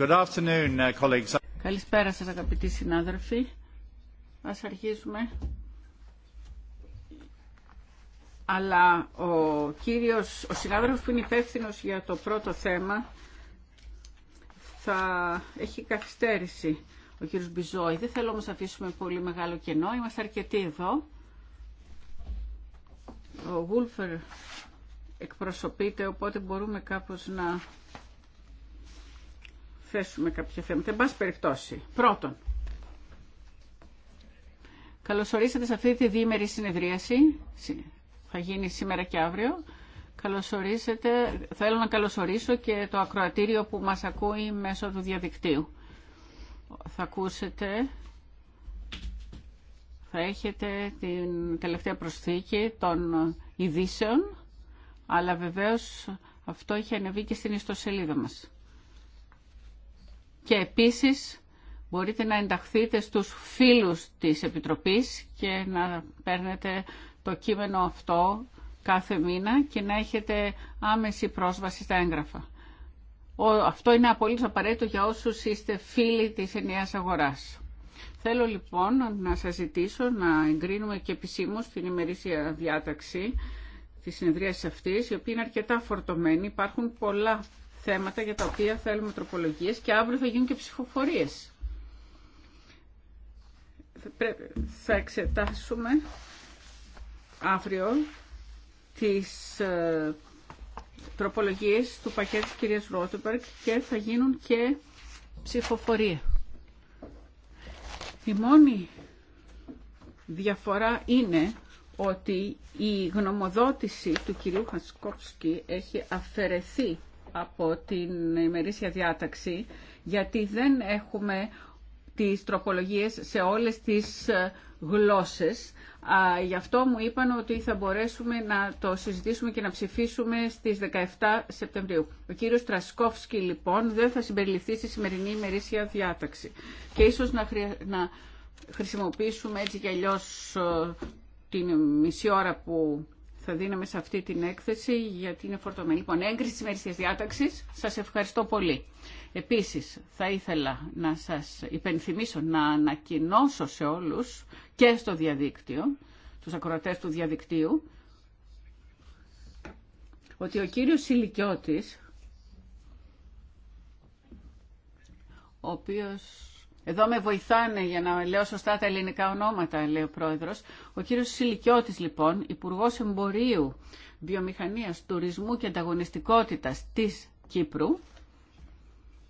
Uh, Καλησπέρα σας αγαπητοί συνάδελφοι. Ας αρχίσουμε. Αλλά ο κύριος, ο συνάδελφος που είναι υπεύθυνο για το πρώτο θέμα θα έχει καθυστέρηση. Ο κύριος Μπιζόη. Δεν θέλω όμως να αφήσουμε πολύ μεγάλο κενό. Είμαστε αρκετοί εδώ. Ο Γούλφερ εκπροσωπείται, οπότε μπορούμε κάπως να θέσουμε κάποια θέματα. Εν πάση περιπτώσει, πρώτον, καλωσορίσατε σε αυτή τη διήμερη συνεδρίαση, θα γίνει σήμερα και αύριο. Καλωσορίσετε, θέλω να καλωσορίσω και το ακροατήριο που μας ακούει μέσω του διαδικτύου. Θα ακούσετε, θα έχετε την τελευταία προσθήκη των ειδήσεων, αλλά βεβαίως αυτό έχει ανεβεί και στην ιστοσελίδα μας και επίσης μπορείτε να ενταχθείτε στους φίλους της Επιτροπής και να παίρνετε το κείμενο αυτό κάθε μήνα και να έχετε άμεση πρόσβαση στα έγγραφα. Αυτό είναι απολύτως απαραίτητο για όσους είστε φίλοι της ενιαίας αγοράς. Θέλω λοιπόν να σας ζητήσω να εγκρίνουμε και επισήμως την ημερήσια διάταξη της συνεδρίασης αυτής, η οποία είναι αρκετά φορτωμένη. Υπάρχουν πολλά θέματα για τα οποία θέλουμε τροπολογίες και αύριο θα γίνουν και ψηφοφορίες. Θα εξετάσουμε αύριο τις ε, τροπολογίες του πακέτου της κυρίας Ρότεμπερκ και θα γίνουν και ψηφοφορία. Η μόνη διαφορά είναι ότι η γνωμοδότηση του κυρίου Χασκόψκη έχει αφαιρεθεί από την ημερήσια διάταξη, γιατί δεν έχουμε τις τροπολογίες σε όλες τις ε, γλώσσες. Γι' αυτό μου είπαν ότι θα μπορέσουμε να το συζητήσουμε και να ψηφίσουμε στις 17 Σεπτεμβρίου. Ο κύριος Τρασκόφσκι λοιπόν δεν θα συμπεριληφθεί στη σημερινή ημερήσια διάταξη. Και ίσως να, να χρησιμοποιήσουμε έτσι κι αλλιώς ε, την μισή ώρα που θα δίναμε σε αυτή την έκθεση γιατί είναι φορτωμένη. Λοιπόν, έγκριση της Σας ευχαριστώ πολύ. Επίσης, θα ήθελα να σας υπενθυμίσω να ανακοινώσω σε όλους και στο διαδίκτυο, τους ακροατές του διαδικτύου, ότι ο κύριος Σιλικιώτης, ο οποίος εδώ με βοηθάνε για να λέω σωστά τα ελληνικά ονόματα, λέει ο Πρόεδρο. Ο κύριο Σιλικιώτη, λοιπόν, υπουργό Εμπορίου, Βιομηχανία, Τουρισμού και Ανταγωνιστικότητα της Κύπρου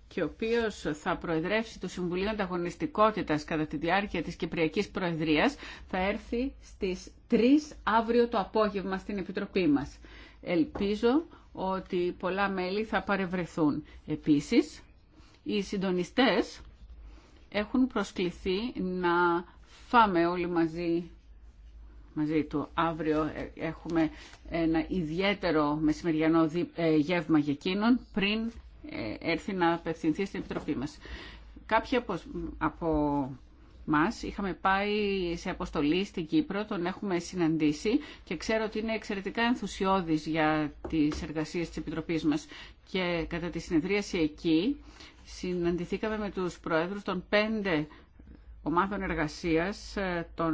και ο οποίο θα προεδρεύσει το Συμβουλίο Ανταγωνιστικότητα κατά τη διάρκεια τη Κυπριακή Προεδρία, θα έρθει στι 3 αύριο το απόγευμα στην Επιτροπή μα. Ελπίζω ότι πολλά μέλη θα παρευρεθούν. Επίσης, οι συντονιστές έχουν προσκληθεί να φάμε όλοι μαζί μαζί του. Αύριο ε, έχουμε ένα ιδιαίτερο μεσημεριανό ε, γεύμα για εκείνον πριν ε, έρθει να απευθυνθεί στην Επιτροπή μας. Κάποιοι από μας. Είχαμε πάει σε αποστολή στην Κύπρο, τον έχουμε συναντήσει και ξέρω ότι είναι εξαιρετικά ενθουσιώδης για τις εργασίες της Επιτροπής μας. Και κατά τη συνεδρίαση εκεί συναντηθήκαμε με τους πρόεδρους των πέντε ομάδων εργασίας ε, των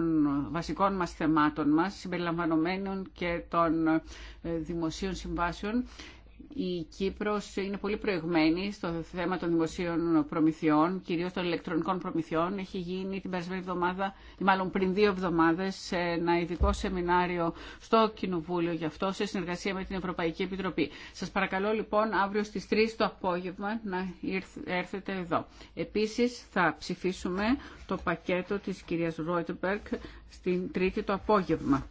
βασικών μας θεμάτων μας, συμπεριλαμβανομένων και των ε, δημοσίων συμβάσεων η Κύπρος είναι πολύ προηγμένη στο θέμα των δημοσίων προμηθειών, κυρίως των ηλεκτρονικών προμηθειών. Έχει γίνει την περασμένη εβδομάδα, ή μάλλον πριν δύο εβδομάδες, ένα ειδικό σεμινάριο στο Κοινοβούλιο γι' αυτό, σε συνεργασία με την Ευρωπαϊκή Επιτροπή. Σας παρακαλώ λοιπόν αύριο στις 3 το απόγευμα να έρθετε εδώ. Επίσης θα ψηφίσουμε το πακέτο της κυρίας Ρόιτεμπερκ στην Τρίτη το απόγευμα.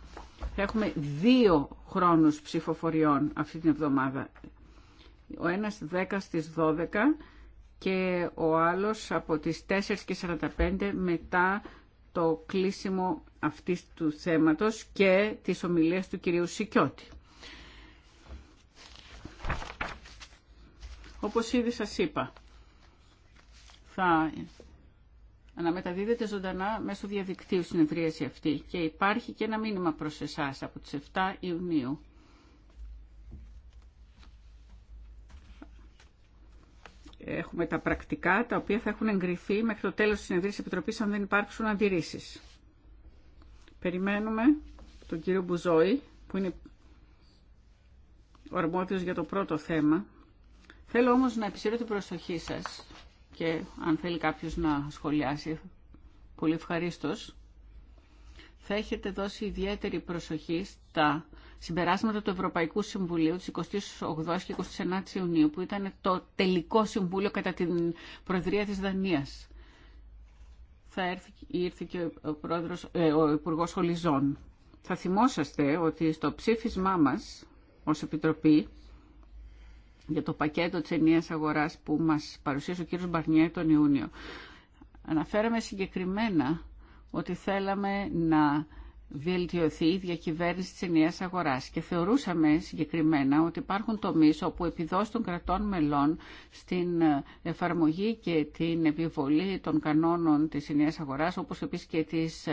Θα έχουμε δύο χρόνους ψηφοφοριών αυτή την εβδομάδα. Ο ένας 10 στις 12 και ο άλλος από τις 45 μετά το κλείσιμο αυτής του θέματος και τις ομιλίες του κυρίου Σικιώτη. Όπως ήδη σας είπα, θα αναμεταδίδεται ζωντανά μέσω διαδικτύου συνεδρίαση αυτή και υπάρχει και ένα μήνυμα προς εσάς από τις 7 Ιουνίου. Έχουμε τα πρακτικά τα οποία θα έχουν εγκριθεί μέχρι το τέλος της συνεδρίας Επιτροπής αν δεν υπάρξουν αντιρρήσεις. Περιμένουμε τον κύριο Μπουζόη που είναι ο για το πρώτο θέμα. Θέλω όμως να επισύρω την προσοχή σας και αν θέλει κάποιος να σχολιάσει, πολύ ευχαρίστως. Θα έχετε δώσει ιδιαίτερη προσοχή στα συμπεράσματα του Ευρωπαϊκού Συμβουλίου της 28 και 29 Ιουνίου, που ήταν το τελικό συμβούλιο κατά την Προεδρία της Δανίας. Θα έρθει, ήρθε και ο, πρόεδρος, ε, ο Υπουργός Χολιζών. Θα θυμόσαστε ότι στο ψήφισμά μας ως Επιτροπή για το πακέτο της ενίας αγοράς που μας παρουσίασε ο κύριος Μπαρνιέ τον Ιούνιο. Αναφέραμε συγκεκριμένα ότι θέλαμε να βελτιωθεί η διακυβέρνηση της ενιαίας αγοράς και θεωρούσαμε συγκεκριμένα ότι υπάρχουν τομείς όπου επιδόσει των κρατών μελών στην εφαρμογή και την επιβολή των κανόνων της ενιαίας αγοράς όπως επίσης και της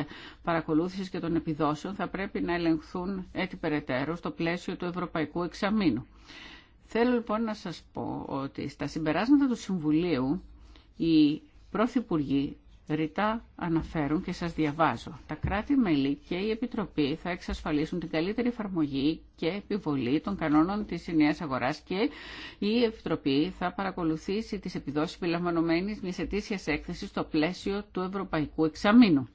παρακολούθησης και των επιδόσεων θα πρέπει να ελεγχθούν έτσι περαιτέρω στο πλαίσιο του Ευρωπαϊκού Εξαμήνου. Θέλω λοιπόν να σας πω ότι στα συμπεράσματα του Συμβουλίου οι Πρωθυπουργοί ρητά αναφέρουν και σας διαβάζω. Τα κράτη-μέλη και η Επιτροπή θα εξασφαλίσουν την καλύτερη εφαρμογή και επιβολή των κανόνων της Ινέας αγοράς και η Επιτροπή θα παρακολουθήσει τις επιδόσεις επιλαμβανομένης μιας ετήσιας έκθεσης στο πλαίσιο του Ευρωπαϊκού Εξαμήνου.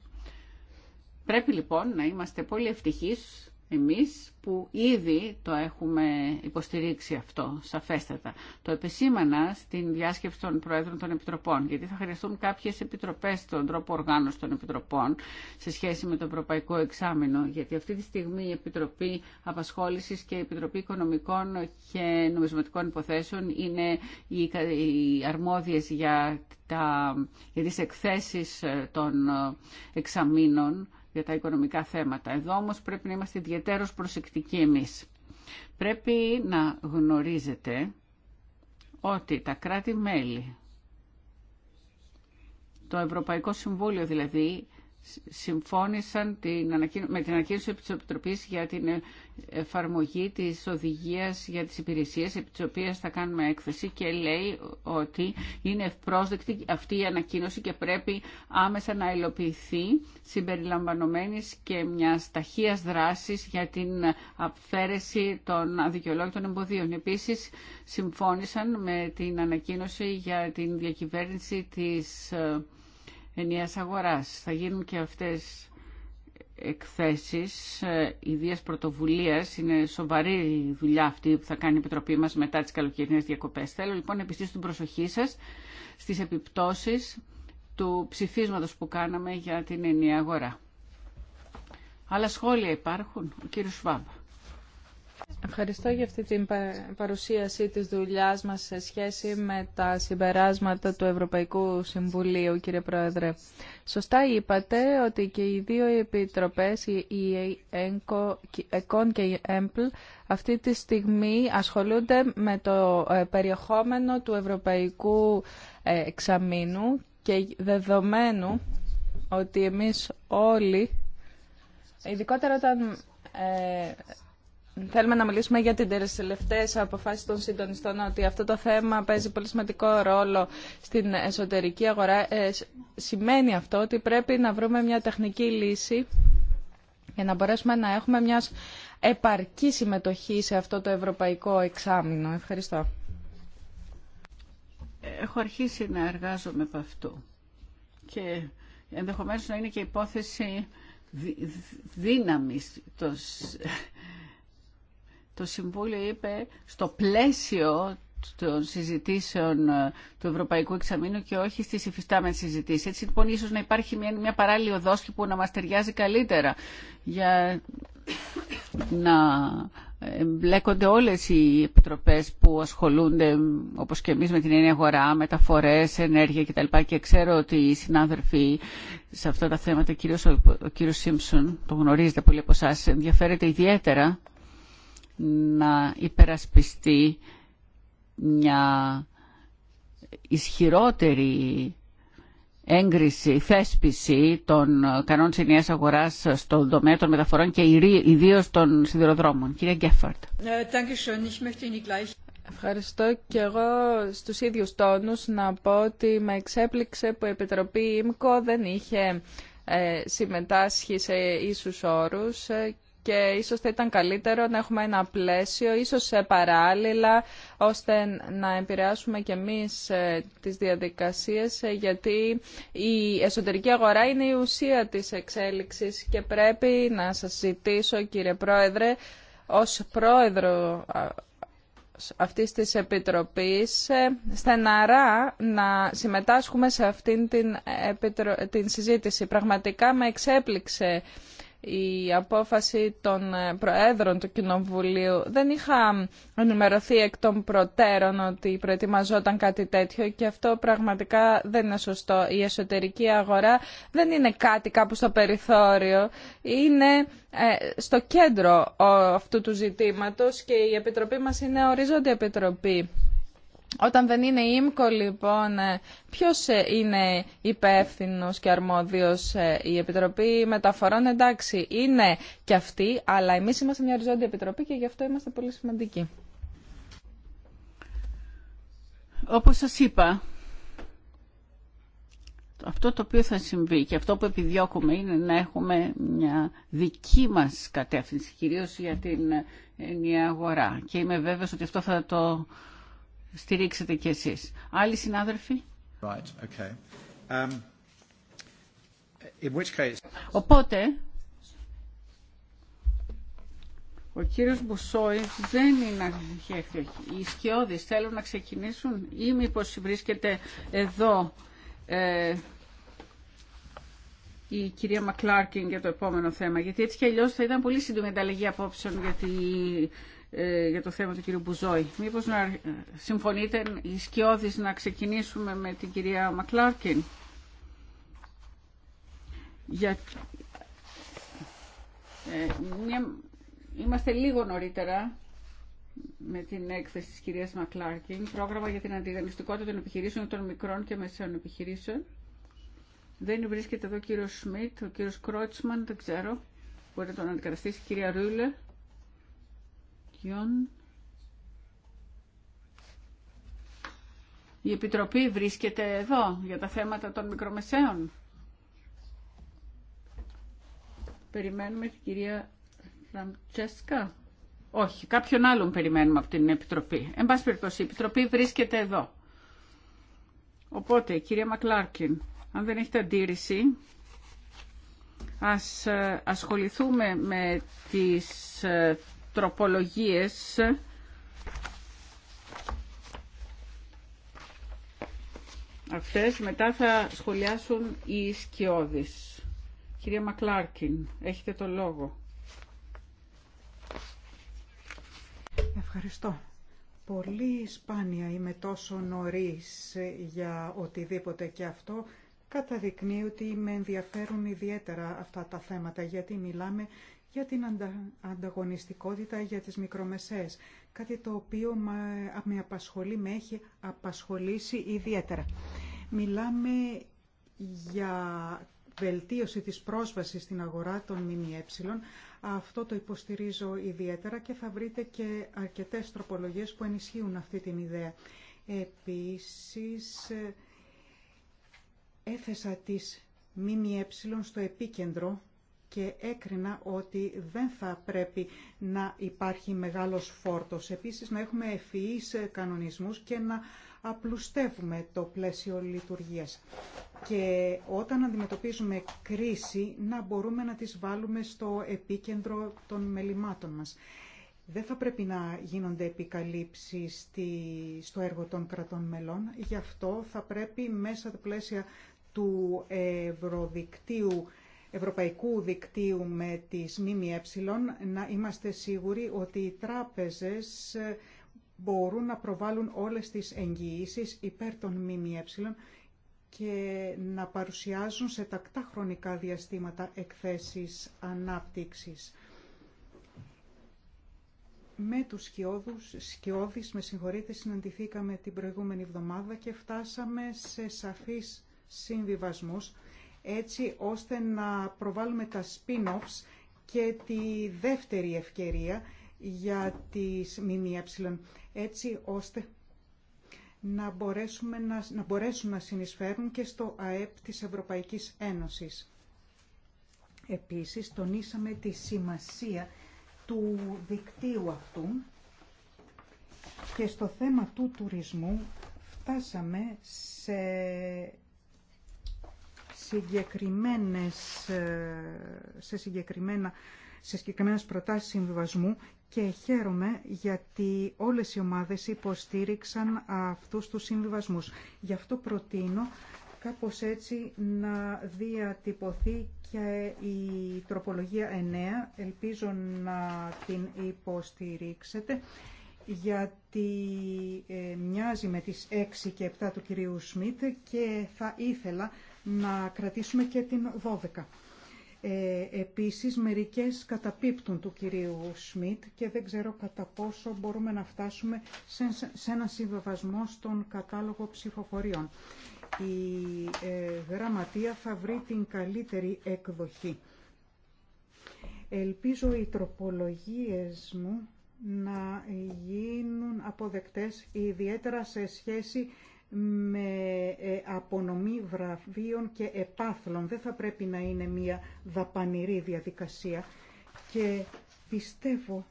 Πρέπει λοιπόν να είμαστε πολύ ευτυχείς εμείς που ήδη το έχουμε υποστηρίξει αυτό σαφέστατα. Το επισήμανα στην διάσκεψη των Προέδρων των Επιτροπών, γιατί θα χρειαστούν κάποιες επιτροπές στον τρόπο οργάνωση των Επιτροπών σε σχέση με το Ευρωπαϊκό Εξάμεινο, γιατί αυτή τη στιγμή η Επιτροπή Απασχόλησης και η Επιτροπή Οικονομικών και Νομισματικών Υποθέσεων είναι οι αρμόδιες για, τα, για τις εκθέσεις των ε, εξαμήνων για τα οικονομικά θέματα. Εδώ όμως πρέπει να είμαστε ιδιαίτερως προσεκτικοί εμείς. Πρέπει να γνωρίζετε ότι τα κράτη-μέλη, το Ευρωπαϊκό Συμβούλιο δηλαδή, συμφώνησαν με την ανακοίνωση της Επιτροπής για την εφαρμογή της οδηγίας για τις υπηρεσίες επί της οποίας θα κάνουμε έκθεση και λέει ότι είναι ευπρόσδεκτη αυτή η ανακοίνωση και πρέπει άμεσα να υλοποιηθεί συμπεριλαμβανομένης και μια ταχείας δράσης για την αφαίρεση των αδικαιολόγητων εμποδίων. Επίσης συμφώνησαν με την ανακοίνωση για την διακυβέρνηση της ε, ενιαίας αγοράς. Θα γίνουν και αυτές εκθέσεις ε, ιδίας πρωτοβουλίας. Είναι σοβαρή δουλειά αυτή που θα κάνει η Επιτροπή μας μετά τις καλοκαιρινές διακοπές. Θέλω λοιπόν να επιστήσω την προσοχή σας στις επιπτώσεις του ψηφίσματος που κάναμε για την ενιαία αγορά. Άλλα σχόλια υπάρχουν. Ο κύριος Σβάμπα. Ευχαριστώ για αυτή την παρουσίαση της δουλειάς μας σε σχέση με τα συμπεράσματα του Ευρωπαϊκού Συμβουλίου, κύριε Πρόεδρε. Σωστά είπατε ότι και οι δύο επιτροπές, η ΕΚΟΝ και η ΕΜΠΛ, αυτή τη στιγμή ασχολούνται με το ε, περιεχόμενο του Ευρωπαϊκού ε, Εξαμήνου και δεδομένου ότι εμείς όλοι, ειδικότερα όταν ε, Θέλουμε να μιλήσουμε για την τελευταία αποφάσει των συντονιστών ότι αυτό το θέμα παίζει πολύ σημαντικό ρόλο στην εσωτερική αγορά. Ε, σημαίνει αυτό ότι πρέπει να βρούμε μια τεχνική λύση για να μπορέσουμε να έχουμε μια επαρκή συμμετοχή σε αυτό το ευρωπαϊκό εξάμεινο. Ευχαριστώ. Έχω αρχίσει να εργάζομαι από αυτό. και ενδεχομένως να είναι και υπόθεση δύναμης το Συμβούλιο είπε στο πλαίσιο των συζητήσεων ε, του Ευρωπαϊκού Εξαμήνου και όχι στις υφιστάμενες συζητήσεις. Έτσι λοιπόν ίσως να υπάρχει μια, μια παράλληλη οδός που να μας ταιριάζει καλύτερα για να εμπλέκονται όλες οι επιτροπές που ασχολούνται όπως και εμείς με την έννοια αγορά, μεταφορές, ενέργεια κτλ. Και ξέρω ότι οι συνάδελφοι σε αυτά τα θέματα, κυρίως ο κύριος Σίμψον, το γνωρίζετε πολύ από εσά, ενδιαφέρεται ιδιαίτερα να υπερασπιστεί μια ισχυρότερη έγκριση, θέσπιση των κανόνων της ενιαίας αγοράς στον τομέα των μεταφορών και ιδίω των σιδηροδρόμων. Κύριε Γκέφαρτ. Ε, Ευχαριστώ και εγώ στους ίδιους τόνους να πω ότι με εξέπληξε που η Επιτροπή ΙΜΚΟ δεν είχε ε, συμμετάσχει σε ίσους όρους ε, και ίσως θα ήταν καλύτερο να έχουμε ένα πλαίσιο, ίσως παράλληλα, ώστε να επηρεάσουμε κι εμείς ε, τις διαδικασίες, ε, γιατί η εσωτερική αγορά είναι η ουσία της εξέλιξης και πρέπει να σας ζητήσω, κύριε Πρόεδρε, ως πρόεδρο αυτής της Επιτροπής ε, στεναρά να συμμετάσχουμε σε αυτήν την, την συζήτηση. Πραγματικά με εξέπληξε η απόφαση των ε, Προέδρων του Κοινοβουλίου. Δεν είχα ενημερωθεί εκ των προτέρων ότι προετοιμαζόταν κάτι τέτοιο και αυτό πραγματικά δεν είναι σωστό. Η εσωτερική αγορά δεν είναι κάτι κάπου στο περιθώριο. Είναι ε, στο κέντρο αυτού του ζητήματος και η Επιτροπή μας είναι οριζόντια Επιτροπή. Όταν δεν είναι ΙΜΚΟ, λοιπόν, ε, ποιο ε, είναι υπεύθυνο και αρμόδιος ε, η Επιτροπή Μεταφορών, εντάξει, είναι και αυτή, αλλά εμεί είμαστε μια οριζόντια Επιτροπή και γι' αυτό είμαστε πολύ σημαντικοί. Όπως σας είπα, αυτό το οποίο θα συμβεί και αυτό που επιδιώκουμε είναι να έχουμε μια δική μας κατεύθυνση, κυρίως για την αγορά. Και είμαι βέβαιος ότι αυτό θα το στηρίξετε κι εσείς. Άλλοι συνάδελφοι. Right, okay. um, in which case... Οπότε, ο κύριος Μπουσόη δεν είναι Οι σκιώδεις θέλουν να ξεκινήσουν ή μήπως βρίσκεται εδώ ε, η κυρία Μακλάρκιν για το επόμενο θέμα. Γιατί έτσι κι αλλιώς θα ήταν πολύ σύντομη ανταλλαγή απόψεων γιατί. Ε, για το θέμα του κυρίου Μπουζόη. Μήπως να ε, συμφωνείτε οι να ξεκινήσουμε με την κυρία Μακλάρκιν. Για... Ε, Είμαστε λίγο νωρίτερα με την έκθεση της κυρίας Μακλάρκιν, πρόγραμμα για την αντιγανιστικότητα των επιχειρήσεων των μικρών και μεσαίων επιχειρήσεων. Δεν βρίσκεται εδώ ο κύριος Σμιτ, ο κύριος Κρότσμαν, δεν ξέρω. Μπορεί να τον αντικαταστήσει η κυρία Ρούλε. Η Επιτροπή βρίσκεται εδώ για τα θέματα των μικρομεσαίων. Περιμένουμε την κυρία Φραντσέσκα. Όχι, κάποιον άλλον περιμένουμε από την Επιτροπή. Εν πάση περιπτώσει, η Επιτροπή βρίσκεται εδώ. Οπότε, κυρία Μακλάρκιν, αν δεν έχετε αντίρρηση, ας ε, ασχοληθούμε με τις ε, τροπολογίες αυτές μετά θα σχολιάσουν οι σκιώδεις. Κυρία Μακλάρκιν, έχετε το λόγο. Ευχαριστώ. Πολύ σπάνια είμαι τόσο νωρίς για οτιδήποτε και αυτό καταδεικνύει ότι με ενδιαφέρουν ιδιαίτερα αυτά τα θέματα γιατί μιλάμε για την ανταγωνιστικότητα για τις μικρομεσαίες. Κάτι το οποίο με απασχολεί, με έχει απασχολήσει ιδιαίτερα. Μιλάμε για βελτίωση της πρόσβασης στην αγορά των ΜΜΕ. Αυτό το υποστηρίζω ιδιαίτερα και θα βρείτε και αρκετές τροπολογίες που ενισχύουν αυτή την ιδέα. Επίσης, ε, έθεσα τις ΜΜΕ στο επίκεντρο και έκρινα ότι δεν θα πρέπει να υπάρχει μεγάλος φόρτος. Επίσης να έχουμε ευφυείς κανονισμούς και να απλουστεύουμε το πλαίσιο λειτουργίας. Και όταν αντιμετωπίζουμε κρίση να μπορούμε να τις βάλουμε στο επίκεντρο των μελημάτων μας. Δεν θα πρέπει να γίνονται επικαλύψεις στο έργο των κρατών μελών, γι' αυτό θα πρέπει μέσα τα πλαίσια του ευρωδικτύου Ευρωπαϊκού Δικτύου με τις ΜΜΕ να είμαστε σίγουροι ότι οι τράπεζες μπορούν να προβάλλουν όλες τις εγγυήσεις υπέρ των ΜΜΕ και να παρουσιάζουν σε τακτά χρονικά διαστήματα εκθέσεις ανάπτυξης. Με τους σκιώδους, με συγχωρείτε, συναντηθήκαμε την προηγούμενη εβδομάδα και φτάσαμε σε σαφείς συμβιβασμούς έτσι ώστε να προβάλλουμε τα spin-offs και τη δεύτερη ευκαιρία για τις ΜΜΕ, έτσι ώστε να, μπορέσουμε να, να μπορέσουν να συνεισφέρουν και στο ΑΕΠ της Ευρωπαϊκής Ένωσης. Επίσης, τονίσαμε τη σημασία του δικτύου αυτού και στο θέμα του τουρισμού φτάσαμε σε ε, σε, συγκεκριμένα, σε συγκεκριμένες προτάσεις συμβιβασμού και χαίρομαι γιατί όλες οι ομάδες υποστήριξαν αυτούς τους συμβιβασμούς. Γι' αυτό προτείνω κάπως έτσι να διατυπωθεί και η τροπολογία 9. Ελπίζω να την υποστηρίξετε γιατί ε, μοιάζει με τις 6 και 7 του κυρίου Σμιτ και θα ήθελα να κρατήσουμε και την 12. Ε, επίσης, μερικές καταπίπτουν του κυρίου Σμιτ και δεν ξέρω κατά πόσο μπορούμε να φτάσουμε σε, σε ένα συμβεβασμό στον κατάλογο ψηφοφοριών. Η ε, γραμματεία θα βρει την καλύτερη εκδοχή. Ελπίζω οι τροπολογίες μου να γίνουν αποδεκτές, ιδιαίτερα σε σχέση με ε, απονομή βραβείων και επάθλων. Δεν θα πρέπει να είναι μια δαπανηρή διαδικασία και πιστεύω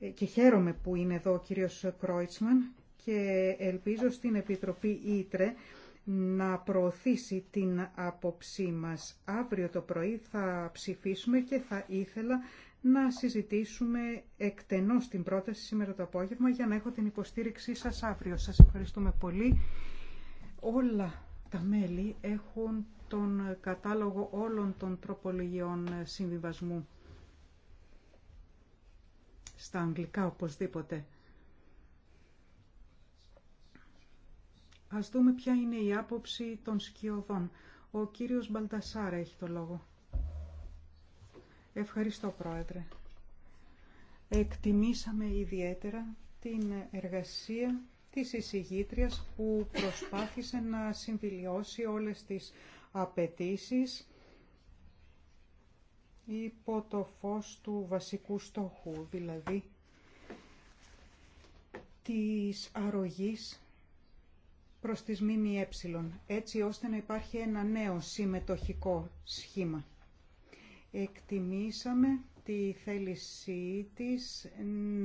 ε, και χαίρομαι που είναι εδώ ο κύριος Κρόιτσμαν και ελπίζω στην Επιτροπή Ήτρε να προωθήσει την άποψή μας. Αύριο το πρωί θα ψηφίσουμε και θα ήθελα να συζητήσουμε εκτενώς την πρόταση σήμερα το απόγευμα για να έχω την υποστήριξή σας αύριο. Σας ευχαριστούμε πολύ. Όλα τα μέλη έχουν τον κατάλογο όλων των τροπολογιών συμβιβασμού. Στα αγγλικά οπωσδήποτε. Ας δούμε ποια είναι η άποψη των σκιωδών. Ο κύριος Μπαλτασάρα έχει το λόγο. Ευχαριστώ, Πρόεδρε. Εκτιμήσαμε ιδιαίτερα την εργασία της εισηγήτριας που προσπάθησε να συμβιλιώσει όλες τις απαιτήσει υπό το φως του βασικού στόχου, δηλαδή της αρρωγής προς τις ΜΜΕ, έτσι ώστε να υπάρχει ένα νέο συμμετοχικό σχήμα εκτιμήσαμε τη θέλησή της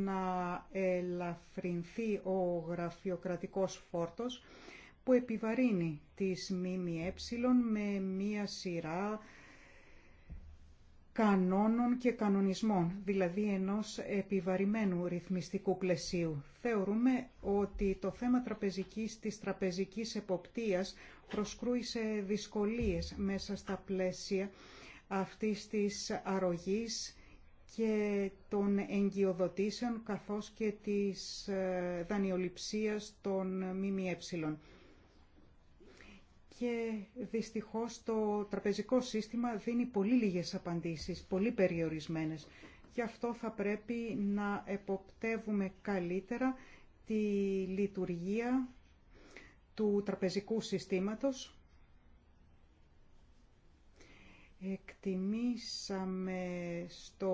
να ελαφρυνθεί ο γραφειοκρατικός φόρτος που επιβαρύνει τις ΜΜΕ με μία σειρά κανόνων και κανονισμών, δηλαδή ενός επιβαρημένου ρυθμιστικού πλαισίου. Θεωρούμε ότι το θέμα τραπεζικής της τραπεζικής εποπτείας προσκρούει σε δυσκολίες μέσα στα πλαίσια αυτής της αρρωγής και των εγκυοδοτήσεων καθώς και της ε, δανειοληψίας των ΜΜΕ. Και δυστυχώς το τραπεζικό σύστημα δίνει πολύ λίγες απαντήσεις, πολύ περιορισμένες. Γι' αυτό θα πρέπει να εποπτεύουμε καλύτερα τη λειτουργία του τραπεζικού συστήματος Εκτιμήσαμε στο,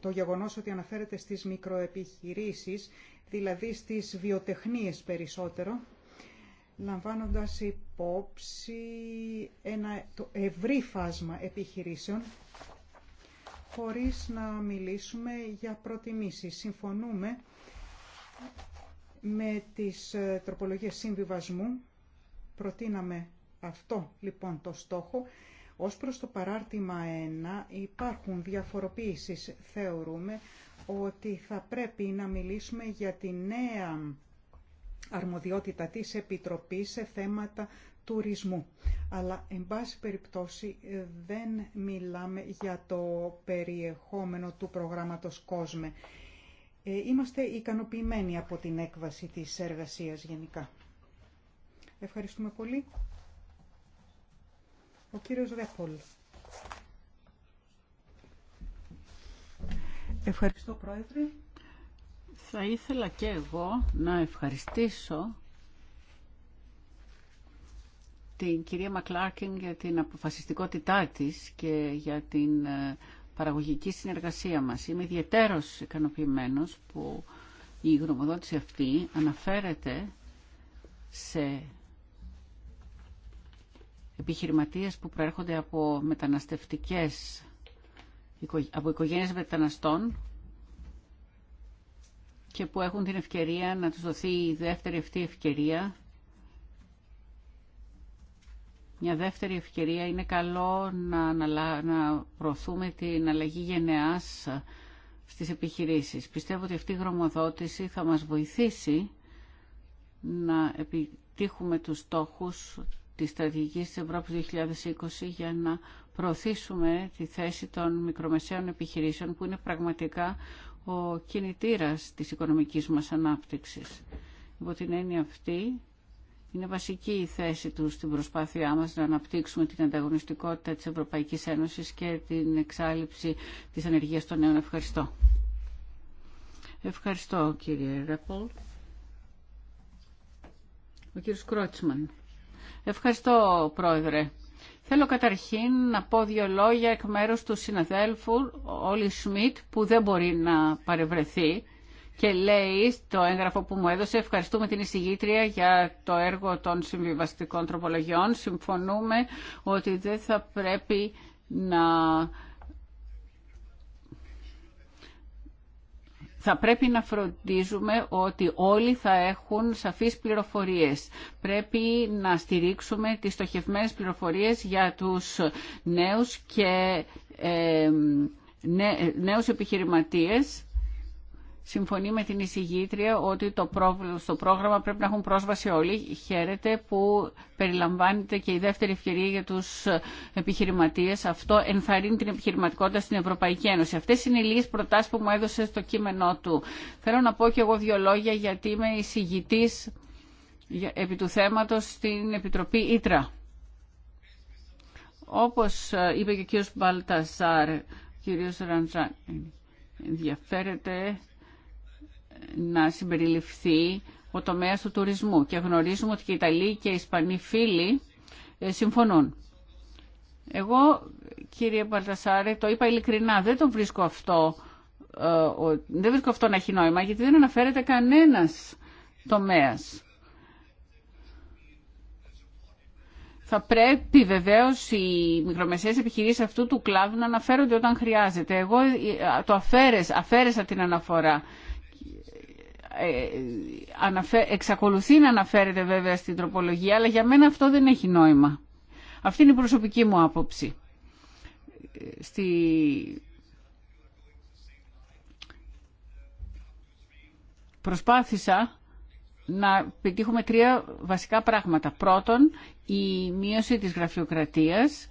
το γεγονός ότι αναφέρεται στις μικροεπιχειρήσεις, δηλαδή στις βιοτεχνίες περισσότερο, λαμβάνοντας υπόψη ένα το ευρύ φάσμα επιχειρήσεων, χωρίς να μιλήσουμε για προτιμήσεις. Συμφωνούμε με τις ε, τροπολογίες συμβιβασμού, προτείναμε αυτό λοιπόν το στόχο, ως προς το παράρτημα 1 υπάρχουν διαφοροποίησεις. Θεωρούμε ότι θα πρέπει να μιλήσουμε για τη νέα αρμοδιότητα της Επιτροπής σε θέματα τουρισμού. Αλλά, εν πάση περιπτώσει, δεν μιλάμε για το περιεχόμενο του προγράμματος COSME. Ε, είμαστε ικανοποιημένοι από την έκβαση της εργασίας γενικά. Ευχαριστούμε πολύ. Ο κύριος Ευχαριστώ Πρόεδρε. Θα ήθελα και εγώ να ευχαριστήσω την κυρία Μακλάρκιν για την αποφασιστικότητά της και για την ε, παραγωγική συνεργασία μας. Είμαι ιδιαίτερος ικανοποιημένος που η γνωμοδότηση αυτή αναφέρεται σε επιχειρηματίες που προέρχονται από μεταναστευτικές, από οικογένειες μεταναστών και που έχουν την ευκαιρία να τους δοθεί η δεύτερη αυτή ευκαιρία. Μια δεύτερη ευκαιρία είναι καλό να, να προωθούμε την αλλαγή γενεάς στις επιχειρήσεις. Πιστεύω ότι αυτή η γρομοδότηση θα μας βοηθήσει να επιτύχουμε τους στόχους της στρατηγική της Ευρώπης 2020 για να προωθήσουμε τη θέση των μικρομεσαίων επιχειρήσεων που είναι πραγματικά ο κινητήρας της οικονομικής μας ανάπτυξης. Υπό την έννοια αυτή, είναι βασική η θέση του στην προσπάθειά μας να αναπτύξουμε την ανταγωνιστικότητα της Ευρωπαϊκής Ένωσης και την εξάλληψη της ανεργίας των νέων. Ευχαριστώ. Ευχαριστώ κύριε Ρέπολ. Ο κύριος Κρότσμαν. Ευχαριστώ, Πρόεδρε. Θέλω καταρχήν να πω δύο λόγια εκ μέρους του συναδέλφου Όλη Σμιτ που δεν μπορεί να παρευρεθεί και λέει στο έγγραφο που μου έδωσε ευχαριστούμε την εισηγήτρια για το έργο των συμβιβαστικών τροπολογιών. Συμφωνούμε ότι δεν θα πρέπει να Θα πρέπει να φροντίζουμε ότι όλοι θα έχουν σαφείς πληροφορίες. Πρέπει να στηρίξουμε τις στοχευμένες πληροφορίες για τους νέους και ε, νέους επιχειρηματίες συμφωνεί με την εισηγήτρια ότι το στο πρόγραμμα πρέπει να έχουν πρόσβαση όλοι. Χαίρεται που περιλαμβάνεται και η δεύτερη ευκαιρία για τους επιχειρηματίες. Αυτό ενθαρρύνει την επιχειρηματικότητα στην Ευρωπαϊκή Ένωση. Αυτές είναι οι λίγες προτάσεις που μου έδωσε στο κείμενό του. Θέλω να πω και εγώ δύο λόγια γιατί είμαι εισηγητή επί του θέματος στην Επιτροπή Ήτρα. Όπως ε, είπε και ο κ. Μπαλταζάρ, κ. Ραντζάν, ενδιαφέρεται να συμπεριληφθεί ο τομέας του τουρισμού και γνωρίζουμε ότι και οι Ιταλοί και οι Ισπανοί φίλοι ε, συμφωνούν. Εγώ, κύριε Παλτασάρη, το είπα ειλικρινά, δεν τον βρίσκω αυτό, ε, δεν βρίσκω αυτό να έχει νόημα, γιατί δεν αναφέρεται κανένας τομέας. Θα πρέπει βεβαίως οι μικρομεσαίες επιχειρήσεις αυτού του κλάδου να αναφέρονται όταν χρειάζεται. Εγώ ε, το αφαίρεσα, αφαίρεσα την αναφορά ε, εξακολουθεί να αναφέρεται βέβαια στην τροπολογία, αλλά για μένα αυτό δεν έχει νόημα. Αυτή είναι η προσωπική μου άποψη. Στη... Προσπάθησα να πετύχουμε τρία βασικά πράγματα. Πρώτον, η μείωση της γραφειοκρατίας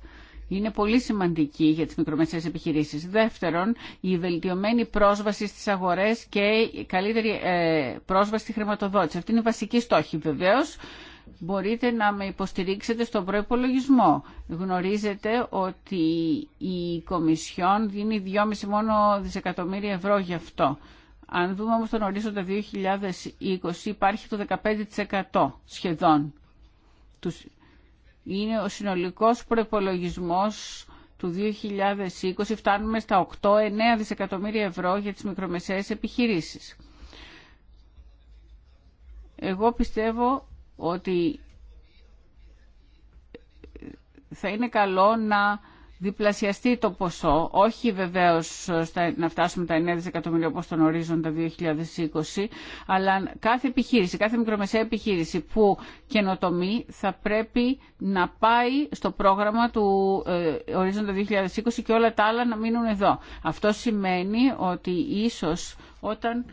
είναι πολύ σημαντική για τις μικρομεσαίες επιχειρήσεις. Δεύτερον, η βελτιωμένη πρόσβαση στις αγορές και η καλύτερη ε, πρόσβαση στη χρηματοδότηση. Αυτή είναι η βασική στόχη βεβαίως. Μπορείτε να με υποστηρίξετε στον προϋπολογισμό. Γνωρίζετε ότι η Κομισιόν δίνει 2,5 μόνο δισεκατομμύρια ευρώ γι' αυτό. Αν δούμε όμως τον ορίζοντα 2020 υπάρχει το 15% σχεδόν είναι ο συνολικός προπολογισμός του 2020 φτάνουμε στα 8-9 δισεκατομμύρια ευρώ για τις μικρομεσαίες επιχειρήσεις. Εγώ πιστεύω ότι θα είναι καλό να διπλασιαστεί το ποσό, όχι βεβαίως να φτάσουμε τα 9 δισεκατομμύρια όπως τον ορίζοντα 2020, αλλά κάθε επιχείρηση, κάθε μικρομεσαία επιχείρηση που καινοτομεί θα πρέπει να πάει στο πρόγραμμα του ε, ορίζοντα 2020 και όλα τα άλλα να μείνουν εδώ. Αυτό σημαίνει ότι ίσως όταν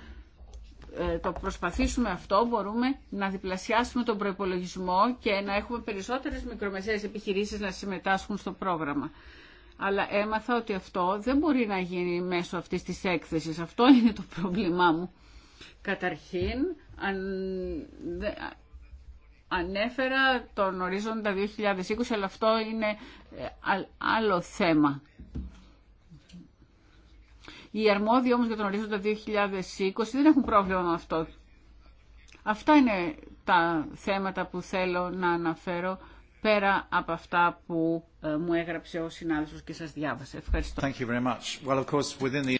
ε, το προσπαθήσουμε αυτό μπορούμε να διπλασιάσουμε τον προϋπολογισμό και να έχουμε περισσότερες μικρομεσαίες επιχειρήσεις να συμμετάσχουν στο πρόγραμμα αλλά έμαθα ότι αυτό δεν μπορεί να γίνει μέσω αυτής της έκθεσης. Αυτό είναι το πρόβλημά μου. Καταρχήν, αν, ανέφερα τον ορίζοντα 2020, αλλά αυτό είναι ε, άλλο θέμα. Οι αρμόδιοι όμως για τον ορίζοντα 2020 δεν έχουν πρόβλημα με αυτό. Αυτά είναι τα θέματα που θέλω να αναφέρω πέρα από αυτά που ε, μου έγραψε ο συνάδελφος και σας διάβασε. Ευχαριστώ. Thank you very much. of course, within the...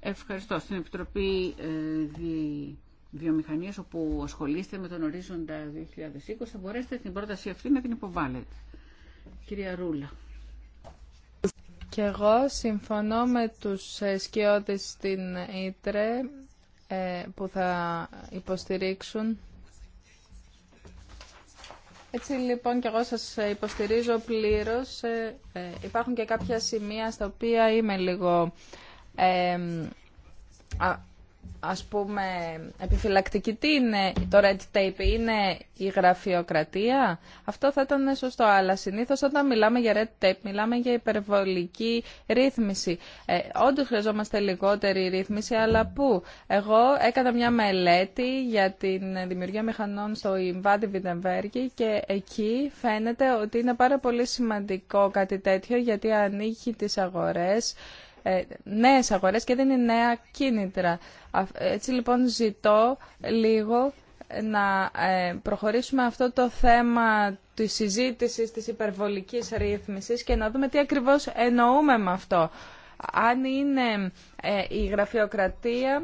Ευχαριστώ. Στην Επιτροπή ε, δι... όπου ασχολείστε με τον ορίζοντα 2020 θα μπορέσετε την πρόταση αυτή να την υποβάλλετε. Κυρία Ρούλα. Και εγώ συμφωνώ με τους σκιώδες στην Ήτρε ε, που θα υποστηρίξουν έτσι λοιπόν και εγώ σας υποστηρίζω πλήρως. Ε, ε, υπάρχουν και κάποια σημεία στα οποία είμαι λίγο... Ε, ας πούμε, επιφυλακτική. Τι είναι το red tape, είναι η γραφειοκρατία. Αυτό θα ήταν σωστό, αλλά συνήθως όταν μιλάμε για red tape, μιλάμε για υπερβολική ρύθμιση. Ε, όντως χρειαζόμαστε λιγότερη ρύθμιση, αλλά πού. Εγώ έκανα μια μελέτη για την δημιουργία μηχανών στο Ιμβάντι Βιντεμβέργη και εκεί φαίνεται ότι είναι πάρα πολύ σημαντικό κάτι τέτοιο, γιατί ανοίγει τις αγορές, ε, νέες αγορές και δεν είναι νέα κίνητρα. Έτσι λοιπόν ζητώ λίγο να ε, προχωρήσουμε αυτό το θέμα της συζήτησης της υπερβολικής ρύθμισης και να δούμε τι ακριβώς εννοούμε με αυτό. Αν είναι ε, η γραφειοκρατία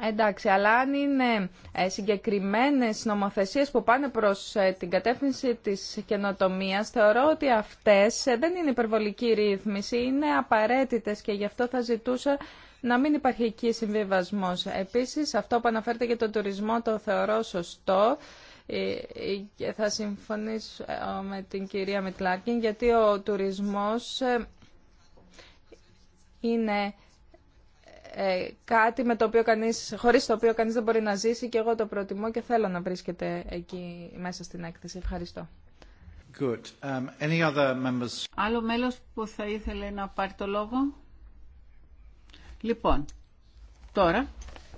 Εντάξει, αλλά αν είναι ε, συγκεκριμένες νομοθεσίες που πάνε προς ε, την κατεύθυνση της καινοτομία, θεωρώ ότι αυτές ε, δεν είναι υπερβολική ρύθμιση, είναι απαραίτητες και γι' αυτό θα ζητούσα να μην υπάρχει εκεί συμβιβασμό. Επίσης, αυτό που αναφέρεται για τον τουρισμό το θεωρώ σωστό και θα συμφωνήσω με την κυρία Μιτλάρκιν, γιατί ο τουρισμός είναι ε, κάτι με το οποίο κανείς, χωρίς το οποίο κανείς δεν μπορεί να ζήσει και εγώ το προτιμώ και θέλω να βρίσκεται εκεί μέσα στην έκθεση. Ευχαριστώ. Good. Um, any other members? Άλλο μέλος που θα ήθελε να πάρει το λόγο. Λοιπόν, τώρα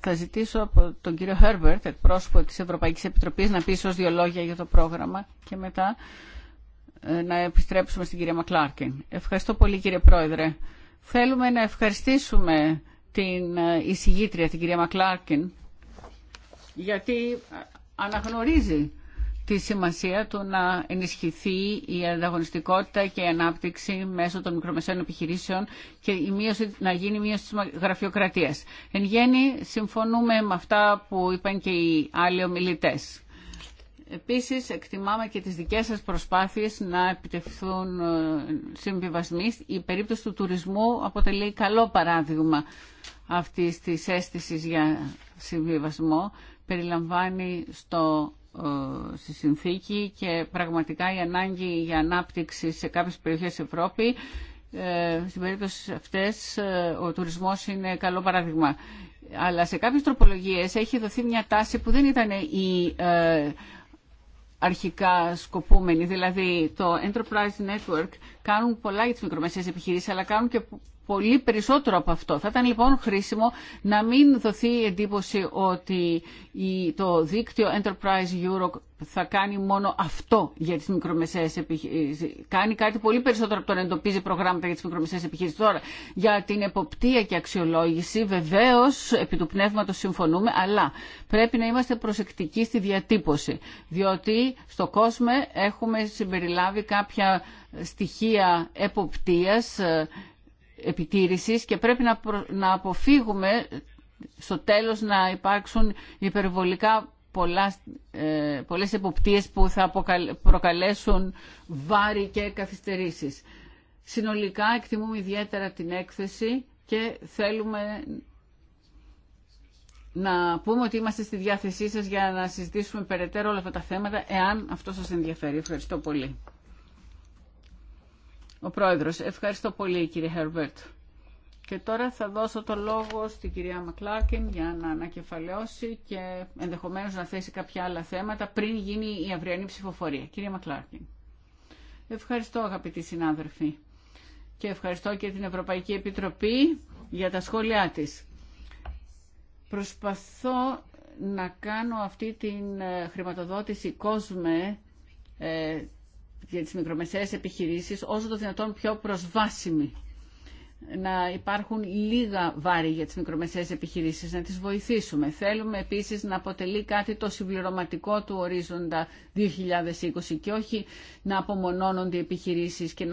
θα ζητήσω από τον κύριο Herbert, πρόσωπο της Ευρωπαϊκής Επιτροπής, να πει ίσως δύο λόγια για το πρόγραμμα και μετά ε, να επιστρέψουμε στην κυρία Μακλάρκιν. Ευχαριστώ πολύ κύριε Πρόεδρε. Θέλουμε να ευχαριστήσουμε την ε, εισηγήτρια, την κυρία Μακλάρκιν, γιατί ε, αναγνωρίζει τη σημασία του να ενισχυθεί η ανταγωνιστικότητα και η ανάπτυξη μέσω των μικρομεσαίων επιχειρήσεων και η να γίνει μείωση της γραφειοκρατίας. Εν γέννη, συμφωνούμε με αυτά που είπαν και οι άλλοι ομιλητές. Επίσης εκτιμάμε και τις δικές σας προσπάθειες να επιτευχθούν ε, συμβιβασμοί. Η περίπτωση του τουρισμού αποτελεί καλό παράδειγμα αυτής της αίσθηση για συμβιβασμό. Περιλαμβάνει στο, ε, στη συνθήκη και πραγματικά η ανάγκη για ανάπτυξη σε κάποιες περιοχές της Ευρώπη ε, στην περίπτωση αυτές ε, ο τουρισμός είναι καλό παράδειγμα αλλά σε κάποιες τροπολογίες έχει δοθεί μια τάση που δεν ήταν η αρχικά σκοπούμενοι, δηλαδή το Enterprise Network κάνουν πολλά για τις μικρομεσαίες επιχειρήσεις, αλλά κάνουν και πολύ περισσότερο από αυτό. Θα ήταν λοιπόν χρήσιμο να μην δοθεί η εντύπωση ότι το δίκτυο Enterprise Europe θα κάνει μόνο αυτό για τις μικρομεσαίες επιχειρήσεις. Κάνει κάτι πολύ περισσότερο από το να εντοπίζει προγράμματα για τις μικρομεσαίες επιχειρήσεις. Τώρα, για την εποπτεία και αξιολόγηση, βεβαίως, επί του πνεύματος συμφωνούμε, αλλά πρέπει να είμαστε προσεκτικοί στη διατύπωση, διότι στο κόσμο έχουμε συμπεριλάβει κάποια στοιχεία εποπτείας, επιτήρησης και πρέπει να, να αποφύγουμε στο τέλος να υπάρξουν υπερβολικά πολλά, ε, πολλές εποπτείες που θα προκαλέσουν βάρη και καθυστερήσεις. Συνολικά εκτιμούμε ιδιαίτερα την έκθεση και θέλουμε να πούμε ότι είμαστε στη διάθεσή σας για να συζητήσουμε περαιτέρω όλα αυτά τα θέματα, εάν αυτό σας ενδιαφέρει. Ευχαριστώ πολύ. Ο Πρόεδρος, ευχαριστώ πολύ κύριε Χέρβερτ. Και τώρα θα δώσω το λόγο στην κυρία Μακλάρκιν για να ανακεφαλαιώσει και ενδεχομένως να θέσει κάποια άλλα θέματα πριν γίνει η αυριανή ψηφοφορία. Κυρία Μακλάρκιν. Ευχαριστώ αγαπητοί συνάδελφοι και ευχαριστώ και την Ευρωπαϊκή Επιτροπή για τα σχόλιά της. Προσπαθώ να κάνω αυτή την ε, χρηματοδότηση κόσμε για τις μικρομεσαίες επιχειρήσεις όσο το δυνατόν πιο προσβάσιμη. Να υπάρχουν λίγα βάρη για τις μικρομεσαίες επιχειρήσεις, να τις βοηθήσουμε. Θέλουμε επίσης να αποτελεί κάτι το συμπληρωματικό του ορίζοντα 2020 και όχι να απομονώνονται οι επιχειρήσεις και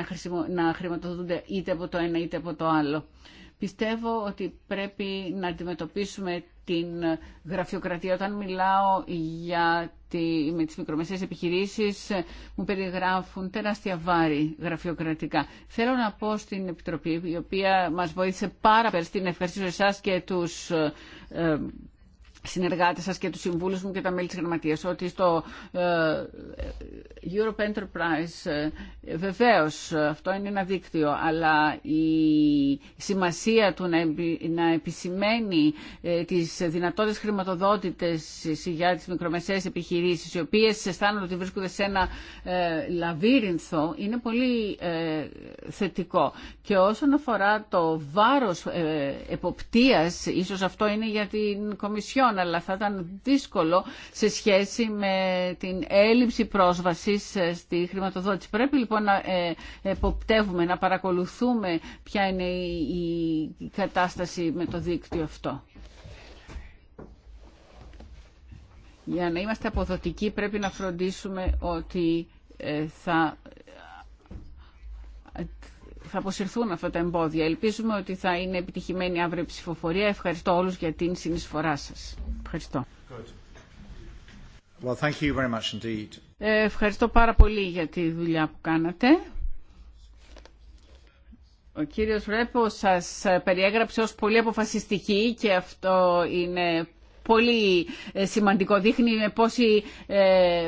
να χρηματοδοτούνται είτε από το ένα είτε από το άλλο. Πιστεύω ότι πρέπει να αντιμετωπίσουμε την γραφειοκρατία. Όταν μιλάω για τη, με τις μικρομεσαίες επιχειρήσεις μου περιγράφουν τεράστια βάρη γραφειοκρατικά. Θέλω να πω στην Επιτροπή, η οποία μας βοήθησε πάρα πολύ στην ευχαριστήσω εσά και τους ε, συνεργάτες σας και τους συμβούλους μου και τα μέλη της Γραμματείας ότι στο ε, Europe Enterprise ε, βεβαίως αυτό είναι ένα δίκτυο αλλά η σημασία του να επισημαίνει ε, τις δυνατότητες χρηματοδότητες για τις μικρομεσαίες επιχειρήσεις οι οποίες αισθάνονται ότι βρίσκονται σε ένα λαβύρινθο είναι πολύ θετικό και όσον αφορά το βάρος εποπτείας ίσως αυτό είναι για την Κομισιόν αλλά θα ήταν δύσκολο σε σχέση με την έλλειψη πρόσβασης ε, στη χρηματοδότηση. Πρέπει λοιπόν να ε, εποπτεύουμε, να παρακολουθούμε ποια είναι η κατάσταση με το δίκτυο αυτό. Για να είμαστε αποδοτικοί πρέπει να φροντίσουμε ότι ε, θα θα αποσυρθούν αυτά τα εμπόδια. Ελπίζουμε ότι θα είναι επιτυχημένη αύριο η ψηφοφορία. Ευχαριστώ όλους για την συνεισφορά σας. Ε, ευχαριστώ. πάρα πολύ για τη δουλειά που κάνατε. Ο κύριος Ρέπο σας περιέγραψε ως πολύ αποφασιστική και αυτό είναι πολύ ε, σημαντικό. Δείχνει ε, πόση,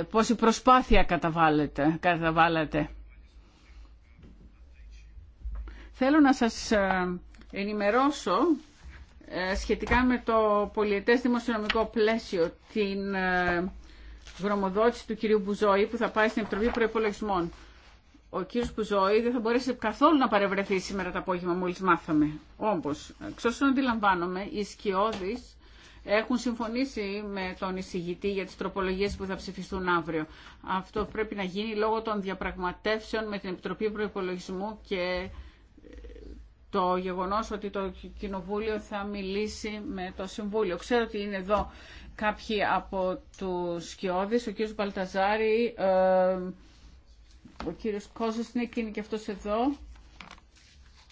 πόση προσπάθεια καταβάλλετε. καταβάλλετε. Θέλω να σας ενημερώσω ε, σχετικά με το πολιετές δημοσιονομικό πλαίσιο την ε, γνωμοδότηση του κυρίου Μπουζόη που θα πάει στην Επιτροπή Προϋπολογισμών. Ο κύριος Μπουζόη δεν θα μπορέσει καθόλου να παρευρεθεί σήμερα το απόγευμα μόλις μάθαμε. Όμως, εξ όσων αντιλαμβάνομαι, οι σκιώδεις έχουν συμφωνήσει με τον εισηγητή για τις τροπολογίες που θα ψηφιστούν αύριο. Αυτό πρέπει να γίνει λόγω των διαπραγματεύσεων με την Επιτροπή Προϋπολογισμού και το γεγονός ότι το Κοινοβούλιο θα μιλήσει με το Συμβούλιο. Ξέρω ότι είναι εδώ κάποιοι από τους Σκιώδης, ο κύριος Μπαλταζάρη, ε, ο κύριος Κόζος είναι και αυτός εδώ.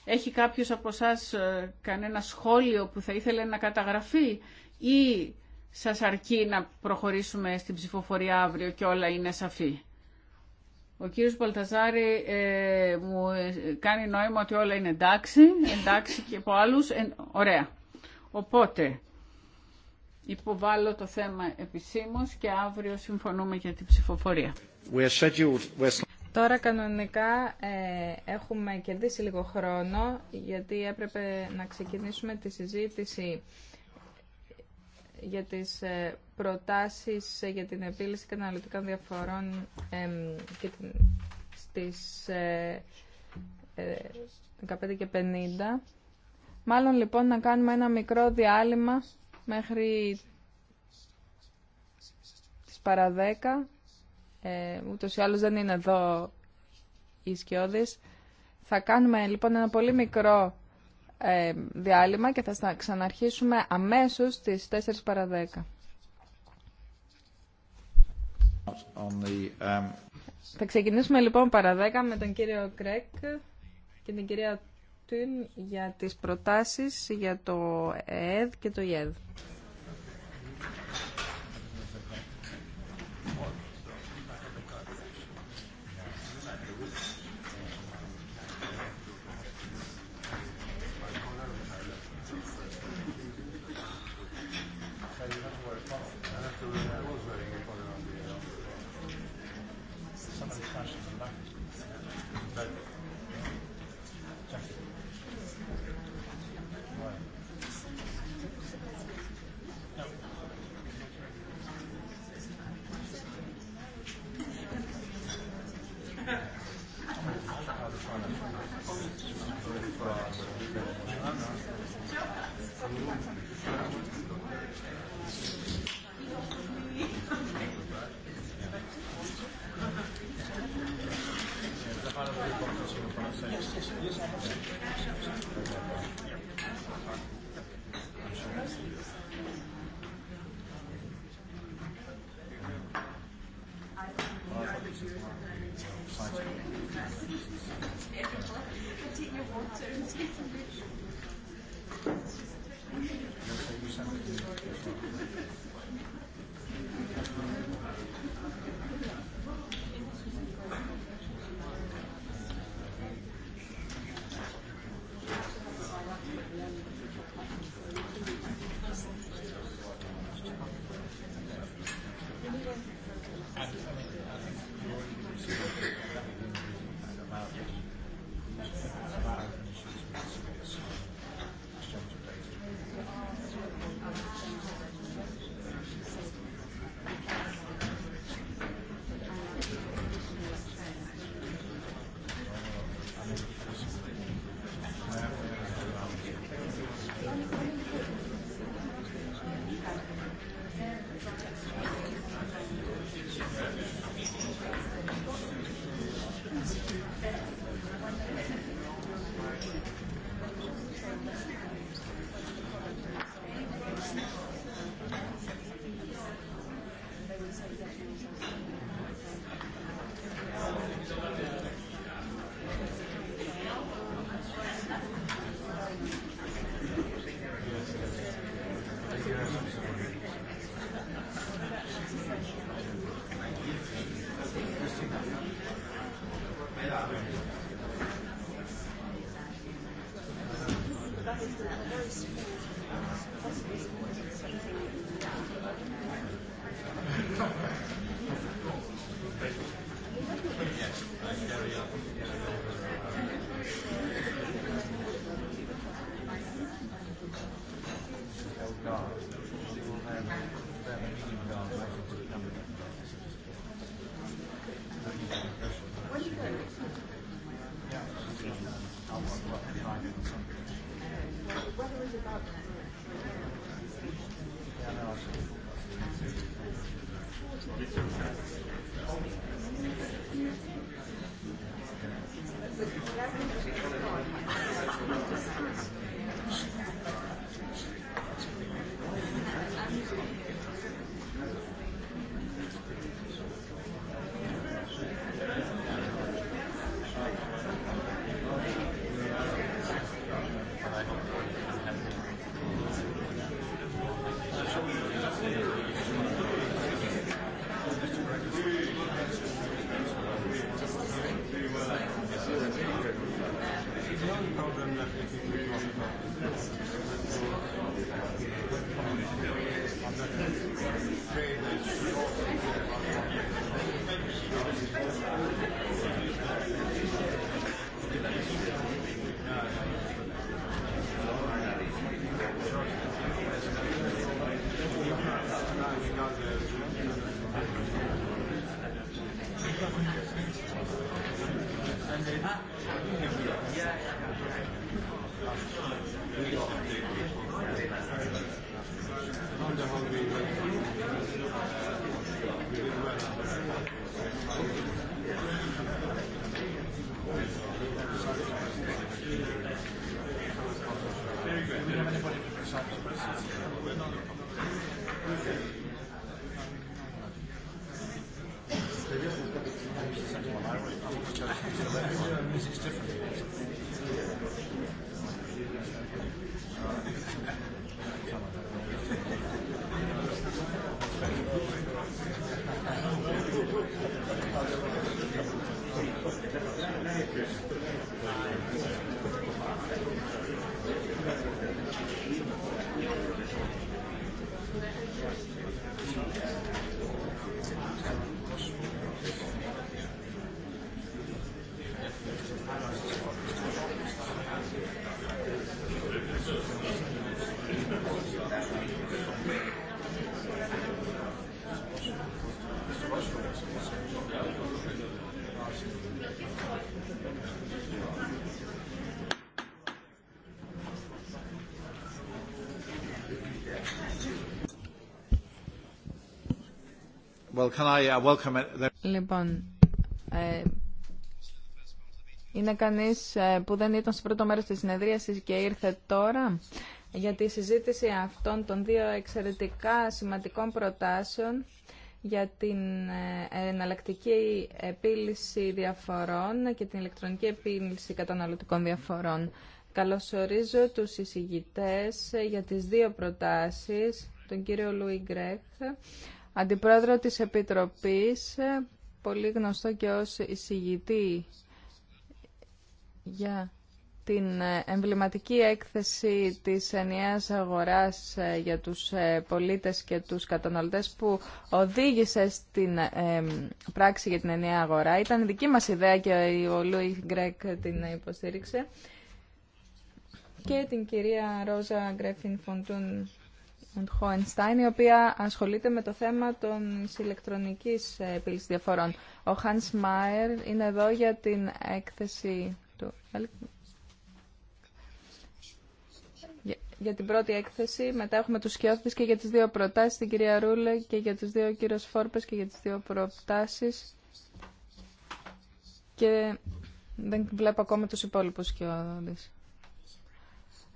Έχει κάποιος από εσά ε, κανένα σχόλιο που θα ήθελε να καταγραφεί ή σας αρκεί να προχωρήσουμε στην ψηφοφορία αύριο και όλα είναι σαφή. Ο κύριος Παλτασάρη ε, μου ε, κάνει νόημα ότι όλα είναι εντάξει, εντάξει και από άλλους, ωραία. Οπότε, υποβάλλω το θέμα επισήμως και αύριο συμφωνούμε για την ψηφοφορία. Τώρα κανονικά ε, έχουμε κερδίσει λίγο χρόνο, γιατί έπρεπε να ξεκινήσουμε τη συζήτηση για τις ε, προτάσεις ε, για την επίλυση καταναλωτικών διαφορών και την, στις 15 ε, και 50. Μάλλον λοιπόν να κάνουμε ένα μικρό διάλειμμα μέχρι τις παραδέκα. Ε, ούτως ή άλλως δεν είναι εδώ οι σκιώδεις. Θα κάνουμε λοιπόν ένα πολύ μικρό ε, διάλειμμα και θα ξαναρχίσουμε αμέσως στις 4 παρα 10. Θα ξεκινήσουμε λοιπόν παρα 10 με τον κύριο Κρέκ και την κυρία Τουίν για τις προτάσεις για το ΕΕΔ και το ΙΕΔ. Uh, λοιπόν, ε, είναι κανείς ε, που δεν ήταν στο πρώτο μέρος της συνεδρίασης και ήρθε τώρα για τη συζήτηση αυτών των δύο εξαιρετικά σημαντικών προτάσεων για την ε, εναλλακτική επίλυση διαφορών και την ηλεκτρονική επίλυση καταναλωτικών διαφορών. Καλωσορίζω τους εισηγητές για τις δύο προτάσεις, τον κύριο Λουί Γκρέχ, Αντιπρόεδρο της Επιτροπής, ε, πολύ γνωστό και ως εισηγητή για την ε, εμβληματική έκθεση της ενιαίας αγοράς ε, για τους πολίτες και τους καταναλωτές που οδήγησε στην πράξη για την ενιαία αγορά. Ήταν δική μας ιδέα και ο Λούι Γκρέκ την υποστήριξε και την κυρία Ρόζα Γκρέφιν Φοντούν Χόενστάιν, η οποία ασχολείται με το θέμα των ηλεκτρονικής ε, επίλυσης διαφορών. Ο Χάνς Μάιερ είναι εδώ για την έκθεση του... Για την πρώτη έκθεση, μετά έχουμε τους σκιώθητες και για τις δύο προτάσεις, την κυρία Ρούλε και για τους δύο κύριο Φόρπες και για τις δύο προτάσεις. Και δεν βλέπω ακόμα τους υπόλοιπους σκιώδοντες.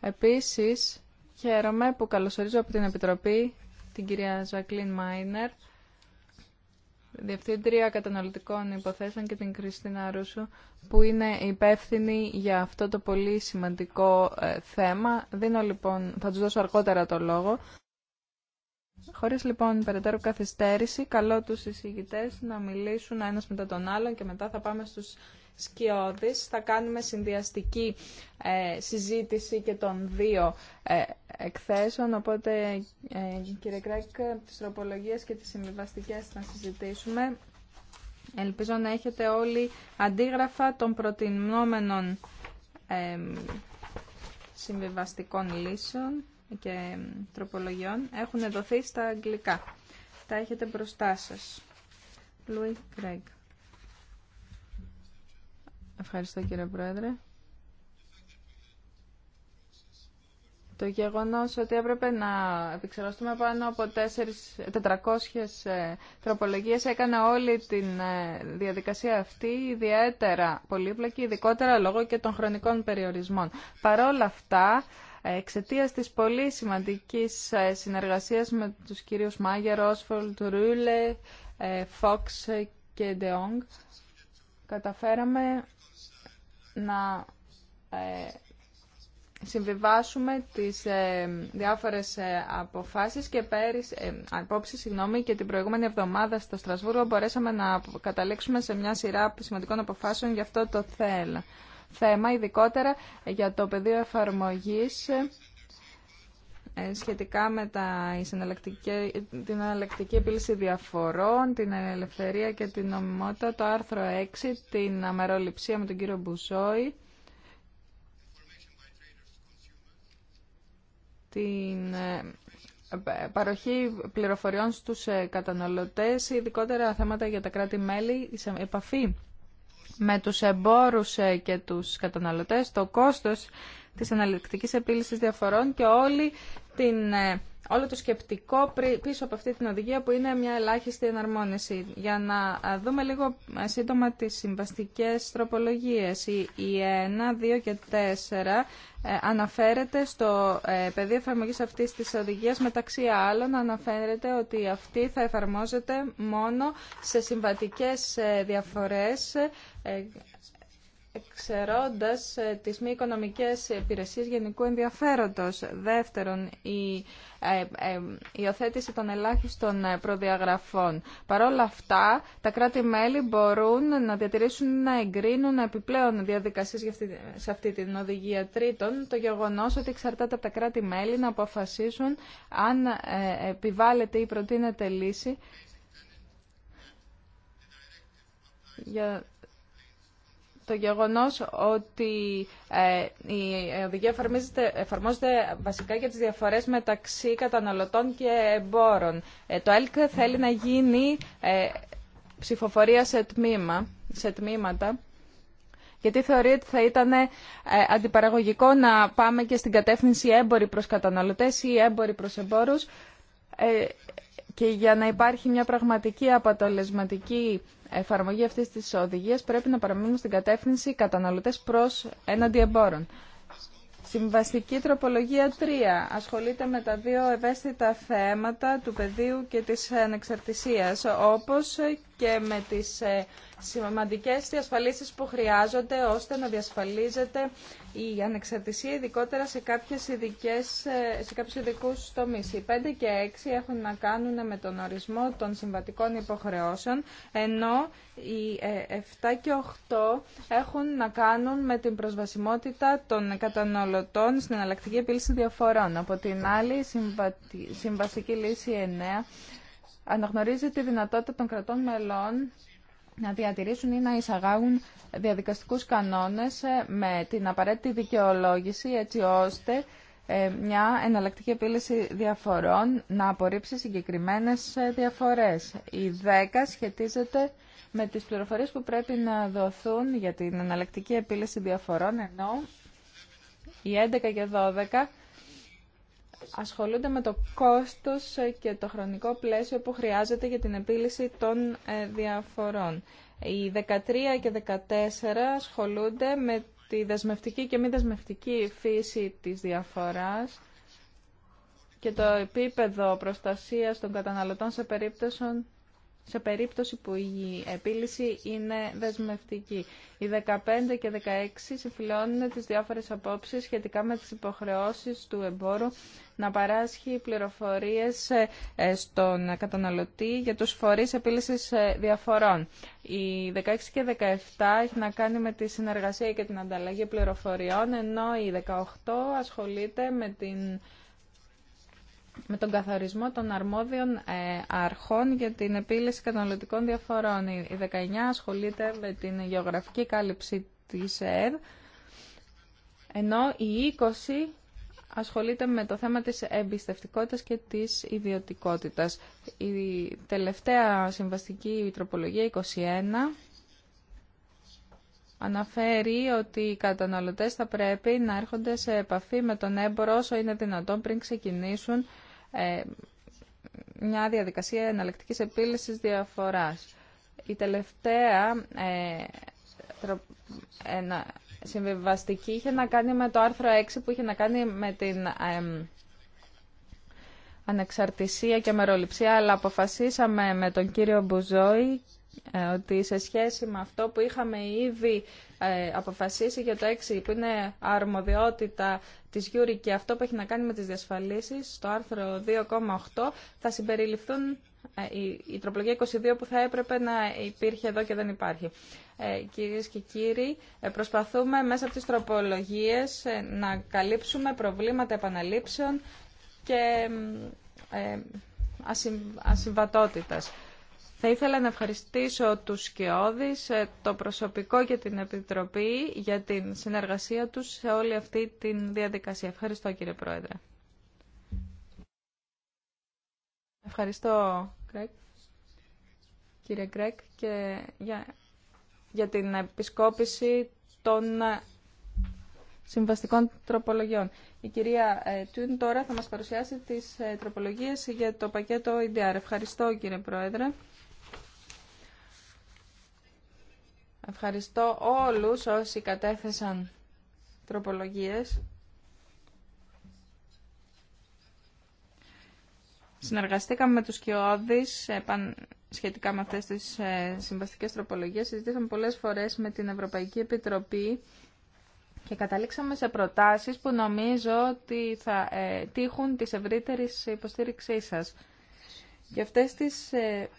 Επίσης, Χαίρομαι που καλωσορίζω από την Επιτροπή την κυρία Ζακλίν Μάινερ, Διευθύντρια Καταναλωτικών Υποθέσεων και την Κριστίνα Ρούσου, που είναι υπεύθυνη για αυτό το πολύ σημαντικό ε, θέμα. Δίνω λοιπόν, θα τους δώσω αργότερα το λόγο. Χωρίς λοιπόν περαιτέρω καθυστέρηση, καλώ τους εισηγητές να μιλήσουν ένας μετά τον άλλον και μετά θα πάμε στους σκιώδης. Θα κάνουμε συνδυαστική ε, συζήτηση και των δύο ε, εκθέσεων, οπότε ε, κύριε Κρέκ, τις τροπολογίες και τις συμβιβαστικές θα συζητήσουμε. Ελπίζω να έχετε όλοι αντίγραφα των προτινόμενων συμβιβαστικών λύσεων και τροπολογιών. Έχουν δοθεί στα αγγλικά. Τα έχετε μπροστά σας. Louis Craig. Ευχαριστώ κύριε Πρόεδρε. Το γεγονός ότι έπρεπε να επεξεργαστούμε πάνω από 400 ε, τροπολογίες έκανε όλη τη ε, διαδικασία αυτή ιδιαίτερα πολύπλοκη, ειδικότερα λόγω και των χρονικών περιορισμών. όλα αυτά, ε, εξαιτία τη πολύ σημαντική συνεργασία με του κυρίου Μάγερ, Όσφολτ, Ρούλε, Φόξ και Ντεόγκ, καταφέραμε να ε, συμβιβάσουμε τις ε, διάφορες ε, αποφάσεις και πέρυσι, απόψεις συγγνώμη, και την προηγούμενη εβδομάδα στο Στρασβούργο μπορέσαμε να καταλήξουμε σε μια σειρά σημαντικών αποφάσεων για αυτό το θέμα, ειδικότερα για το πεδίο εφαρμογής ε, σχετικά με τα, την εναλλακτική επίλυση διαφορών, την ελευθερία και την νομιμότητα, το άρθρο 6, την αμεροληψία με τον κύριο Μπουζόη, την ε, παροχή πληροφοριών στους ε, καταναλωτές, ειδικότερα θέματα για τα κράτη-μέλη, σε επαφή με τους εμπόρους και τους καταναλωτές, το κόστος της αναλεκτικής επίλυσης διαφορών και όλοι την, ε, όλο το σκεπτικό πίσω από αυτή την οδηγία που είναι μια ελάχιστη εναρμόνιση. Για να δούμε λίγο ε, σύντομα τις συμβαστικές τροπολογίες. Η 1, 2 και 4 ε, αναφέρεται στο πεδίο εφαρμογή αυτής της οδηγίας. Μεταξύ άλλων αναφέρεται ότι αυτή θα εφαρμόζεται μόνο σε συμβατικές διαφορές εξαιρώντας ε, τις μη οικονομικές υπηρεσίες γενικού ενδιαφέροντος. Δεύτερον, η ε, ε, υιοθέτηση των ελάχιστων προδιαγραφών. Παρ' αυτά, τα κράτη-μέλη μπορούν να διατηρήσουν να εγκρίνουν επιπλέον διαδικασίες σε αυτή την οδηγία. Τρίτον, το γεγονός ότι εξαρτάται από τα κράτη-μέλη να αποφασίσουν αν επιβάλλεται ή προτείνεται λύση το γεγονός ότι ε, η οδηγία εφαρμόζεται βασικά για τις διαφορές μεταξύ καταναλωτών και εμπόρων. Ε, το ΕΛΚ θέλει να γίνει ε, ψηφοφορία σε, τμήμα, σε τμήματα γιατί θεωρεί ότι θα ήταν αντιπαραγωγικό να πάμε και στην κατεύθυνση έμποροι προς καταναλωτές ή έμποροι προς εμπόρους και για να υπάρχει μια πραγματική αποτελεσματική εφαρμογή αυτής της οδηγίας πρέπει να παραμείνουν στην κατεύθυνση καταναλωτές προς έναντι εμπόρων. Συμβαστική τροπολογία 3 ασχολείται με τα δύο ευαίσθητα θέματα του πεδίου και της ανεξαρτησίας, όπως και με τις ε, σημαντικές διασφαλίσεις που χρειάζονται ώστε να διασφαλίζεται η ανεξαρτησία ειδικότερα σε, κάποιες ειδικές, ε, σε κάποιους ειδικούς τομείς. Οι 5 και 6 έχουν να κάνουν με τον ορισμό των συμβατικών υποχρεώσεων ενώ οι 7 ε, και 8 έχουν να κάνουν με την προσβασιμότητα των καταναλωτών στην εναλλακτική επίλυση διαφορών. Από την άλλη, η συμβαστική λύση 9 αναγνωρίζει τη δυνατότητα των κρατών μελών να διατηρήσουν ή να εισαγάγουν διαδικαστικούς κανόνες ε, με την απαραίτητη δικαιολόγηση έτσι ώστε ε, μια εναλλακτική επίλυση διαφορών να απορρίψει συγκεκριμένες ε, διαφορές. Η 10 σχετίζεται με τις πληροφορίες που πρέπει να δοθούν για την εναλλακτική επίλυση διαφορών, ενώ η 11 και 12 ασχολούνται με το κόστος και το χρονικό πλαίσιο που χρειάζεται για την επίλυση των ε, διαφορών. Οι 13 και 14 ασχολούνται με τη δεσμευτική και μη δεσμευτική φύση της διαφοράς και το επίπεδο προστασίας των καταναλωτών σε περίπτωση σε περίπτωση που η επίλυση είναι δεσμευτική. Οι 15 και 16 συμφιλώνουν τις διάφορες απόψεις σχετικά με τις υποχρεώσεις του εμπόρου να παράσχει πληροφορίες ε, ε, στον καταναλωτή για τους φορείς επίλυσης ε, διαφορών. Οι 16 και 17 έχει να κάνει με τη συνεργασία και την ανταλλαγή πληροφοριών, ενώ οι 18 ασχολείται με την με τον καθορισμό των αρμόδιων ε, αρχών για την επίλυση καταναλωτικών διαφορών. Η 19 ασχολείται με την γεωγραφική κάλυψη της ΕΕΔ, ενώ η 20 ασχολείται με το θέμα της εμπιστευτικότητας και της ιδιωτικότητας. Η τελευταία συμβαστική τροπολογία 21 αναφέρει ότι οι καταναλωτές θα πρέπει να έρχονται σε επαφή με τον έμπορο όσο είναι δυνατόν πριν ξεκινήσουν ε, μια διαδικασία εναλλακτικής επίλυσης διαφοράς. Η τελευταία ε, συμβιβαστική είχε να κάνει με το άρθρο 6 που είχε να κάνει με την ανεξαρτησία και μεροληψία, αλλά αποφασίσαμε με τον κύριο Μπουζόη ε, ότι σε σχέση με αυτό που είχαμε ήδη ε, αποφασίσει για το 6 που είναι αρμοδιότητα της Γιούρη και αυτό που έχει να κάνει με τις διασφαλίσεις στο άρθρο 2,8 θα συμπεριληφθούν ε, η, η τροπολογία 22 που θα έπρεπε να υπήρχε εδώ και δεν υπάρχει. Ε, κυρίες και κύριοι, ε, προσπαθούμε μέσα από τις τροπολογίες να καλύψουμε προβλήματα επαναλήψεων και ε, ασυμβατότητας. Θα ήθελα να ευχαριστήσω τους Σκιώδης, ε, το προσωπικό και την Επιτροπή για την συνεργασία τους σε όλη αυτή τη διαδικασία. Ευχαριστώ κύριε Πρόεδρε. Ευχαριστώ κύριε Γκρέκ και για, την επισκόπηση των ε, συμβαστικών τροπολογιών. Η κυρία ε, Τιούν τώρα θα μας παρουσιάσει τις τροπολογίες για το πακέτο IDR. Ευχαριστώ κύριε Πρόεδρε. Ευχαριστώ όλους όσοι κατέθεσαν τροπολογίες. Συνεργαστήκαμε με τους Κιώδης σχετικά με αυτές τις ε, συμβαστικές τροπολογίες. Συζητήσαμε πολλές φορές με την Ευρωπαϊκή Επιτροπή και καταλήξαμε σε προτάσεις που νομίζω ότι θα ε, τύχουν της ευρύτερης υποστήριξής σας. Και αυτές τις ε,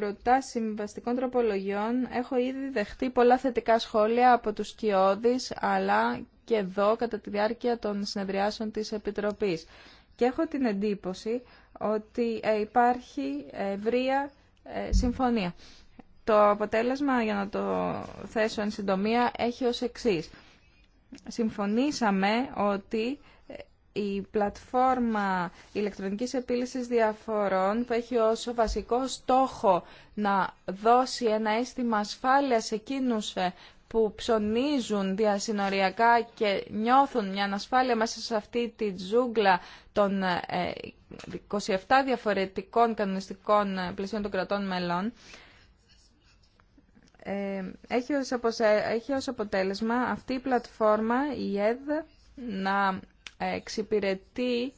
προτάσεις συμβαστικών τροπολογιών έχω ήδη δεχτεί πολλά θετικά σχόλια από τους κοιόδης, αλλά και εδώ κατά τη διάρκεια των συνεδριάσεων της Επιτροπής. Και έχω την εντύπωση ότι ε, υπάρχει ευρεία ε, συμφωνία. Το αποτέλεσμα, για να το θέσω εν συντομία, έχει ως εξής. Συμφωνήσαμε ότι η πλατφόρμα ηλεκτρονικής επίλυσης διαφορών που έχει ως βασικό στόχο να δώσει ένα αίσθημα ασφάλειας σε εκείνους ε, που ψωνίζουν διασυνοριακά και νιώθουν μια ανασφάλεια μέσα σε αυτή τη τζούγκλα των 27 ε, διαφορετικών κανονιστικών ε, πλαισίων των κρατών μελών, έχει ως αποτέλεσμα αυτή η πλατφόρμα, η ΕΔ, να ε, εξυπηρετεί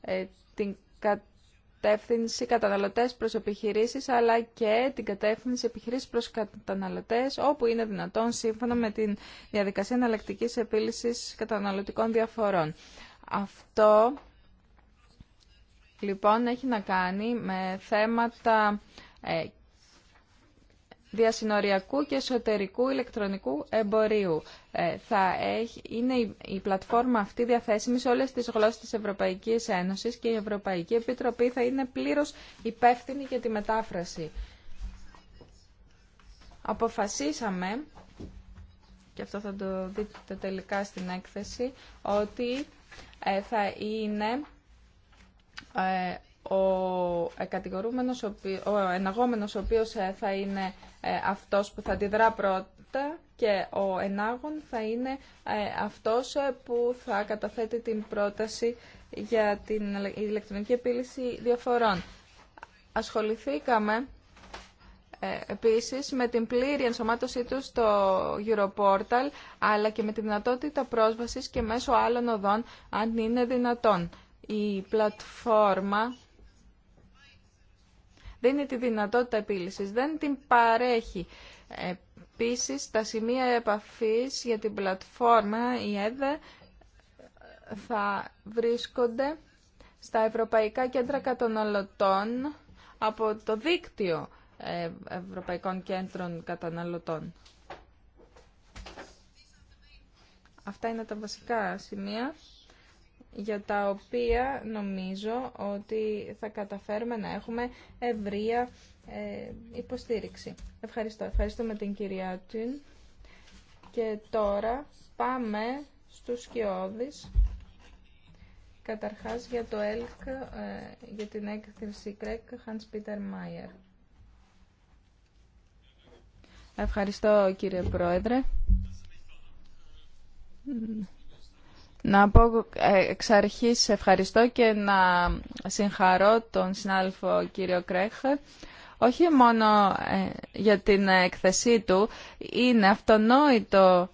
ε, την κατεύθυνση καταναλωτές προς επιχειρήσεις αλλά και την κατεύθυνση επιχειρήσεις προς καταναλωτές όπου είναι δυνατόν σύμφωνα με την διαδικασία εναλλακτική επίλυσης καταναλωτικών διαφορών. Αυτό λοιπόν έχει να κάνει με θέματα ε, διασυνοριακού και εσωτερικού ηλεκτρονικού εμπορίου. Ε, θα έχει, είναι η, πλατφόρμα αυτή διαθέσιμη σε όλες τις γλώσσες της Ευρωπαϊκής Ένωσης και η Ευρωπαϊκή Επιτροπή θα είναι πλήρως υπεύθυνη για τη μετάφραση. Αποφασίσαμε, και αυτό θα το δείτε τελικά στην έκθεση, ότι ε, θα είναι ε, ο κατηγορούμενος, ο εναγόμενος ο οποίος θα είναι ε, αυτός που θα αντιδρά πρώτα και ο ενάγων θα είναι ε, αυτός ε, που θα καταθέτει την πρόταση για την ηλεκτρονική επίλυση διαφορών. Ασχοληθήκαμε επίσης με την πλήρη ενσωμάτωσή του στο Europortal αλλά και με τη δυνατότητα πρόσβασης και μέσω άλλων οδών αν είναι δυνατόν. Η πλατφόρμα δίνει τη δυνατότητα επίλυσης, δεν την παρέχει. Επίσης, τα σημεία επαφής για την πλατφόρμα, η ΕΔΕ, θα βρίσκονται στα Ευρωπαϊκά Κέντρα Καταναλωτών από το δίκτυο ε, Ευρωπαϊκών Κέντρων Καταναλωτών. Αυτά είναι τα βασικά σημεία για τα οποία νομίζω ότι θα καταφέρουμε να έχουμε ευρεία ε, υποστήριξη. Ευχαριστώ. Ευχαριστούμε την κυρία Τιν. Και τώρα πάμε στους σκιώδεις. Καταρχάς για το ΕΛΚ, ε, για την έκθεση ΚΡΕΚ, Hans Peter Mayer. Ευχαριστώ κύριε Πρόεδρε. Να πω ε, εξ αρχής ευχαριστώ και να συγχαρώ τον συνάδελφο κύριο Κρέχ όχι μόνο ε, για την εκθεσή του, είναι αυτονόητο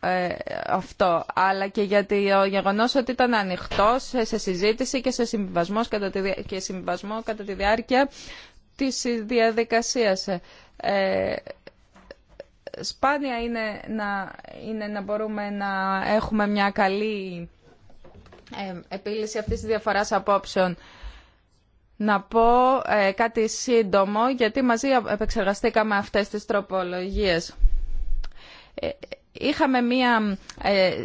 ε, αυτό, αλλά και για το γεγονό ότι ήταν ανοιχτό σε συζήτηση και σε συμβιβασμό κατά, τη, και συμβιβασμό κατά τη διάρκεια της διαδικασίας σπάνια είναι να, είναι να μπορούμε να έχουμε μια καλή ε, επίλυση αυτής της διαφοράς απόψεων. Να πω ε, κάτι σύντομο, γιατί μαζί επεξεργαστήκαμε αυτές τις τροπολογίες. Ε, Είχαμε μία ε,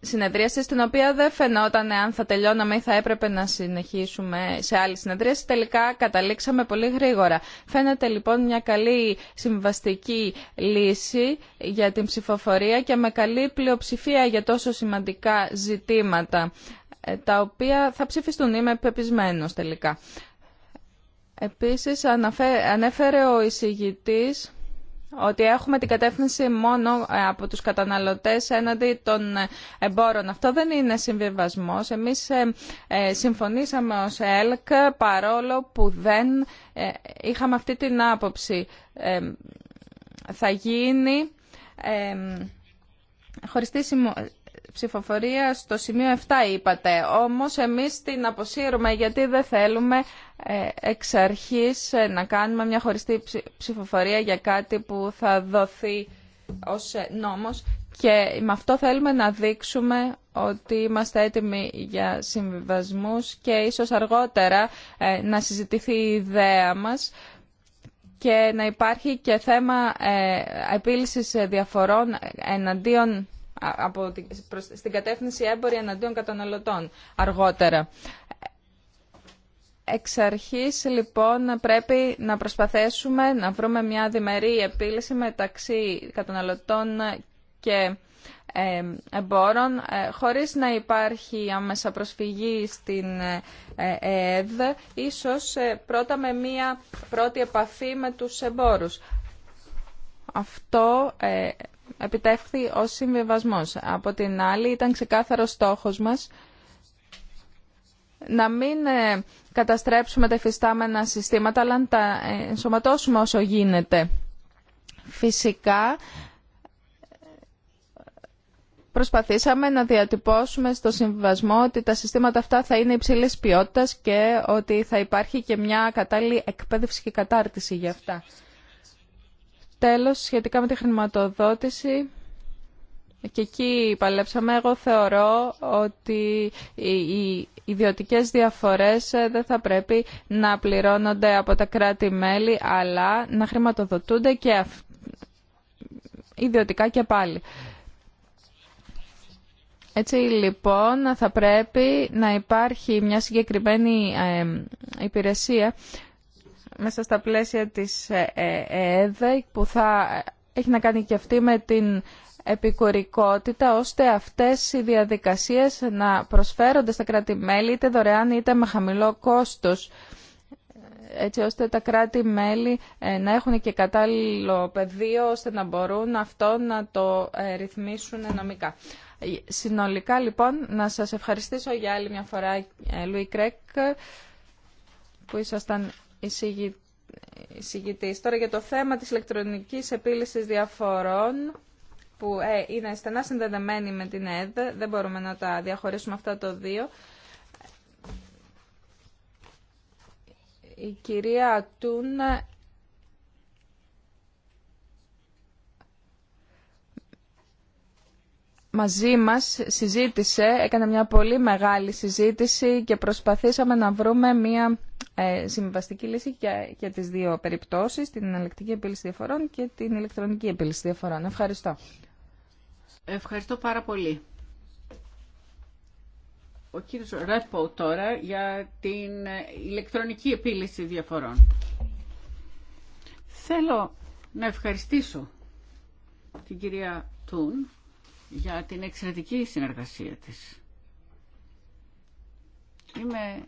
συνεδρίαση στην οποία δεν φαινόταν αν θα τελειώναμε ή θα έπρεπε να συνεχίσουμε σε άλλη συνεδρίαση. Τελικά καταλήξαμε πολύ γρήγορα. Φαίνεται λοιπόν μια καλή συμβαστική λύση για την ψηφοφορία και με καλή πλειοψηφία για τόσο σημαντικά ζητήματα, ε, τα οποία θα ψηφιστούν. Είμαι πεπισμένος τελικά. Επίσης ανέφερε ο εισηγητής ότι έχουμε την κατεύθυνση μόνο ε, από τους καταναλωτές έναντι των εμπόρων. Αυτό δεν είναι συμβιβασμός. Εμείς ε, ε, συμφωνήσαμε ως ΕΛΚ παρόλο που δεν είχαμε αυτή την άποψη. Θα γίνει χωριστή ψηφοφορία στο σημείο 7 είπατε, όμως εμείς την αποσύρουμε γιατί δεν θέλουμε ε, εξ αρχής ε, να κάνουμε μια χωριστή ψηφοφορία για κάτι που θα δοθεί ως ε, νόμος και με αυτό θέλουμε να δείξουμε ότι είμαστε έτοιμοι για συμβιβασμούς και ίσως αργότερα να συζητηθεί η ιδέα μας και να υπάρχει και θέμα επίλυσης διαφορών εναντίον από την, στην κατεύθυνση έμποροι εναντίον καταναλωτών αργότερα. Εξ αρχής λοιπόν πρέπει να προσπαθήσουμε να βρούμε μια διμερή επίλυση μεταξύ καταναλωτών και εμπόρων ε, χωρίς να υπάρχει άμεσα προσφυγή στην ΕΕΔ ε, ίσως ε, πρώτα με μια πρώτη επαφή με τους εμπόρους. Αυτό επιτεύχθη ο συμβιβασμός. Από την άλλη ήταν ξεκάθαρο στόχος μας να μην ε, καταστρέψουμε τα εφιστάμενα συστήματα, αλλά να τα ενσωματώσουμε όσο γίνεται. Φυσικά, προσπαθήσαμε να διατυπώσουμε στο συμβιβασμό ότι τα συστήματα αυτά θα είναι υψηλής ποιότητας και ότι θα υπάρχει και μια κατάλληλη εκπαίδευση και κατάρτιση για αυτά. Τέλος, σχετικά με τη χρηματοδότηση, και εκεί παλέψαμε, εγώ θεωρώ ότι οι ιδιωτικές διαφορές ε, δεν θα πρέπει να πληρώνονται από τα κράτη-μέλη, αλλά να χρηματοδοτούνται και ιδιωτικά και πάλι. Έτσι λοιπόν θα πρέπει να υπάρχει μια συγκεκριμένη ε, υπηρεσία μέσα στα πλαίσια της ε, ε, ΕΕΔ που θα έχει να κάνει και αυτή με την επικουρικότητα ώστε αυτές οι διαδικασίες να προσφέρονται στα κράτη-μέλη είτε δωρεάν είτε με χαμηλό κόστος έτσι ώστε τα κράτη-μέλη ε, να έχουν και κατάλληλο πεδίο ώστε να μπορούν αυτό να το ρυθμίσουν νομικά. Συνολικά λοιπόν να σας ευχαριστήσω για άλλη μια φορά Λουί Κρέκ που ήσασταν εισηγητή. Τώρα για το θέμα της ηλεκτρονικής επίλυσης διαφορών που ε, είναι στενά συνδεδεμένη με την ΕΔ, δεν μπορούμε να τα διαχωρίσουμε αυτά το δύο. Η κυρία Τούν μαζί μας συζήτησε, έκανε μια πολύ μεγάλη συζήτηση και προσπαθήσαμε να βρούμε μια ε, συμβαστική λύση για, για τις δύο περιπτώσεις, την εναλλεκτική επίλυση διαφορών και την ηλεκτρονική επίλυση διαφορών. Ευχαριστώ. Ευχαριστώ πάρα πολύ. Ο κύριος Ρέπο τώρα για την ηλεκτρονική επίλυση διαφορών. Θέλω να ευχαριστήσω την κυρία Τούν για την εξαιρετική συνεργασία της. Είμαι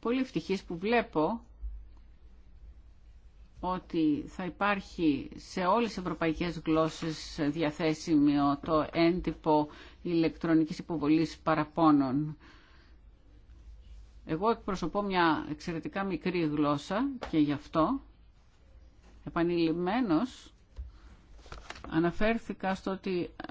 πολύ ευτυχής που βλέπω ότι θα υπάρχει σε όλες τις ευρωπαϊκές γλώσσες διαθέσιμο το έντυπο ηλεκτρονικής υποβολής παραπώνων. Εγώ εκπροσωπώ μια εξαιρετικά μικρή γλώσσα και γι' αυτό επανειλημμένος Αναφέρθηκα στο ότι ε,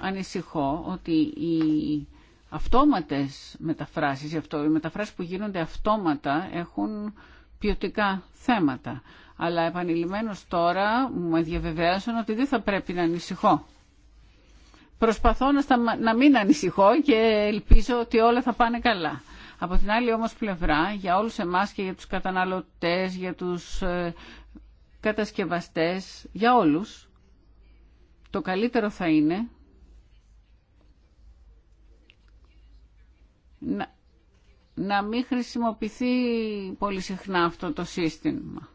ανησυχώ ότι οι αυτόματες μεταφράσεις, οι μεταφράσεις που γίνονται αυτόματα έχουν ποιοτικά θέματα. Αλλά επανειλημμένως τώρα μου διαβεβαίωσαν ότι δεν θα πρέπει να ανησυχώ. Προσπαθώ να, μην ανησυχώ και ελπίζω ότι όλα θα πάνε καλά. Από την άλλη όμως πλευρά, για όλους εμάς και για τους καταναλωτές, για τους ε, κατασκευαστές, για όλους, το καλύτερο θα είναι να, να μην χρησιμοποιηθεί πολύ συχνά αυτό το σύστημα.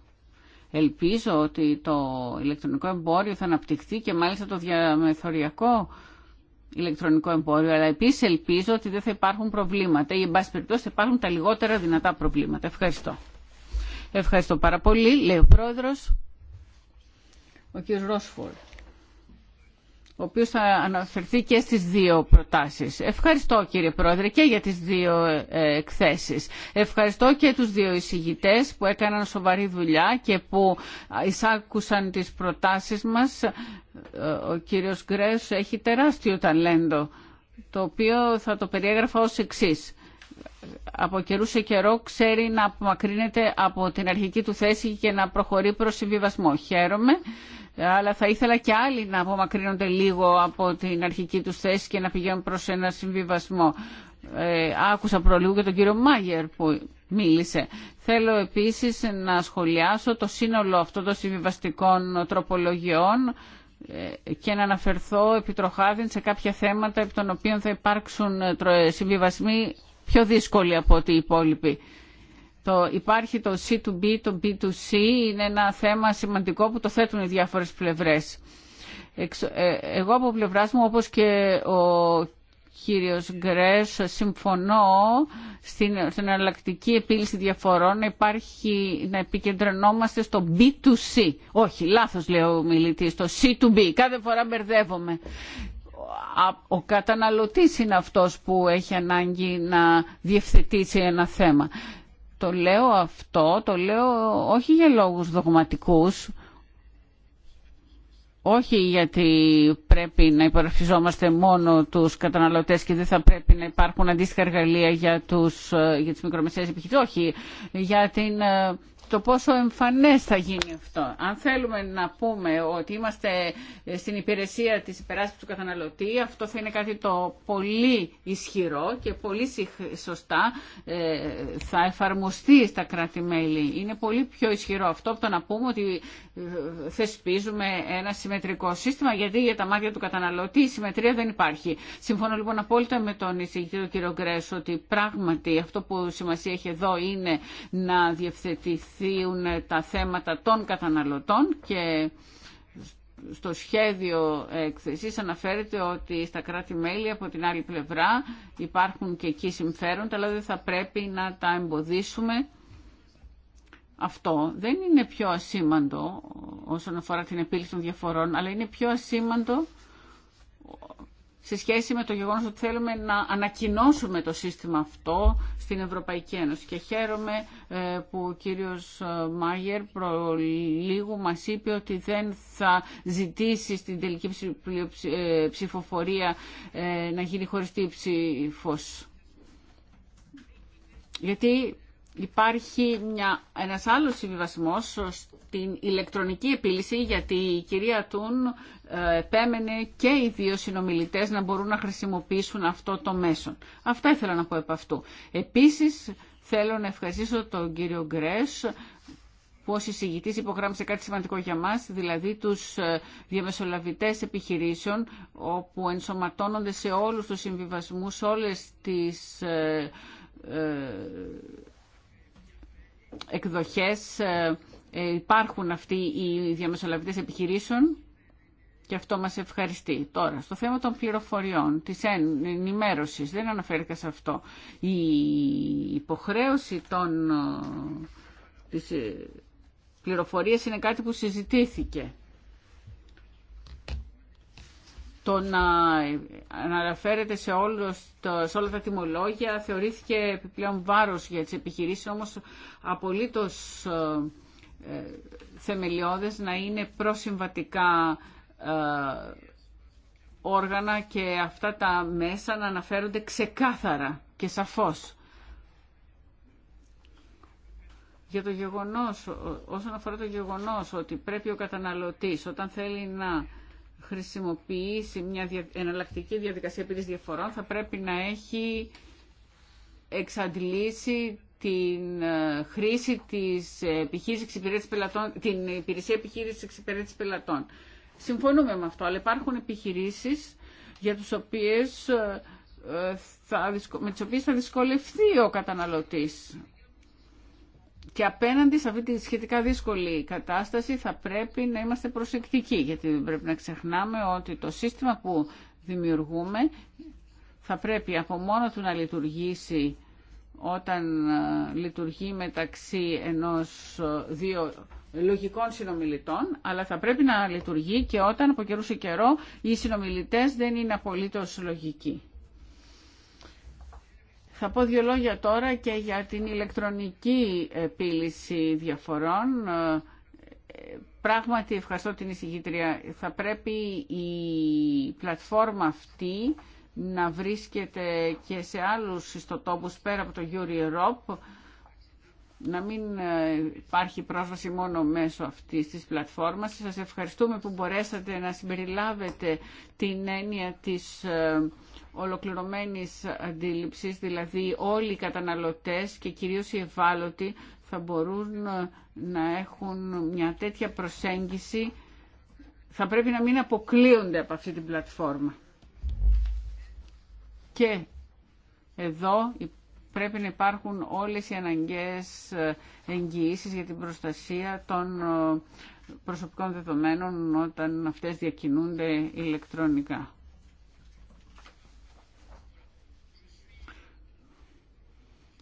Ελπίζω ότι το ηλεκτρονικό εμπόριο θα αναπτυχθεί και μάλιστα το διαμεθοριακό ηλεκτρονικό εμπόριο, αλλά επίσης ελπίζω ότι δεν θα υπάρχουν προβλήματα ή, εν πάση περιπτώσει, θα υπάρχουν τα λιγότερα δυνατά προβλήματα. Ευχαριστώ. Ευχαριστώ πάρα πολύ, λέει ο πρόεδρος, ο κ. Ρόσφορ, ο οποίος θα αναφερθεί και στις δύο προτάσεις. Ευχαριστώ κύριε πρόεδρε και για τις δύο ε, εκθέσεις. Ευχαριστώ και τους δύο εισηγητές που έκαναν σοβαρή δουλειά και που εισάκουσαν τις προτάσεις μας. Ε, ο κύριος Γκρέος έχει τεράστιο ταλέντο, το οποίο θα το περιέγραφα ως εξής από καιρού σε καιρό ξέρει να απομακρύνεται από την αρχική του θέση και να προχωρεί προς συμβιβασμό. Χαίρομαι, αλλά θα ήθελα και άλλοι να απομακρύνονται λίγο από την αρχική του θέση και να πηγαίνουν προς ένα συμβιβασμό. Ε, άκουσα προλίγου και τον κύριο Μάγερ που μίλησε. Θέλω επίσης να σχολιάσω το σύνολο αυτών των συμβιβαστικών τροπολογιών ε, και να αναφερθώ επιτροχάδιν σε κάποια θέματα από των οποίων θα υπάρξουν συμβιβασμοί πιο δύσκολη από ό,τι οι υπόλοιποι. Το, υπάρχει το C2B, το B2C, είναι ένα θέμα σημαντικό που το θέτουν οι διάφορες πλευρές. Ε, εγώ από πλευρά μου, όπως και ο κύριος Γκρέσ, συμφωνώ στην, εναλλακτική επίλυση διαφορών να, υπάρχει, να επικεντρωνόμαστε στο B2C. Όχι, λάθος λέει ο μιλητής, το C2B. Κάθε φορά μπερδεύομαι ο καταναλωτής είναι αυτός που έχει ανάγκη να διευθετήσει ένα θέμα. Το λέω αυτό, το λέω όχι για λόγους δογματικούς, όχι γιατί πρέπει να υπερασπιζόμαστε μόνο τους καταναλωτές και δεν θα πρέπει να υπάρχουν αντίστοιχα εργαλεία για, τους, ε, για τις μικρομεσαίες επιχειρήσεις. Όχι, για την ε, το πόσο εμφανές θα γίνει αυτό. Αν θέλουμε να πούμε ότι είμαστε στην υπηρεσία της υπεράσπισης του καταναλωτή, αυτό θα είναι κάτι το πολύ ισχυρό και πολύ σωστά ε, θα εφαρμοστεί στα κράτη-μέλη. Είναι πολύ πιο ισχυρό αυτό από το να πούμε ότι ε, θεσπίζουμε ένα συμμετρικό σύστημα, γιατί για τα μάτια του καταναλωτή η συμμετρία δεν υπάρχει. Συμφωνώ λοιπόν απόλυτα με τον εισηγητή του κ. Γκρέσ ότι πράγματι αυτό που σημασία έχει εδώ είναι να διευθετηθεί τα θέματα των καταναλωτών και στο σχέδιο έκθεσης αναφέρεται ότι στα κράτη-μέλη από την άλλη πλευρά υπάρχουν και εκεί συμφέροντα, αλλά δεν θα πρέπει να τα εμποδίσουμε. Αυτό δεν είναι πιο ασήμαντο όσον αφορά την επίλυση των διαφορών, αλλά είναι πιο ασήμαντο σε σχέση με το γεγονός ότι θέλουμε να ανακοινώσουμε το σύστημα αυτό στην Ευρωπαϊκή Ένωση. Και χαίρομαι ε, που ο κύριος ε, Μάγερ προλίγου μας είπε ότι δεν θα ζητήσει στην τελική ε, ψηφοφορία να γίνει χωριστή ψήφος. Γιατί Υπάρχει μια, ένας άλλος συμβιβασμός στην ηλεκτρονική επίλυση γιατί η κυρία Τούν ε, επέμενε και οι δύο συνομιλητές να μπορούν να χρησιμοποιήσουν αυτό το μέσο. Αυτά ήθελα να πω επ' αυτού. Επίσης θέλω να ευχαριστήσω τον κύριο Γκρέσ που ως εισηγητής υπογράμμισε κάτι σημαντικό για μας, δηλαδή τους ε, διαμεσολαβητές επιχειρήσεων, όπου ενσωματώνονται σε όλους τους συμβιβασμούς, όλες τις ε, εκδοχές ε, ε, υπάρχουν αυτοί οι διαμεσολαβητές επιχειρήσεων και αυτό μας ευχαριστεί. Τώρα, στο θέμα των πληροφοριών, της ενημέρωσης, δεν αναφέρθηκα σε αυτό. Η υποχρέωση των... Ε, της είναι κάτι που συζητήθηκε το να αναφέρεται σε, σε όλα τα τιμολόγια θεωρήθηκε επιπλέον βάρος για τις επιχειρήσεις, όμως απολύτως ε, ε θεμελιώδες να είναι προσυμβατικά ε, όργανα και αυτά τα μέσα να αναφέρονται ξεκάθαρα και σαφώς. Για το γεγονός, όσον αφορά το γεγονός ότι πρέπει ο καταναλωτής όταν θέλει να χρησιμοποιήσει μια εναλλακτική διαδικασία τη διαφορών θα πρέπει να έχει εξαντλήσει την ε, χρήση της επιχείρησης πελατών, την υπηρεσία επιχείρησης εξυπηρέτησης πελατών. Συμφωνούμε με αυτό, αλλά υπάρχουν επιχειρήσεις για τους οποίες ε, ε, θα, με τις οποίες θα δυσκολευτεί ο καταναλωτής και απέναντι σε αυτή τη σχετικά δύσκολη κατάσταση θα πρέπει να είμαστε προσεκτικοί, γιατί δεν πρέπει να ξεχνάμε ότι το σύστημα που δημιουργούμε θα πρέπει από μόνο του να λειτουργήσει όταν ε, λειτουργεί μεταξύ ενός ε, δύο λογικών συνομιλητών, αλλά θα πρέπει να λειτουργεί και όταν από καιρού σε καιρό οι συνομιλητές δεν είναι απολύτως λογικοί. Θα πω δύο λόγια τώρα και για την ηλεκτρονική επίλυση διαφορών. Ε, πράγματι ευχαριστώ την εισηγήτρια. Θα πρέπει η πλατφόρμα αυτή να βρίσκεται και σε άλλους ιστοτόπους πέρα από το Euro Europe, να μην ε, υπάρχει πρόσβαση μόνο μέσω αυτής της πλατφόρμας. Σας ευχαριστούμε που μπορέσατε να συμπεριλάβετε την έννοια της ε, ολοκληρωμένης αντίληψης, δηλαδή όλοι οι καταναλωτές και κυρίως οι ευάλωτοι θα μπορούν να έχουν μια τέτοια προσέγγιση, θα πρέπει να μην αποκλείονται από αυτή την πλατφόρμα. Και εδώ πρέπει να υπάρχουν όλες οι αναγκαίες εγγυήσεις για την προστασία των προσωπικών δεδομένων όταν αυτές διακινούνται ηλεκτρονικά.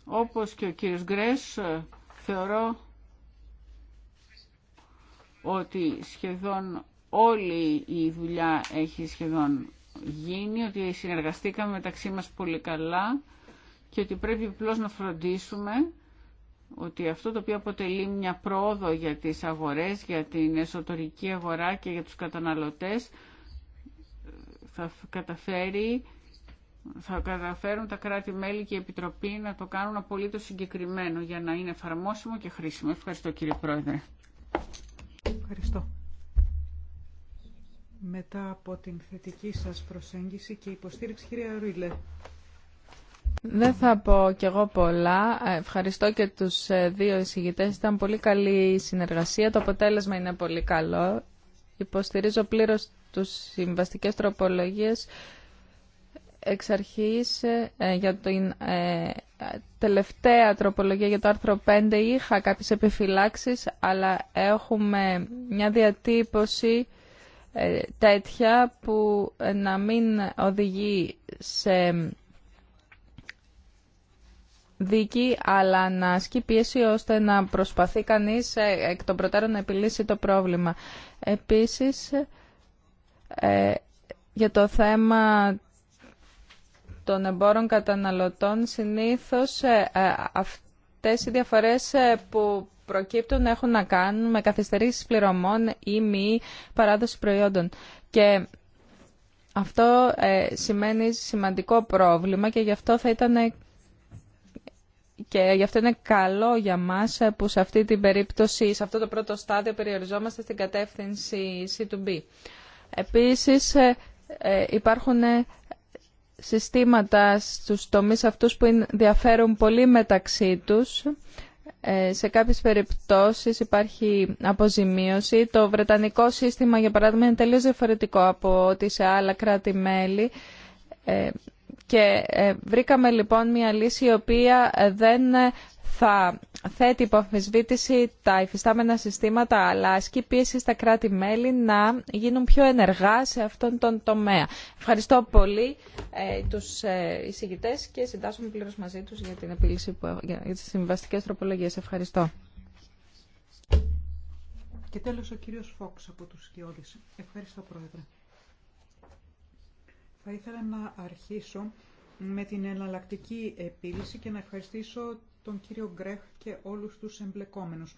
Όπως και ο κύριος Γκρέσ, ε, θεωρώ ότι σχεδόν όλη η δουλειά έχει σχεδόν γίνει, ότι συνεργαστήκαμε μεταξύ μας πολύ καλά και ότι πρέπει απλώ να φροντίσουμε ότι αυτό το οποίο αποτελεί μια πρόοδο για τις αγορές, για την εσωτερική αγορά και για τους καταναλωτές ε, θα καταφέρει θα καταφέρουν τα κράτη-μέλη και η Επιτροπή να το κάνουν απολύτως συγκεκριμένο για να είναι εφαρμόσιμο και χρήσιμο. Ευχαριστώ κύριε Πρόεδρε. Ευχαριστώ. Μετά από την θετική σας προσέγγιση και υποστήριξη κυρία Ρουίλε. Δεν θα πω κι εγώ πολλά. Ευχαριστώ και τους ε, δύο εισηγητές. Ήταν πολύ καλή η συνεργασία. Το αποτέλεσμα είναι πολύ καλό. Υποστηρίζω πλήρως τους συμβαστικές τροπολογίες εξ αρχής ε, ε, για την ε, τελευταία τροπολογία για το άρθρο 5 είχα κάποιες επιφυλάξεις αλλά έχουμε μια διατύπωση τέτοια που να μην οδηγεί σε δίκη αλλά να ασκεί πίεση ώστε να προσπαθεί κανείς εκ των προτέρων να επιλύσει το πρόβλημα. Επίσης, για το θέμα των εμπόρων καταναλωτών συνήθως ε, ε, αυτές οι διαφορές ε, που προκύπτουν έχουν να κάνουν με καθυστερήσεις πληρωμών ή μη παράδοση προϊόντων. Και αυτό σημαίνει σημαντικό πρόβλημα και γι' αυτό θα ήταν και γι' αυτό είναι καλό για μας που σε αυτή την περίπτωση, σε αυτό το πρώτο στάδιο περιοριζόμαστε στην κατεύθυνση C2B. Επίσης υπάρχουν συστήματα στους τομείς αυτούς που διαφέρουν πολύ μεταξύ τους. Ε, σε κάποιες περιπτώσεις υπάρχει αποζημίωση. Το βρετανικό σύστημα, για παράδειγμα, είναι τελείως διαφορετικό από ό,τι σε άλλα κράτη-μέλη. Ε, και ε, βρήκαμε λοιπόν μια λύση η οποία ε, δεν ε, θα θέτει υποαμφισβήτηση τα υφιστάμενα συστήματα αλλά ασκεί πίεση στα κράτη-μέλη να γίνουν πιο ενεργά σε αυτόν τον τομέα. Ευχαριστώ πολύ τους εισηγητές και συντάσσομαι πλήρως μαζί τους για την επίλυση που, για, τις συμβαστικές τροπολογίες. Ευχαριστώ. Και τέλος ο κύριος Φόξ από τους Σκιώδης. Ευχαριστώ Πρόεδρε. Θα ήθελα να αρχίσω με την εναλλακτική επίλυση και να ευχαριστήσω τον κύριο Γκρέχ και όλους τους εμπλεκόμενους.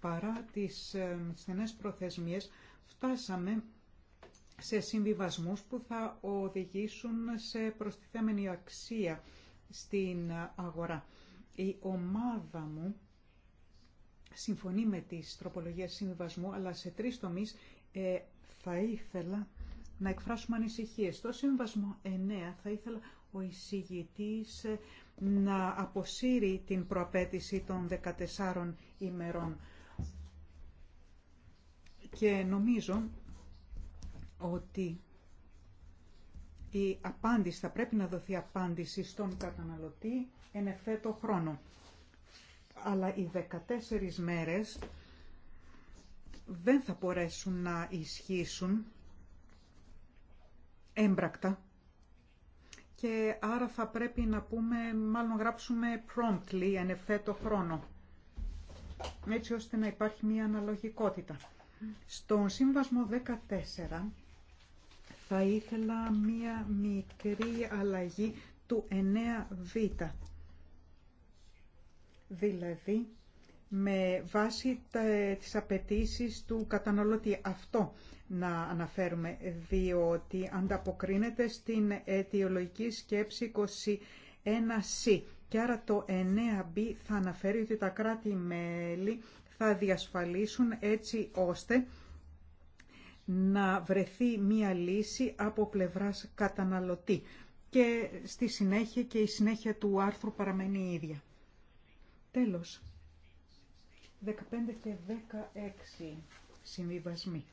Παρά τις ε, στενές προθεσμίες φτάσαμε σε συμβιβασμούς που θα οδηγήσουν σε προστιθέμενη αξία στην αγορά. Η ομάδα μου συμφωνεί με τις τροπολογίες συμβιβασμού, αλλά σε τρεις τομείς ε, θα ήθελα να εκφράσουμε ανησυχίες. Στο Σύμβασμο 9 θα ήθελα ο εισηγητής ε, να αποσύρει την προαπέτηση των 14 ημερών. Και νομίζω ότι η απάντηση, θα πρέπει να δοθεί απάντηση στον καταναλωτή εν ευθέτω χρόνο. Αλλά οι 14 μέρες δεν θα μπορέσουν να ισχύσουν έμπρακτα και άρα θα πρέπει να πούμε, μάλλον γράψουμε promptly, εν χρόνο, έτσι ώστε να υπάρχει μια αναλογικότητα. Στον Σύμβασμο 14 θα ήθελα μια μικρή αλλαγή του 9β, δηλαδή με βάση τις απαιτήσει του καταναλωτή. Αυτό να αναφέρουμε, διότι ανταποκρίνεται στην αιτιολογική σκέψη 21C. Και άρα το 9B θα αναφέρει ότι τα κράτη-μέλη θα διασφαλίσουν έτσι ώστε να βρεθεί μία λύση από πλευράς καταναλωτή. Και στη συνέχεια και η συνέχεια του άρθρου παραμένει η ίδια. Τέλος. 15 και 16 συμβιβασμοί.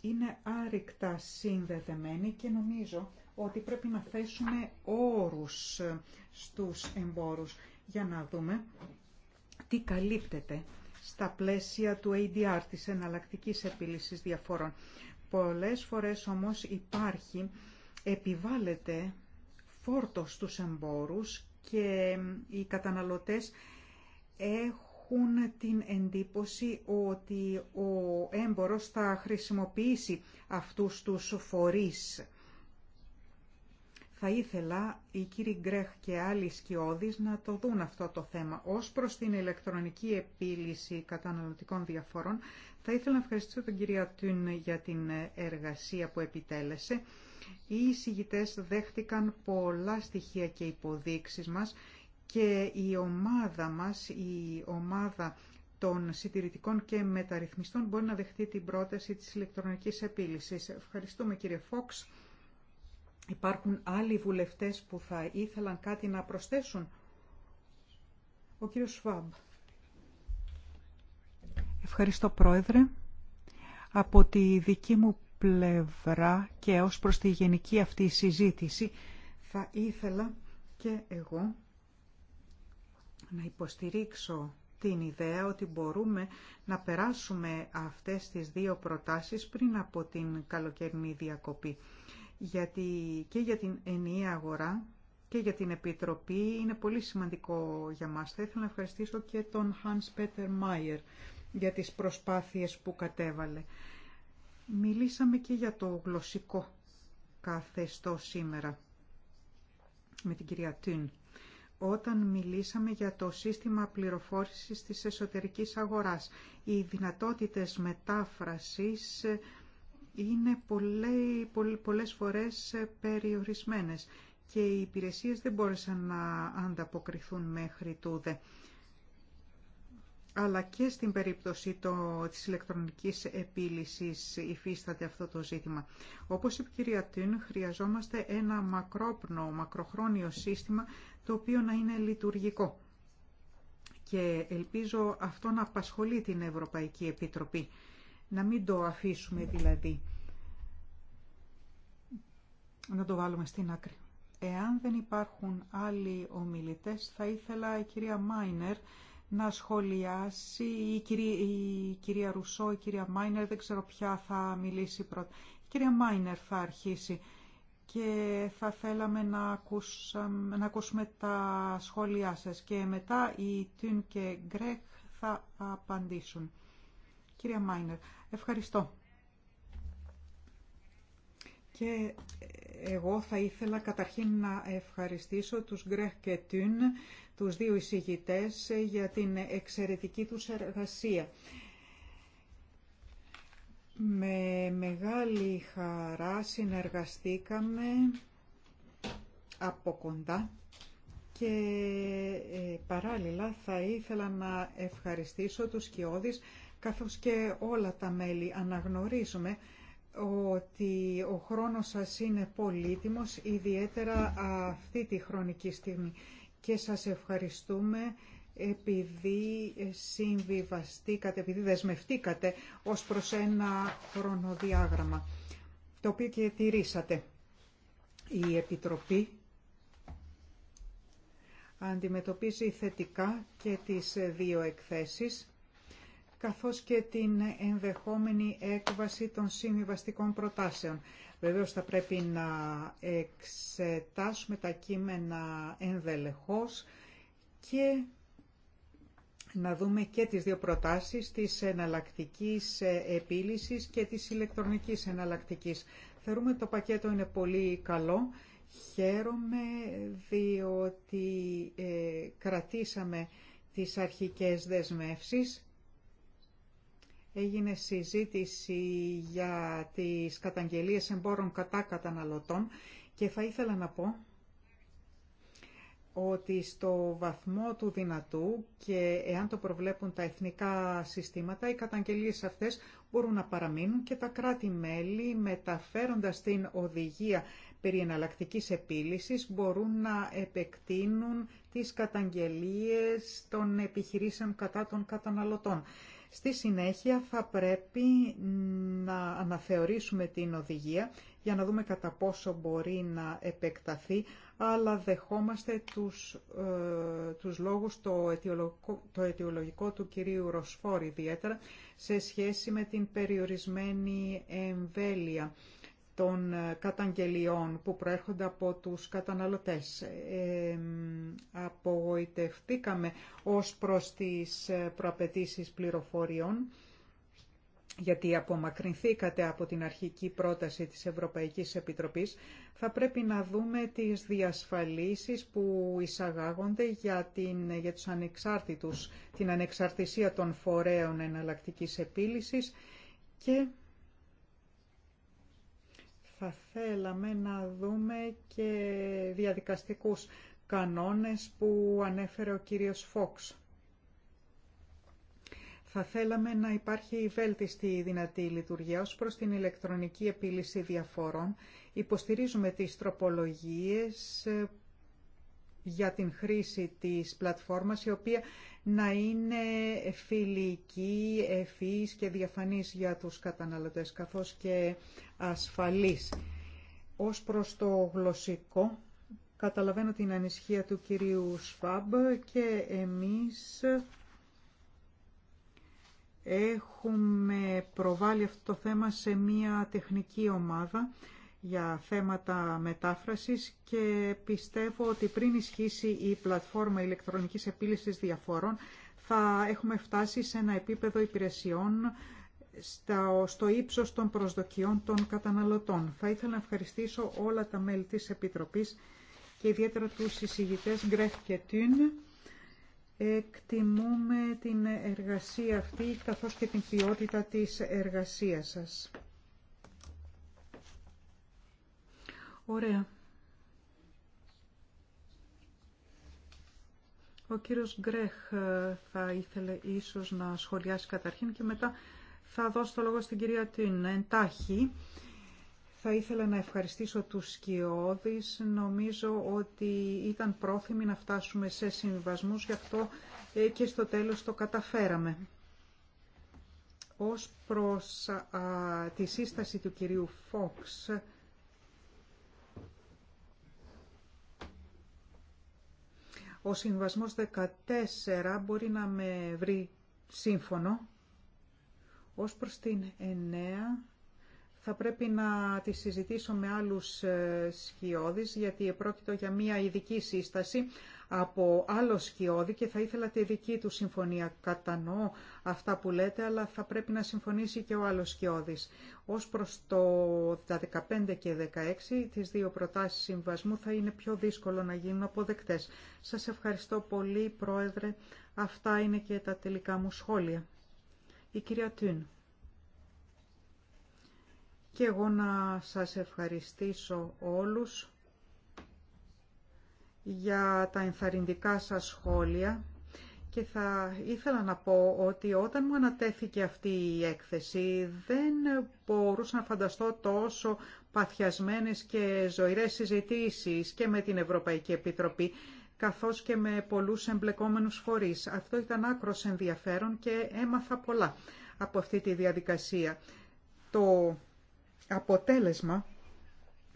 Είναι άρρηκτα συνδεδεμένοι και νομίζω ότι πρέπει να θέσουμε όρους στους εμπόρους για να δούμε τι καλύπτεται στα πλαίσια του ADR, της εναλλακτικής επίλυσης διαφόρων. Πολλές φορές όμως υπάρχει, επιβάλλεται φόρτο στους εμπόρους και οι καταναλωτές έχουν έχουν την εντύπωση ότι ο έμπορος θα χρησιμοποιήσει αυτούς τους φορείς. Θα ήθελα οι κύριοι Γκρέχ και άλλοι σκιώδεις να το δουν αυτό το θέμα. Ως προς την ηλεκτρονική επίλυση καταναλωτικών διαφορών, θα ήθελα να ευχαριστήσω τον κυρία Τουν για την εργασία που επιτέλεσε. Οι εισηγητές δέχτηκαν πολλά στοιχεία και υποδείξεις μας και η ομάδα μας, η ομάδα των συντηρητικών και μεταρρυθμιστών μπορεί να δεχτεί την πρόταση της ηλεκτρονικής επίλυσης. Ευχαριστούμε κύριε Φόξ. Υπάρχουν άλλοι βουλευτές που θα ήθελαν κάτι να προσθέσουν. Ο κύριος Σφάμπ. Ευχαριστώ πρόεδρε. Από τη δική μου πλευρά και ως προς τη γενική αυτή συζήτηση θα ήθελα και εγώ να υποστηρίξω την ιδέα ότι μπορούμε να περάσουμε αυτές τις δύο προτάσεις πριν από την καλοκαιρινή διακοπή. Γιατί και για την ενιαία αγορά και για την Επιτροπή είναι πολύ σημαντικό για μας. Θα ήθελα να ευχαριστήσω και τον Hans Peter Mayer για τις προσπάθειες που κατέβαλε. Μιλήσαμε και για το γλωσσικό καθεστώ σήμερα με την κυρία Τιν όταν μιλήσαμε για το σύστημα πληροφόρησης της εσωτερικής αγοράς. Οι δυνατότητες μετάφρασης είναι πολλές φορές περιορισμένες και οι υπηρεσίες δεν μπόρεσαν να ανταποκριθούν μέχρι τούδε. Αλλά και στην περίπτωση το, της ηλεκτρονικής επίλυσης υφίσταται αυτό το ζήτημα. Όπως είπε η κυρία Τιν, χρειαζόμαστε ένα μακρόπνο, μακροχρόνιο σύστημα το οποίο να είναι λειτουργικό. Και ελπίζω αυτό να απασχολεί την Ευρωπαϊκή Επιτροπή. Να μην το αφήσουμε δηλαδή, να το βάλουμε στην άκρη. Εάν δεν υπάρχουν άλλοι ομιλητές, θα ήθελα η κυρία Μάινερ να σχολιάσει, η κυρία, η κυρία Ρουσό, η κυρία Μάινερ, δεν ξέρω ποια θα μιλήσει πρώτα. Η κυρία Μάινερ θα αρχίσει και θα θέλαμε να, να ακούσουμε τα σχόλιά σας και μετά οι Τιν και Γκρέχ θα απαντήσουν. Κυρία Μάινερ, ευχαριστώ. Και εγώ θα ήθελα καταρχήν να ευχαριστήσω τους Γκρέχ και Τιν, τους δύο εισηγητές, για την εξαιρετική τους εργασία. Με μεγάλη χαρά συνεργαστήκαμε από κοντά και ε, παράλληλα θα ήθελα να ευχαριστήσω τους Κιώδης καθώς και όλα τα μέλη αναγνωρίζουμε ότι ο χρόνος σας είναι πολύτιμος, ιδιαίτερα αυτή τη χρονική στιγμή. Και σας ευχαριστούμε επειδή ε, συμβιβαστήκατε, επειδή δεσμευτήκατε ως προς ένα χρονοδιάγραμμα, το οποίο και τηρήσατε. Η Επιτροπή αντιμετωπίζει θετικά και τις δύο εκθέσεις, καθώς και την ενδεχόμενη έκβαση των συμβιβαστικών προτάσεων. Βεβαίως θα πρέπει να εξετάσουμε τα κείμενα ενδελεχώς και να δούμε και τις δύο προτάσεις της εναλλακτικής επίλυσης και της ηλεκτρονικής εναλλακτικής. Θεωρούμε το πακέτο είναι πολύ καλό. Χαίρομαι διότι ε, κρατήσαμε τις αρχικές δεσμεύσεις. Έγινε συζήτηση για τις καταγγελίες εμπόρων κατά καταναλωτών και θα ήθελα να πω ότι στο βαθμό του δυνατού και εάν το προβλέπουν τα εθνικά συστήματα, οι καταγγελίες αυτές μπορούν να παραμείνουν και τα κράτη-μέλη μεταφέροντας την οδηγία περί εναλλακτικής επίλυσης μπορούν να επεκτείνουν τις καταγγελίες των επιχειρήσεων κατά των καταναλωτών. Στη συνέχεια θα πρέπει να αναθεωρήσουμε την οδηγία για να δούμε κατά πόσο μπορεί να επεκταθεί, αλλά δεχόμαστε τους, ε, τους λόγους, το αιτιολογικό, το αιτιολογικό του κυρίου Ροσφόρ ιδιαίτερα, σε σχέση με την περιορισμένη εμβέλεια των ε, καταγγελιών που προέρχονται από τους καταναλωτές. Ε, απογοητευτήκαμε ως προς τις ε, προαπαιτήσεις πληροφοριών γιατί απομακρυνθήκατε από την αρχική πρόταση της Ευρωπαϊκής Επιτροπής, θα πρέπει να δούμε τις διασφαλίσεις που εισαγάγονται για, την, για τους ανεξάρτητους, την ανεξαρτησία των φορέων εναλλακτικής επίλυσης και θα θέλαμε να δούμε και διαδικαστικούς κανόνες που ανέφερε ο κύριος Φόξ. Θα θέλαμε να υπάρχει η βέλτιστη δυνατή λειτουργία ως προς την ηλεκτρονική επίλυση διαφόρων. Υποστηρίζουμε τις τροπολογίες ε, για την χρήση της πλατφόρμας, η οποία να είναι φιλική, ευφύης και διαφανής για τους καταναλωτές, καθώς και ασφαλής. Ως προς το γλωσσικό, καταλαβαίνω την ανησυχία του κυρίου Σφάμπ και εμείς Έχουμε προβάλει αυτό το θέμα σε μία τεχνική ομάδα για θέματα μετάφρασης και πιστεύω ότι πριν ισχύσει η πλατφόρμα ηλεκτρονικής επίλυσης διαφορών θα έχουμε φτάσει σε ένα επίπεδο υπηρεσιών στο ύψος των προσδοκιών των καταναλωτών. Θα ήθελα να ευχαριστήσω όλα τα μέλη της Επιτροπής και ιδιαίτερα τους συζητητές Γκρέφ και Τιν Εκτιμούμε την εργασία αυτή καθώς και την ποιότητα της εργασίας σας. Ωραία. Ο κύριος Γκρέχ ε, θα ήθελε ίσως να σχολιάσει καταρχήν και μετά θα δώσω το λόγο στην κυρία Τιν. Εντάχει, θα ήθελα να ευχαριστήσω τους Σκιώδης. Νομίζω ότι ήταν πρόθυμοι να φτάσουμε σε συμβασμούς, γι' αυτό ε, και στο τέλος το καταφέραμε. Ως προς τη σύσταση του κυρίου Φόξ, ο συμβασμός 14 μπορεί να με βρει σύμφωνο. Ως προς την 9 θα πρέπει να τη συζητήσω με άλλους ε, σκιώδεις, γιατί πρόκειται για μια ειδική σύσταση από άλλο σκιώδη και θα ήθελα τη δική του συμφωνία. Κατανοώ αυτά που λέτε, αλλά θα πρέπει να συμφωνήσει και ο άλλος σκιώδης. Ως προς το, τα 15 και 16, τις δύο προτάσεις συμβασμού θα είναι πιο δύσκολο να γίνουν αποδεκτές. Σας ευχαριστώ πολύ, Πρόεδρε. Αυτά είναι και τα τελικά μου σχόλια. Η κυρία Τούν και εγώ να σας ευχαριστήσω όλους για τα ενθαρρυντικά σας σχόλια και θα ήθελα να πω ότι όταν μου ανατέθηκε αυτή η έκθεση δεν μπορούσα να φανταστώ τόσο παθιασμένες και ζωηρές συζητήσεις και με την Ευρωπαϊκή Επιτροπή καθώς και με πολλούς εμπλεκόμενους φορείς. Αυτό ήταν άκρος ενδιαφέρον και έμαθα πολλά από αυτή τη διαδικασία αποτέλεσμα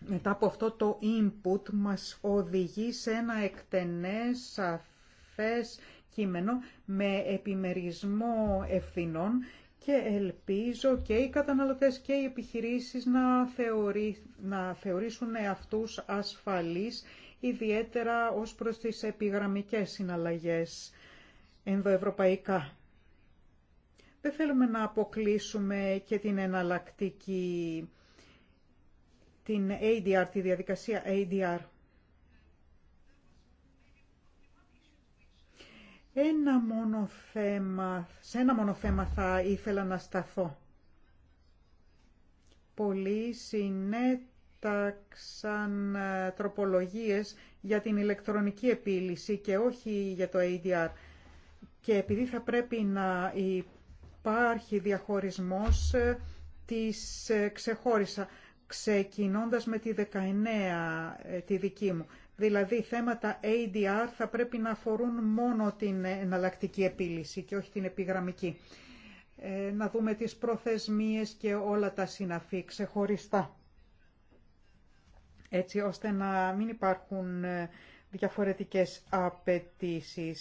μετά από αυτό το input μας οδηγεί σε ένα εκτενές, σαφές κείμενο με επιμερισμό ευθυνών και ελπίζω και οι καταναλωτές και οι επιχειρήσεις να, θεωρεί, να θεωρήσουν αυτούς ασφαλείς, ιδιαίτερα ως προς τις επιγραμμικές συναλλαγές ενδοευρωπαϊκά. Δεν θέλουμε να αποκλείσουμε και την εναλλακτική την ADR, τη διαδικασία ADR. Ένα μόνο σε ένα μόνο θέμα θα ήθελα να σταθώ. Πολλοί συνέταξαν ε, τροπολογίες για την ηλεκτρονική επίλυση και όχι για το ADR. Και επειδή θα πρέπει να υπάρχει διαχωρισμός, ε, τις ε, ξεχώρισα ξεκινώντας με τη 19 ε, τη δική μου. Δηλαδή θέματα ADR θα πρέπει να αφορούν μόνο την εναλλακτική επίλυση και όχι την επιγραμμική. Ε, να δούμε τις προθεσμίες και όλα τα συναφή ξεχωριστά. Έτσι ώστε να μην υπάρχουν ε, διαφορετικές απαιτήσει.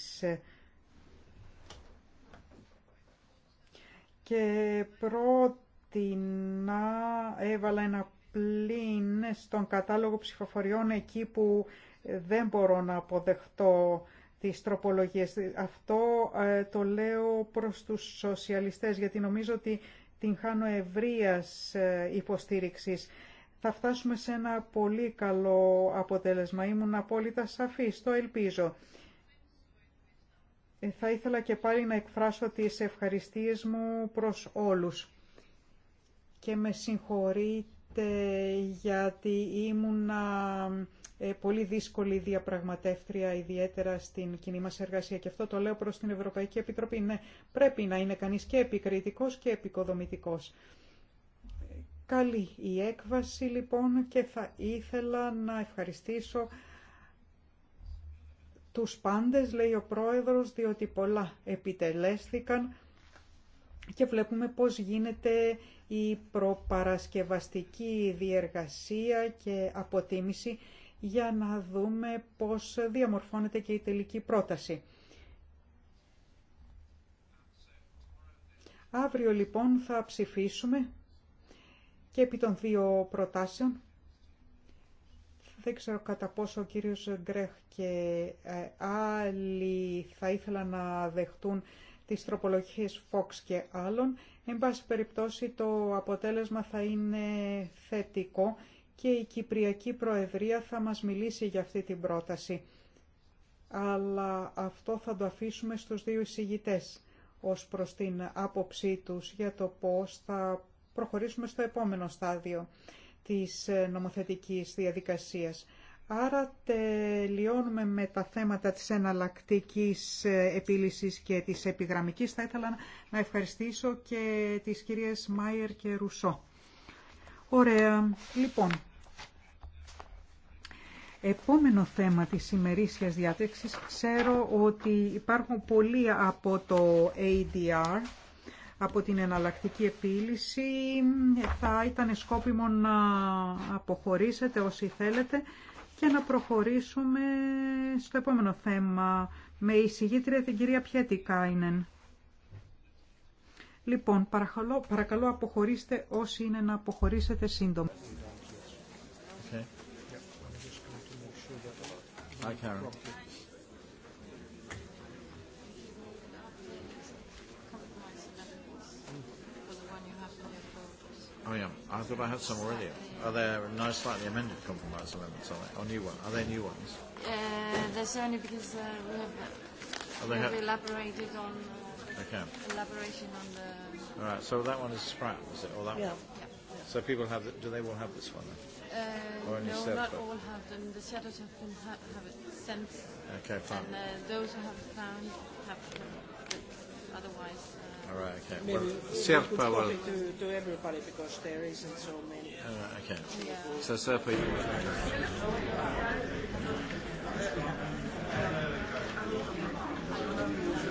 Και πρότεινα έβαλα ένα πλήν στον κατάλογο ψηφοφοριών εκεί που δεν μπορώ να αποδεχτώ τις τροπολογίες. Αυτό ε, το λέω προς τους σοσιαλιστές, γιατί νομίζω ότι την χάνω ευρείας ε, υποστήριξης. Θα φτάσουμε σε ένα πολύ καλό αποτέλεσμα. Ήμουν απόλυτα σαφής, το ελπίζω. Ε, θα ήθελα και πάλι να εκφράσω τις ευχαριστίες μου προς όλους. Και με συγχωρείτε γιατί ήμουνα ε, πολύ δύσκολη διαπραγματεύτρια, ιδιαίτερα στην κοινή μας εργασία. Και αυτό το λέω προς την Ευρωπαϊκή Επιτροπή. Ναι, πρέπει να είναι κανείς και επικριτικός και επικοδομητικός. Καλή η έκβαση λοιπόν και θα ήθελα να ευχαριστήσω τους πάντες, λέει ο πρόεδρος, διότι πολλά επιτελέστηκαν και βλέπουμε πώς γίνεται η προπαρασκευαστική διεργασία και αποτίμηση για να δούμε πώς διαμορφώνεται και η τελική πρόταση. Αύριο λοιπόν θα ψηφίσουμε και επί των δύο προτάσεων. Δεν ξέρω κατά πόσο ο κύριος Γκρέχ και ε, άλλοι θα ήθελαν να δεχτούν τις τροπολογίες Fox και άλλων. Εν πάση περιπτώσει το αποτέλεσμα θα είναι θετικό και η Κυπριακή Προεδρία θα μας μιλήσει για αυτή την πρόταση. Αλλά αυτό θα το αφήσουμε στους δύο εισηγητές ως προς την άποψή τους για το πώς θα προχωρήσουμε στο επόμενο στάδιο της νομοθετικής διαδικασίας. Άρα τελειώνουμε με τα θέματα της εναλλακτική ε, επίλυσης και της επιγραμμικής. Θα ήθελα να ευχαριστήσω και τις κυρίες Μάιερ και Ρουσό. Ωραία. Λοιπόν, επόμενο θέμα της ημερήσιας διάταξης. Ξέρω ότι υπάρχουν πολλοί από το ADR, από την εναλλακτική επίλυση. Θα ήταν σκόπιμο να αποχωρήσετε όσοι θέλετε και να προχωρήσουμε στο επόμενο θέμα με εισηγήτρια την κυρία Πιέτη Κάινεν. Λοιπόν, παρακαλώ, παρακαλώ αποχωρήστε όσοι είναι να αποχωρήσετε σύντομα. Oh, yeah. I thought I had some already. Are there no slightly amended compromise amendments, on it, Or new ones? Are there new ones? Uh, there's only because uh, we have, we have elaborated on okay. elaboration on the... All right, so that one is scrapped, is it? Or that yeah. one? Yeah. So people have, do they all have this one then? Uh, no, not all have them. The shadows have been ha have it sent. Okay, fine. And uh, those who have found have them, otherwise All right, okay. Maybe well, we well, to, to everybody because there isn't so many. All right, okay. Yeah. So Serpa, you. Thank you.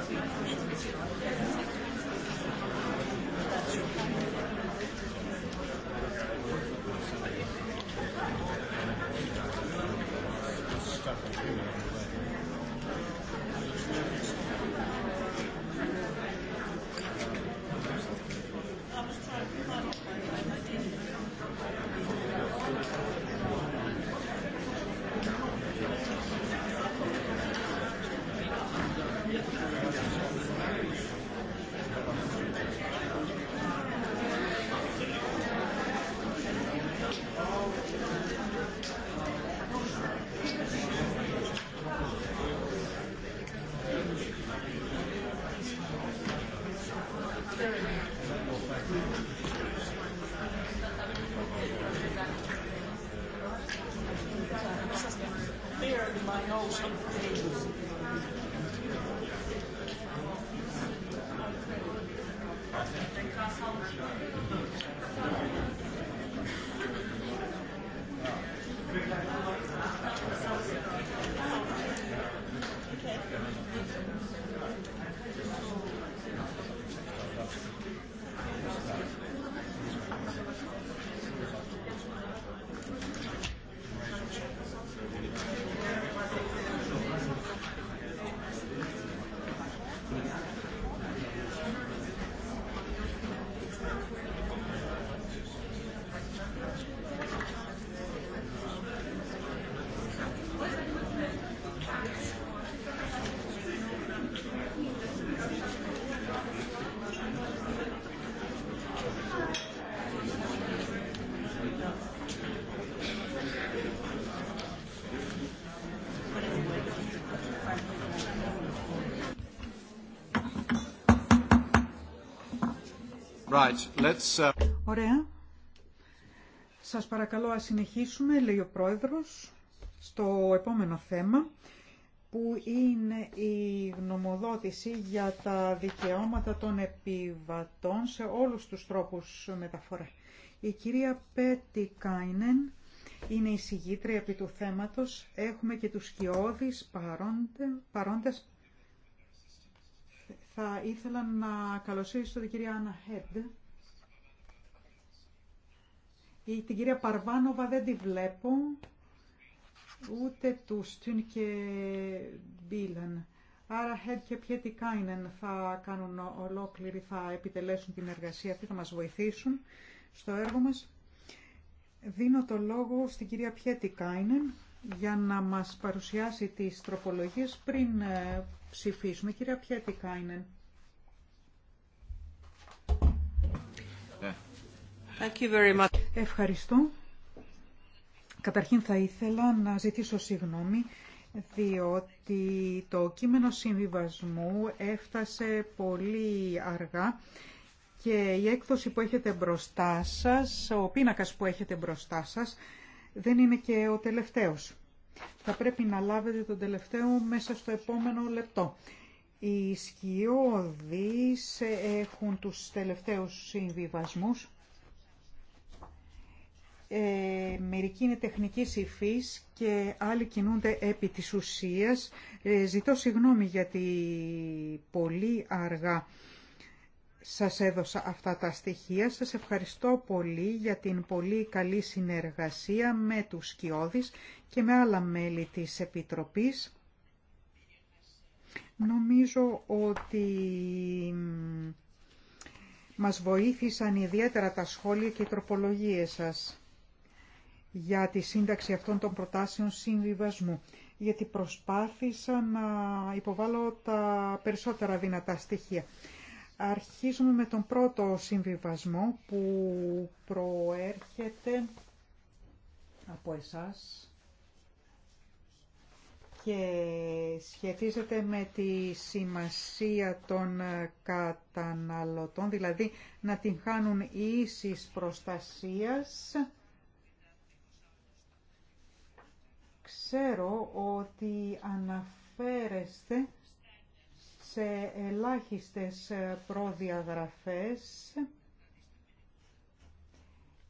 Uh, Ωραία. Σας παρακαλώ ας συνεχίσουμε, λέει ο Πρόεδρος, στο επόμενο θέμα που είναι η γνωμοδότηση για τα δικαιώματα των επιβατών σε όλους τους τρόπους μεταφορά. Η κυρία Πέτη Κάινεν είναι η συγγήτρια επί του θέματος. Έχουμε και τους σκιώδεις παρόντες. Θα ήθελα να καλωσορίσω την κυρία Άννα Χέντ η, την κυρία Παρβάνοβα δεν τη βλέπω, ούτε του Στουν και Μπίλαν. Άρα Χέντ και Κάινεν θα κάνουν ολόκληρη, θα επιτελέσουν την εργασία αυτή, θα μας βοηθήσουν στο έργο μας. Δίνω το λόγο στην κυρία Κάινεν για να μας παρουσιάσει τις τροπολογίες πριν ε, ψηφίσουμε. Κυρία Κάινεν. Ευχαριστώ. Καταρχήν θα ήθελα να ζητήσω συγγνώμη διότι το κείμενο συμβιβασμού έφτασε πολύ αργά και η έκδοση που έχετε μπροστά σας, ο πίνακας που έχετε μπροστά σας, δεν είναι και ο τελευταίος. Θα πρέπει να λάβετε τον τελευταίο μέσα στο επόμενο λεπτό. Οι σκιώδεις έχουν τους τελευταίους συμβιβασμούς ε, μερικοί είναι τεχνικής υφής και άλλοι κινούνται επί της ουσίας. Ε, ζητώ συγγνώμη γιατί πολύ αργά σας έδωσα αυτά τα στοιχεία. Σας ευχαριστώ πολύ για την πολύ καλή συνεργασία με τους Σκιώδης και με άλλα μέλη της Επιτροπής. Νομίζω ότι μας βοήθησαν ιδιαίτερα τα σχόλια και οι τροπολογίες σας για τη σύνταξη αυτών των προτάσεων συμβιβασμού, γιατί προσπάθησα να υποβάλω τα περισσότερα δυνατά στοιχεία. Αρχίζουμε με τον πρώτο συμβιβασμό που προέρχεται από εσάς και σχετίζεται με τη σημασία των καταναλωτών, δηλαδή να την χάνουν ίσης προστασίας Ξέρω ότι αναφέρεστε σε ελάχιστες προδιαγραφές,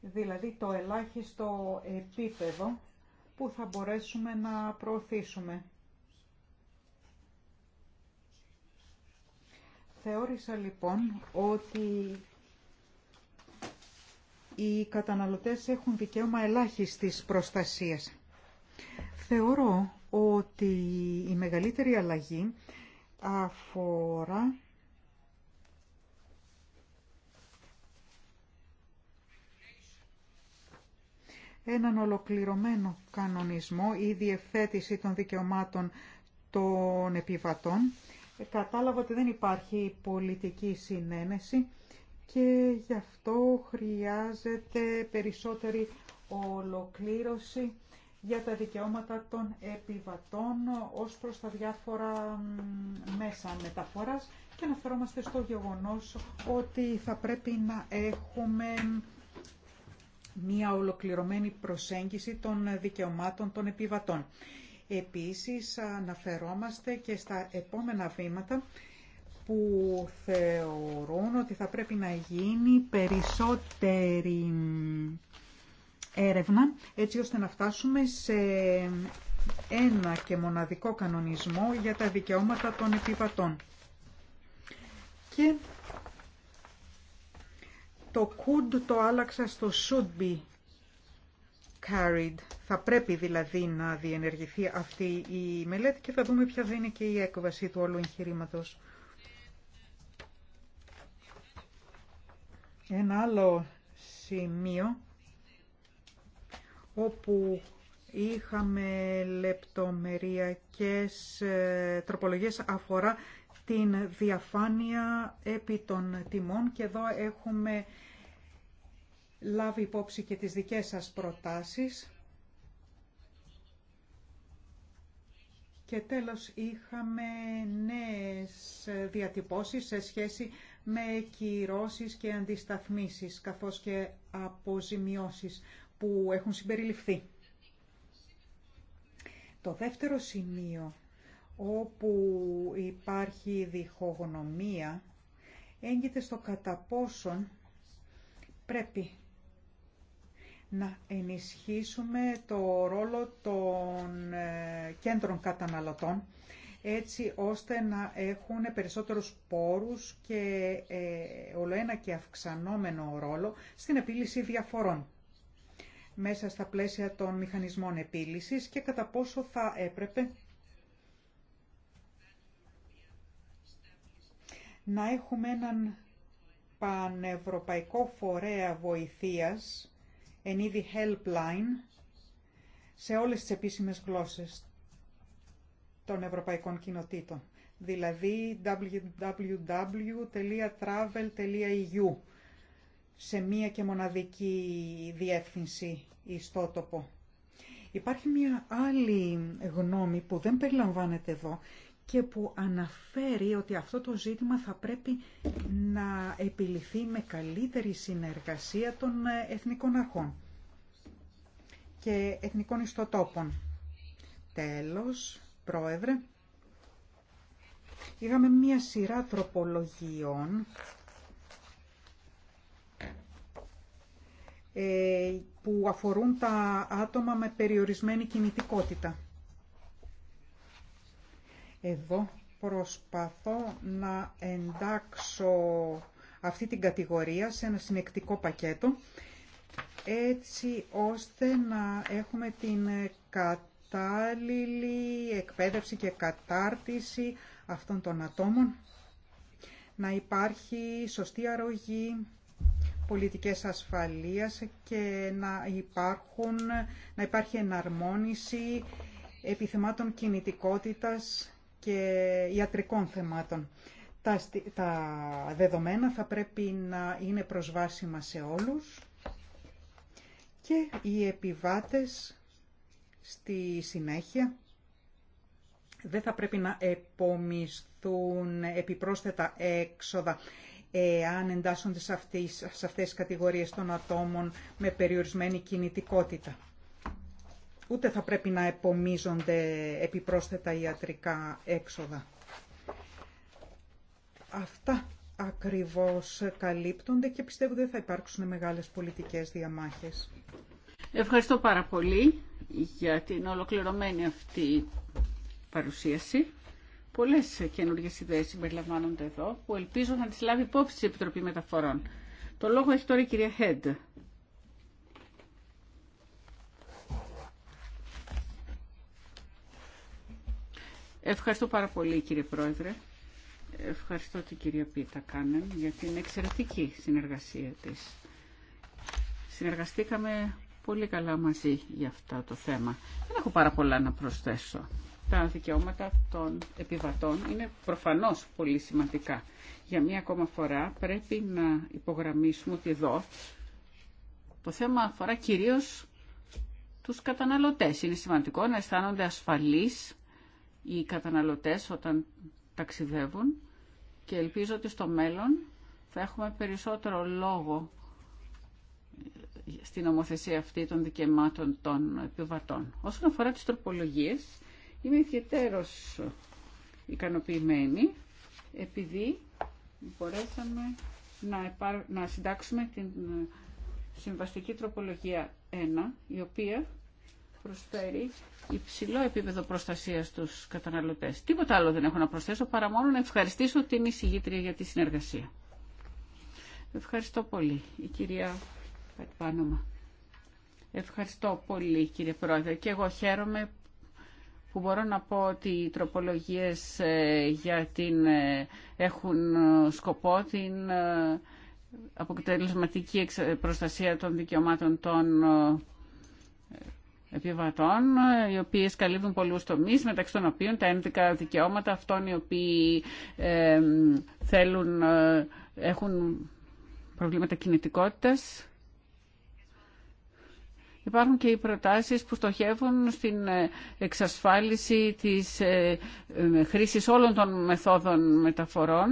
δηλαδή το ελάχιστο επίπεδο που θα μπορέσουμε να προωθήσουμε. Θεώρησα λοιπόν ότι οι καταναλωτές έχουν δικαίωμα ελάχιστης προστασίας. Θεωρώ ότι η μεγαλύτερη αλλαγή αφορά έναν ολοκληρωμένο κανονισμό ή διευθέτηση των δικαιωμάτων των επιβατών. Κατάλαβα ότι δεν υπάρχει πολιτική συνένεση και γι' αυτό χρειάζεται περισσότερη ολοκλήρωση για τα δικαιώματα των επιβατών ως προς τα διάφορα μέσα μεταφοράς και αναφερόμαστε στο γεγονός ότι θα πρέπει να έχουμε μία ολοκληρωμένη προσέγγιση των δικαιωμάτων των επιβατών. Επίσης αναφερόμαστε και στα επόμενα βήματα που θεωρούν ότι θα πρέπει να γίνει περισσότερη έρευνα έτσι ώστε να φτάσουμε σε ένα και μοναδικό κανονισμό για τα δικαιώματα των επιβατών. Και το could το άλλαξα στο should be carried. Θα πρέπει δηλαδή να διενεργηθεί αυτή η μελέτη και θα δούμε ποια θα είναι και η έκβαση του όλου εγχειρήματο. Ένα άλλο σημείο όπου είχαμε λεπτομεριακές ε, τροπολογίες αφορά την διαφάνεια επί των τιμών και εδώ έχουμε λάβει υπόψη και τις δικές σας προτάσεις. Και τέλος είχαμε νέες διατυπώσεις σε σχέση με κυρώσεις και αντισταθμίσεις καθώς και αποζημιώσεις που έχουν συμπεριληφθεί. Το δεύτερο σημείο όπου υπάρχει διχογνωμία έγκυται στο κατά πόσον πρέπει να ενισχύσουμε το ρόλο των ε, κέντρων καταναλωτών έτσι ώστε να έχουν περισσότερους πόρους και ε, ολοένα και αυξανόμενο ρόλο στην επίλυση διαφορών μέσα στα πλαίσια των μηχανισμών επίλυσης και κατά πόσο θα έπρεπε να έχουμε έναν πανευρωπαϊκό φορέα βοηθείας, εν είδη helpline, σε όλες τις επίσημες γλώσσες των ευρωπαϊκών κοινοτήτων, δηλαδή www.travel.eu σε μία και μοναδική διεύθυνση ιστότοπο. Υπάρχει μία άλλη γνώμη που δεν περιλαμβάνεται εδώ και που αναφέρει ότι αυτό το ζήτημα θα πρέπει να επιληθεί με καλύτερη συνεργασία των εθνικών αρχών και εθνικών ιστοτόπων. Τέλος, Πρόεδρε, είχαμε μία σειρά τροπολογιών Ε, που αφορούν τα άτομα με περιορισμένη κινητικότητα. Εδώ προσπαθώ να εντάξω αυτή την κατηγορία σε ένα συνεκτικό πακέτο έτσι ώστε να έχουμε την κατάλληλη εκπαίδευση και κατάρτιση αυτών των ατόμων, να υπάρχει σωστή αρρωγή πολιτικές ασφαλείας και να, υπάρχουν, να υπάρχει εναρμόνιση επιθεμάτων κινητικότητας και ιατρικών θεμάτων. Τα, τα δεδομένα θα πρέπει να είναι προσβάσιμα σε όλους και οι επιβάτες στη συνέχεια δεν θα πρέπει να επομισθούν επιπρόσθετα έξοδα αν εντάσσονται σε αυτές, σε αυτές τις κατηγορίες των ατόμων με περιορισμένη κινητικότητα. Ούτε θα πρέπει να επομίζονται επιπρόσθετα ιατρικά έξοδα. Αυτά ακριβώς καλύπτονται και πιστεύω δεν θα υπάρξουν μεγάλες πολιτικές διαμάχες. Ευχαριστώ πάρα πολύ για την ολοκληρωμένη αυτή παρουσίαση. Πολλέ καινούργιες ιδέες συμπεριλαμβάνονται εδώ που ελπίζω να τις λάβει υπόψη η Επιτροπή Μεταφορών. Το λόγο έχει τώρα η κυρία Χέντ. Ευχαριστώ πάρα πολύ κύριε Πρόεδρε. Ευχαριστώ την κυρία Πίτα Κάνεν για την εξαιρετική συνεργασία της. Συνεργαστήκαμε πολύ καλά μαζί για αυτό το θέμα. Δεν έχω πάρα πολλά να προσθέσω τα δικαιώματα των επιβατών είναι προφανώς πολύ σημαντικά. Για μία ακόμα φορά πρέπει να υπογραμμίσουμε ότι εδώ το θέμα αφορά κυρίως τους καταναλωτές. Είναι σημαντικό να αισθάνονται ασφαλείς οι καταναλωτές όταν ταξιδεύουν και ελπίζω ότι στο μέλλον θα έχουμε περισσότερο λόγο στην ομοθεσία αυτή των δικαιωμάτων των επιβατών. Όσον αφορά τις τροπολογίες, Είμαι ιδιαίτερος ικανοποιημένη επειδή μπορέσαμε να, συντάξουμε την συμβαστική τροπολογία 1, η οποία προσφέρει υψηλό επίπεδο προστασίας στους καταναλωτές. Τίποτα άλλο δεν έχω να προσθέσω παρά μόνο να ευχαριστήσω την εισηγήτρια για τη συνεργασία. Ευχαριστώ πολύ, η κυρία Πατπάνομα. Ευχαριστώ πολύ, κύριε Πρόεδρε, και εγώ χαίρομαι που μπορώ να πω ότι οι τροπολογίες ε, για την, ε, έχουν ε, σκοπό την αποτελεσματική προστασία των δικαιωμάτων των επιβατών, οι οποίες καλύπτουν πολλούς τομείς, μεταξύ των οποίων τα ένδικα δικαιώματα αυτών οι οποίοι θέλουν, έχουν προβλήματα κινητικότητας, Υπάρχουν και οι προτάσεις που στοχεύουν στην ε, εξασφάλιση της ε, ε, χρήσης όλων των μεθόδων μεταφορών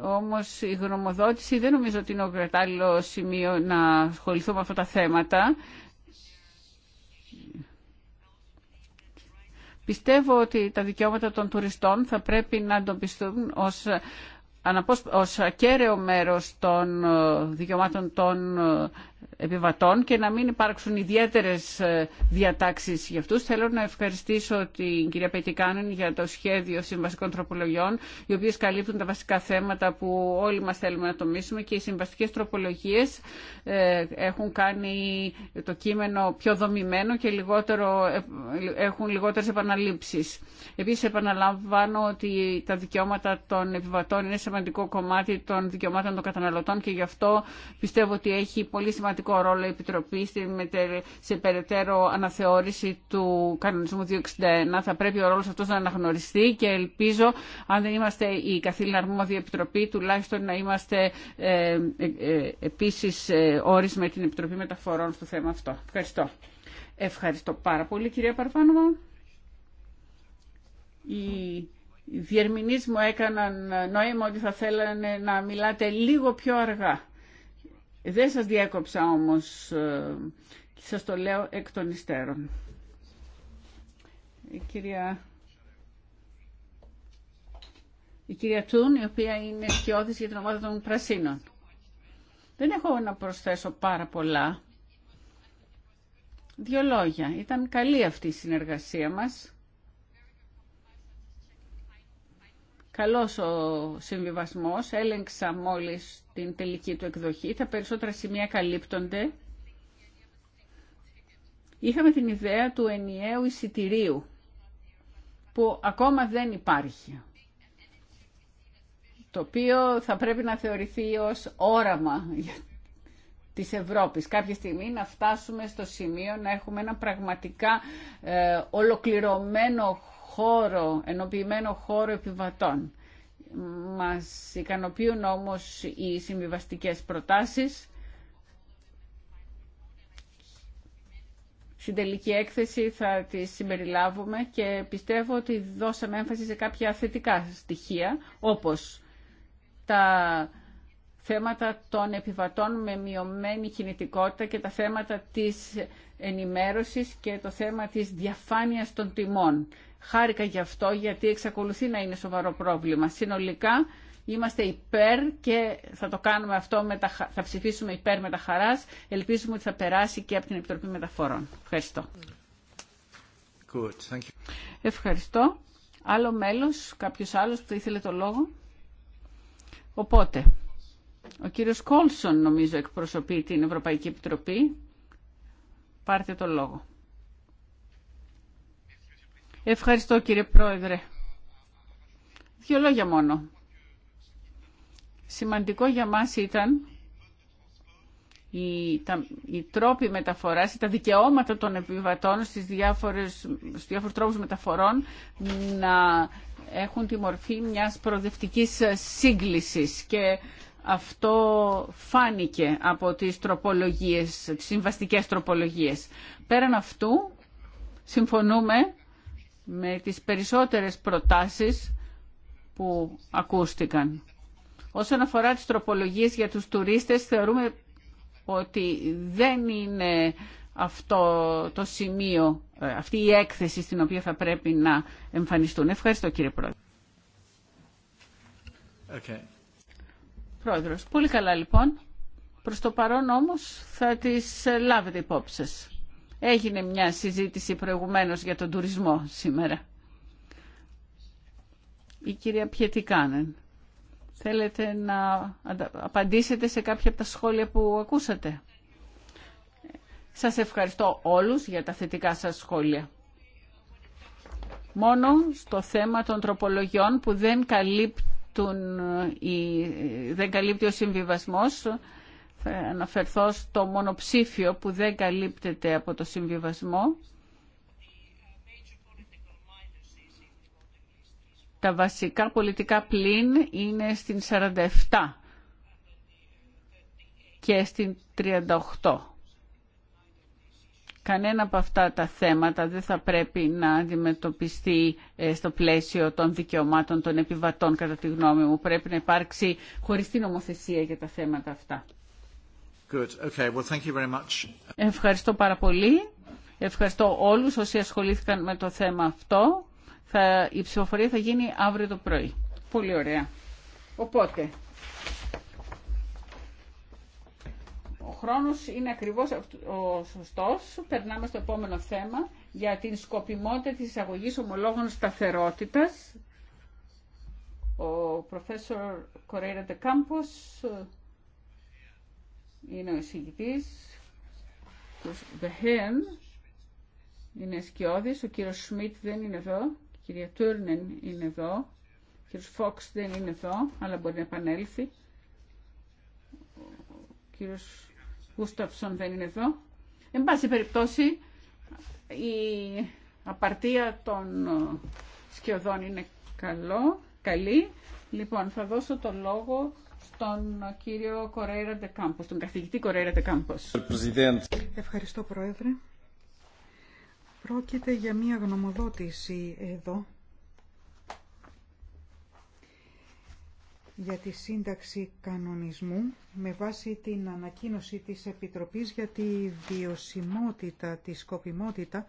όμως η γνωμοδότηση δεν νομίζω ότι είναι ο κατάλληλο σημείο να ασχοληθούμε με αυτά τα θέματα. Πιστεύω ότι τα δικαιώματα των τουριστών θα πρέπει να αντοπιστούν ως, ως ακέραιο μέρος των δικαιωμάτων των επιβατών και να μην υπάρξουν ιδιαίτερες ε, διατάξεις για αυτούς. Θέλω να ευχαριστήσω την κυρία Πετικάνεν για το σχέδιο συμβαστικών τροπολογιών, οι οποίες καλύπτουν τα βασικά θέματα που όλοι μας θέλουμε να τομίσουμε και οι συμβαστικές τροπολογίες ε, έχουν κάνει το κείμενο πιο δομημένο και λιγότερο, ε, έχουν λιγότερες επαναλήψεις. Επίσης επαναλαμβάνω ότι τα δικαιώματα των επιβατών είναι σημαντικό κομμάτι των δικαιωμάτων των καταναλωτών και γι' αυτό πιστεύω ότι έχει πολύ σημαντικό σημαντικό ρόλο η Επιτροπή σε περαιτέρω αναθεώρηση του κανονισμού 261. Θα πρέπει ο ρόλος αυτός να αναγνωριστεί και ελπίζω αν δεν είμαστε η καθήλυνα αρμόδια Επιτροπή τουλάχιστον να είμαστε ε, ε, ε επίσης ε, όρις με την Επιτροπή Μεταφορών στο θέμα αυτό. Ευχαριστώ. Ευχαριστώ πάρα πολύ κυρία Παρβάνοβα. Οι διερμηνείς μου έκαναν νόημα ότι θα θέλανε να μιλάτε λίγο πιο αργά. Δεν σας διέκοψα όμως, ε, σας το λέω εκ των υστέρων. Η κυρία, η κυρία Τούν, η οποία είναι σκιώδης για την ομάδα των Πρασίνων. Δεν έχω να προσθέσω πάρα πολλά. Δύο λόγια. Ήταν καλή αυτή η συνεργασία μας. Καλός ο συμβιβασμός, έλεγξα μόλις την τελική του εκδοχή, τα περισσότερα σημεία καλύπτονται. Είχαμε την ιδέα του ενιαίου εισιτηρίου, που ακόμα δεν υπάρχει, το οποίο θα πρέπει να θεωρηθεί ως όραμα της Ευρώπης. Κάποια στιγμή να φτάσουμε στο σημείο να έχουμε ένα πραγματικά ε, ολοκληρωμένο χώρο, χώρο επιβατών. Μας ικανοποιούν όμως οι συμβιβαστικές προτάσεις. Στην τελική έκθεση θα τις συμπεριλάβουμε και πιστεύω ότι δώσαμε έμφαση σε κάποια θετικά στοιχεία, όπως τα θέματα των επιβατών με μειωμένη κινητικότητα και τα θέματα της ενημέρωσης και το θέμα της διαφάνειας των τιμών. Χάρηκα γι' αυτό γιατί εξακολουθεί να είναι σοβαρό πρόβλημα. Συνολικά είμαστε υπέρ και θα το κάνουμε αυτό, με τα, θα ψηφίσουμε υπέρ με τα χαράς. Ελπίζουμε ότι θα περάσει και από την Επιτροπή Μεταφορών. Ευχαριστώ. Ευχαριστώ. Άλλο μέλος, κάποιος άλλος που θα ήθελε το λόγο. Οπότε, ο κύριος Κόλσον νομίζω εκπροσωπεί την Ευρωπαϊκή Επιτροπή. Πάρτε το λόγο. Ευχαριστώ κύριε Πρόεδρε. Δύο λόγια μόνο. Σημαντικό για μας ήταν οι, τα, τρόποι μεταφοράς, τα δικαιώματα των επιβατών στις διάφορες, στους διάφορους τρόπους μεταφορών να έχουν τη μορφή μιας προοδευτικής σύγκλησης και αυτό φάνηκε από τις τροπολογίες, τις συμβαστικές τροπολογίες. Πέραν αυτού, συμφωνούμε με τις περισσότερες προτάσεις που ακούστηκαν. Όσον αφορά τις τροπολογίες για τους τουρίστες, θεωρούμε ότι δεν είναι αυτό το σημείο, ε, αυτή η έκθεση στην οποία θα πρέπει να εμφανιστούν. Ευχαριστώ κύριε Πρόεδρε. Okay. Πρόεδρος, πολύ καλά λοιπόν. Προς το παρόν όμως θα τις ε, λάβετε υπόψη Έγινε μια συζήτηση προηγουμένως για τον τουρισμό σήμερα. Η κυρία Πιετικάνεν, θέλετε να απαντήσετε σε κάποια από τα σχόλια που ακούσατε. Σας ευχαριστώ όλους για τα θετικά σας σχόλια. Μόνο στο θέμα των τροπολογιών που δεν καλύπτουν, ε, δεν καλύπτει ο συμβιβασμός, θα αναφερθώ στο μονοψήφιο που δεν καλύπτεται από το συμβιβασμό. Τα βασικά πολιτικά πλήν είναι στην 47 και στην 38. Κανένα από αυτά τα θέματα δεν θα πρέπει να αντιμετωπιστεί ε, στο πλαίσιο των δικαιωμάτων των επιβατών, κατά τη γνώμη μου. Πρέπει να υπάρξει χωριστή νομοθεσία για τα θέματα αυτά. Ευχαριστώ πάρα πολύ. Ευχαριστώ όλους όσοι ασχολήθηκαν με το θέμα αυτό. Θα, η ψηφοφορία θα γίνει αύριο το πρωί. Πολύ ωραία. Οπότε, ο χρόνος είναι ακριβώς ο σωστός. Περνάμε στο επόμενο θέμα για την σκοπιμότητα της εισαγωγής ομολόγων σταθερότητας. Ο προφέσορ de Campos είναι ο εισηγητής, ο Βεχέν, είναι σκιώδης, ο κύριος Σμιτ δεν είναι εδώ, η κυρία Τούρνεν είναι εδώ, ο κύριος Φόξ δεν είναι εδώ, αλλά μπορεί να επανέλθει. Ο κύριος Γούσταυσον δεν είναι εδώ. Εν πάση περιπτώσει, η απαρτία των ε, σκιωδών είναι καλό, καλή. Λοιπόν, θα δώσω το λόγο στον κύριο Κορέιρα Ντεκάμπο, τον καθηγητή Κορέιρα Ντεκάμπο. Ευχαριστώ, Πρόεδρε. Πρόκειται για μία γνωμοδότηση εδώ για τη σύνταξη κανονισμού με βάση την ανακοίνωση της Επιτροπής για τη βιωσιμότητα, τη σκοπιμότητα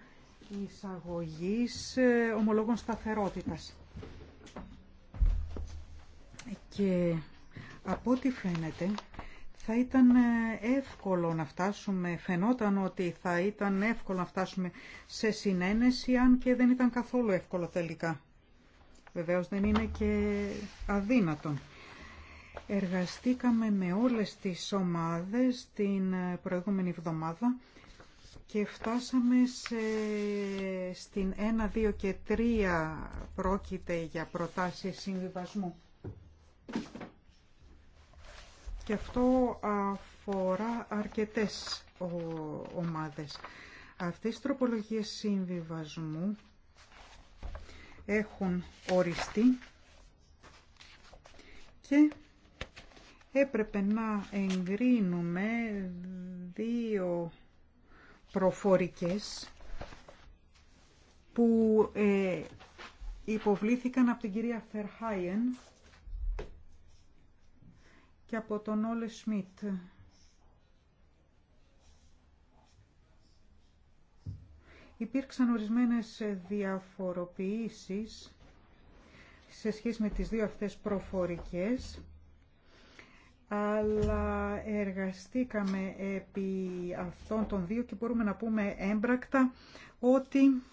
εισαγωγής ε, ομολόγων σταθερότητας. Και από ό,τι φαίνεται, θα ήταν ε, εύκολο να φτάσουμε, φαινόταν ότι θα ήταν εύκολο να φτάσουμε σε συνένεση, αν και δεν ήταν καθόλου εύκολο τελικά. Βεβαίως δεν είναι και αδύνατον. Εργαστήκαμε με όλες τις ομάδες την ε, προηγούμενη εβδομάδα και φτάσαμε σε, στην 1, 2 και 3 πρόκειται για προτάσεις συμβιβασμού και αυτό αφορά αρκετές ομάδες. Αυτές οι τροπολογίες συμβιβασμού έχουν οριστεί και έπρεπε να εγκρίνουμε δύο προφορικές που ε, υποβλήθηκαν από την κυρία Φερχάιεν και από τον Όλε Σμιτ. Υπήρξαν ορισμένες διαφοροποιήσεις σε σχέση με τις δύο αυτές προφορικές, αλλά εργαστήκαμε επί αυτών των δύο και μπορούμε να πούμε έμπρακτα ότι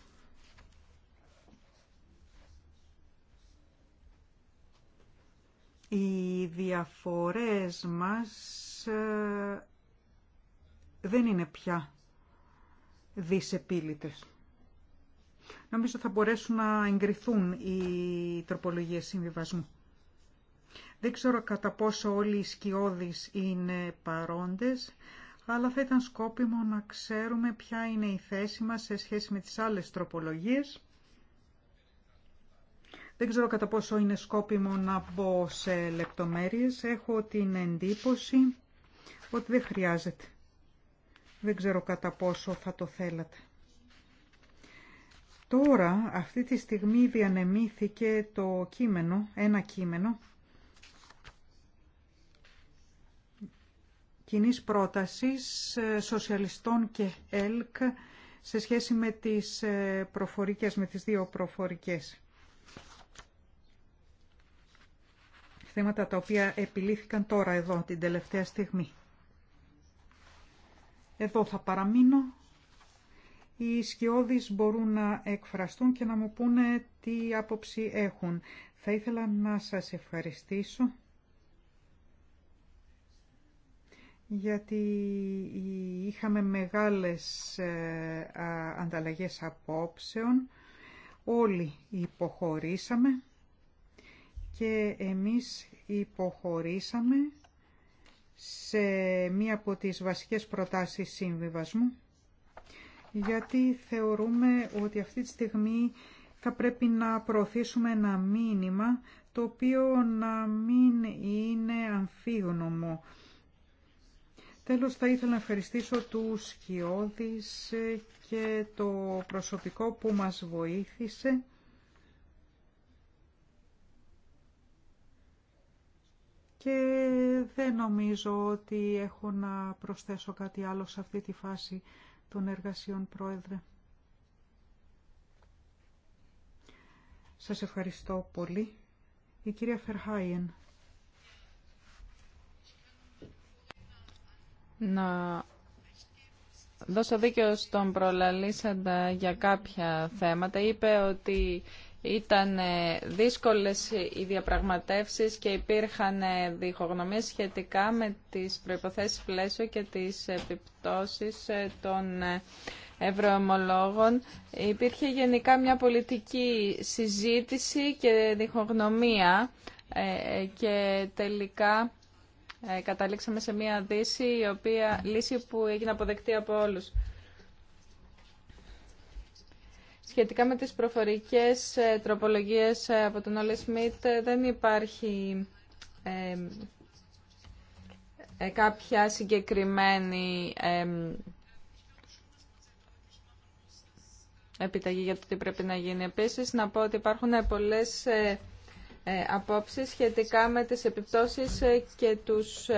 Οι διαφορές μας ε, δεν είναι πια δυσεπίλητες. Νομίζω θα μπορέσουν να εγκριθούν οι τροπολογίες συμβιβασμού. Δεν ξέρω κατά πόσο όλοι οι σκιώδεις είναι παρόντες, αλλά θα ήταν σκόπιμο να ξέρουμε ποια είναι η θέση μας σε σχέση με τις άλλες τροπολογίες δεν ξέρω κατά πόσο είναι σκόπιμο να μπω σε λεπτομέρειες. Έχω την εντύπωση ότι δεν χρειάζεται. Δεν ξέρω κατά πόσο θα το θέλατε. Τώρα, αυτή τη στιγμή διανεμήθηκε το κείμενο, ένα κείμενο, κοινή πρότασης ε, σοσιαλιστών και ΕΛΚ σε σχέση με τις ε, προφορικές, με τις δύο προφορικές. θέματα τα οποία επιλήθηκαν τώρα εδώ την τελευταία στιγμή. Εδώ θα παραμείνω. Οι σκιώδεις μπορούν να εκφραστούν και να μου πούνε τι άποψη έχουν. Θα ήθελα να σας ευχαριστήσω γιατί είχαμε μεγάλες ε, ανταλλαγές απόψεων. Όλοι υποχωρήσαμε και εμείς υποχωρήσαμε σε μία από τις βασικές προτάσεις συμβιβασμού γιατί θεωρούμε ότι αυτή τη στιγμή θα πρέπει να προωθήσουμε ένα μήνυμα το οποίο να μην είναι αμφίγνωμο. Τέλος θα ήθελα να ευχαριστήσω του Σκιώδης και το προσωπικό που μας βοήθησε και δεν νομίζω ότι έχω να προσθέσω κάτι άλλο σε αυτή τη φάση των εργασιών, Πρόεδρε. Σας ευχαριστώ πολύ. Η κυρία Φερχάιεν. Να δώσω δίκιο στον προλαλήσαντα για κάποια θέματα. Είπε ότι ήταν ε, δύσκολες οι διαπραγματεύσεις και υπήρχαν ε, διχογνωμίες σχετικά με τις προϋποθέσεις πλαίσιο και τις επιπτώσεις ε, των ευρωομολόγων. Υπήρχε γενικά μια πολιτική συζήτηση και διχογνωμία και τελικά καταλήξαμε σε μια δύση, η οποία, λύση που έγινε αποδεκτή από όλους. Σχετικά με τις προφορικές ε, τροπολογίες ε, από τον Όλε Σμιτ ε, δεν υπάρχει ε, κάποια συγκεκριμένη ε, επιταγή για το τι πρέπει να γίνει. Επίσης, να πω ότι υπάρχουν πολλές ε, απόψεις σχετικά με τις επιπτώσεις και τους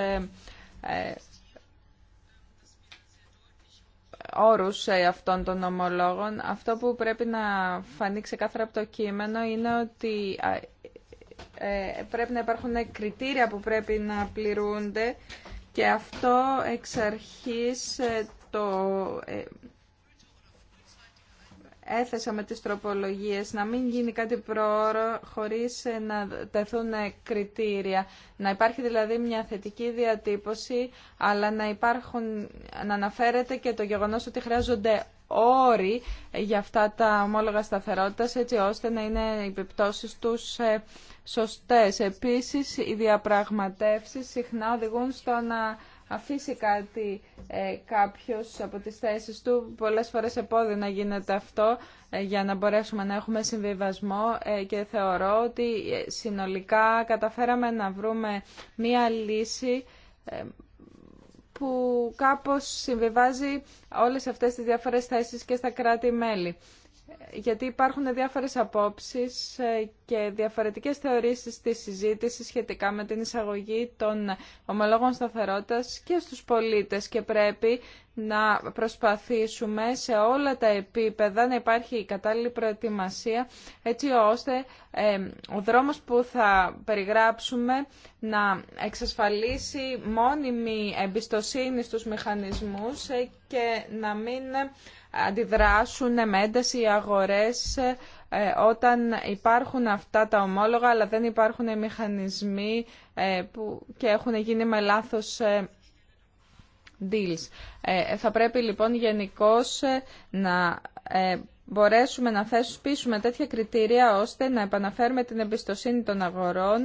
όρους ε, αυτών των ομολόγων. Αυτό που πρέπει να φανεί ξεκάθαρα από το κείμενο είναι ότι ε, ε, πρέπει να υπάρχουν κριτήρια που πρέπει να πληρούνται και αυτό εξ αρχής το έθεσα με τις τροπολογίες να μην γίνει κάτι προώρο χωρίς ε, να τεθούν κριτήρια. Να υπάρχει δηλαδή μια θετική διατύπωση, αλλά να, υπάρχουν, να αναφέρεται και το γεγονός ότι χρειάζονται όροι για αυτά τα ομόλογα σταθερότητας, έτσι ώστε να είναι οι επιπτώσεις τους ε, σωστές. Επίσης, οι διαπραγματεύσεις συχνά οδηγούν στο να αφήσει κάτι ε, κάποιος από τις θέσεις του. Πολλές φορές να γίνεται αυτό ε, για να μπορέσουμε να έχουμε συμβιβασμό ε, και θεωρώ ότι ε, συνολικά καταφέραμε να βρούμε μία λύση που κάπως συμβιβάζει όλες αυτές τις διάφορες θέσεις και στα κράτη-μέλη γιατί υπάρχουν διάφορες απόψεις ε, και διαφορετικές θεωρήσεις στη συζήτηση σχετικά με την εισαγωγή των ομολόγων σταθερότητας και στους πολίτες και πρέπει να προσπαθήσουμε σε όλα τα επίπεδα να υπάρχει η κατάλληλη προετοιμασία έτσι ώστε ε, ο δρόμος που θα περιγράψουμε να εξασφαλίσει μόνιμη εμπιστοσύνη στους μηχανισμούς ε, και να μην αντιδράσουν με ένταση οι αγορές ε, όταν υπάρχουν αυτά τα ομόλογα αλλά δεν υπάρχουν μηχανισμοί ε, που και έχουν γίνει με λάθος ε, deals. Θα πρέπει λοιπόν γενικώ να μπορέσουμε να θέσουμε τέτοια κριτήρια ώστε να επαναφέρουμε την εμπιστοσύνη των αγορών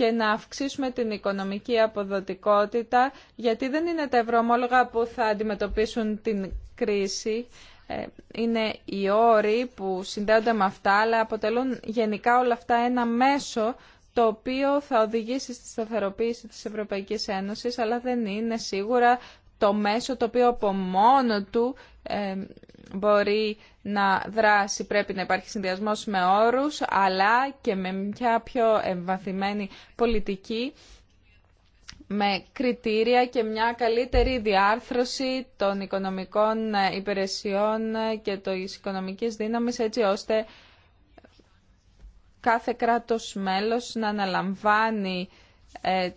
και να αυξήσουμε την οικονομική αποδοτικότητα, γιατί δεν είναι τα ευρωομόλογα που θα αντιμετωπίσουν την κρίση. Ε, είναι οι όροι που συνδέονται με αυτά, αλλά αποτελούν γενικά όλα αυτά ένα μέσο το οποίο θα οδηγήσει στη σταθεροποίηση της Ευρωπαϊκής Ένωσης, αλλά δεν είναι σίγουρα το μέσο το οποίο από μόνο του μπορεί να δράσει, πρέπει να υπάρχει συνδυασμός με όρους, αλλά και με μια πιο εμβαθυμένη πολιτική, με κριτήρια και μια καλύτερη διάρθρωση των οικονομικών υπηρεσιών και της οικονομικής δύναμης, έτσι ώστε κάθε κράτος μέλος να αναλαμβάνει ε,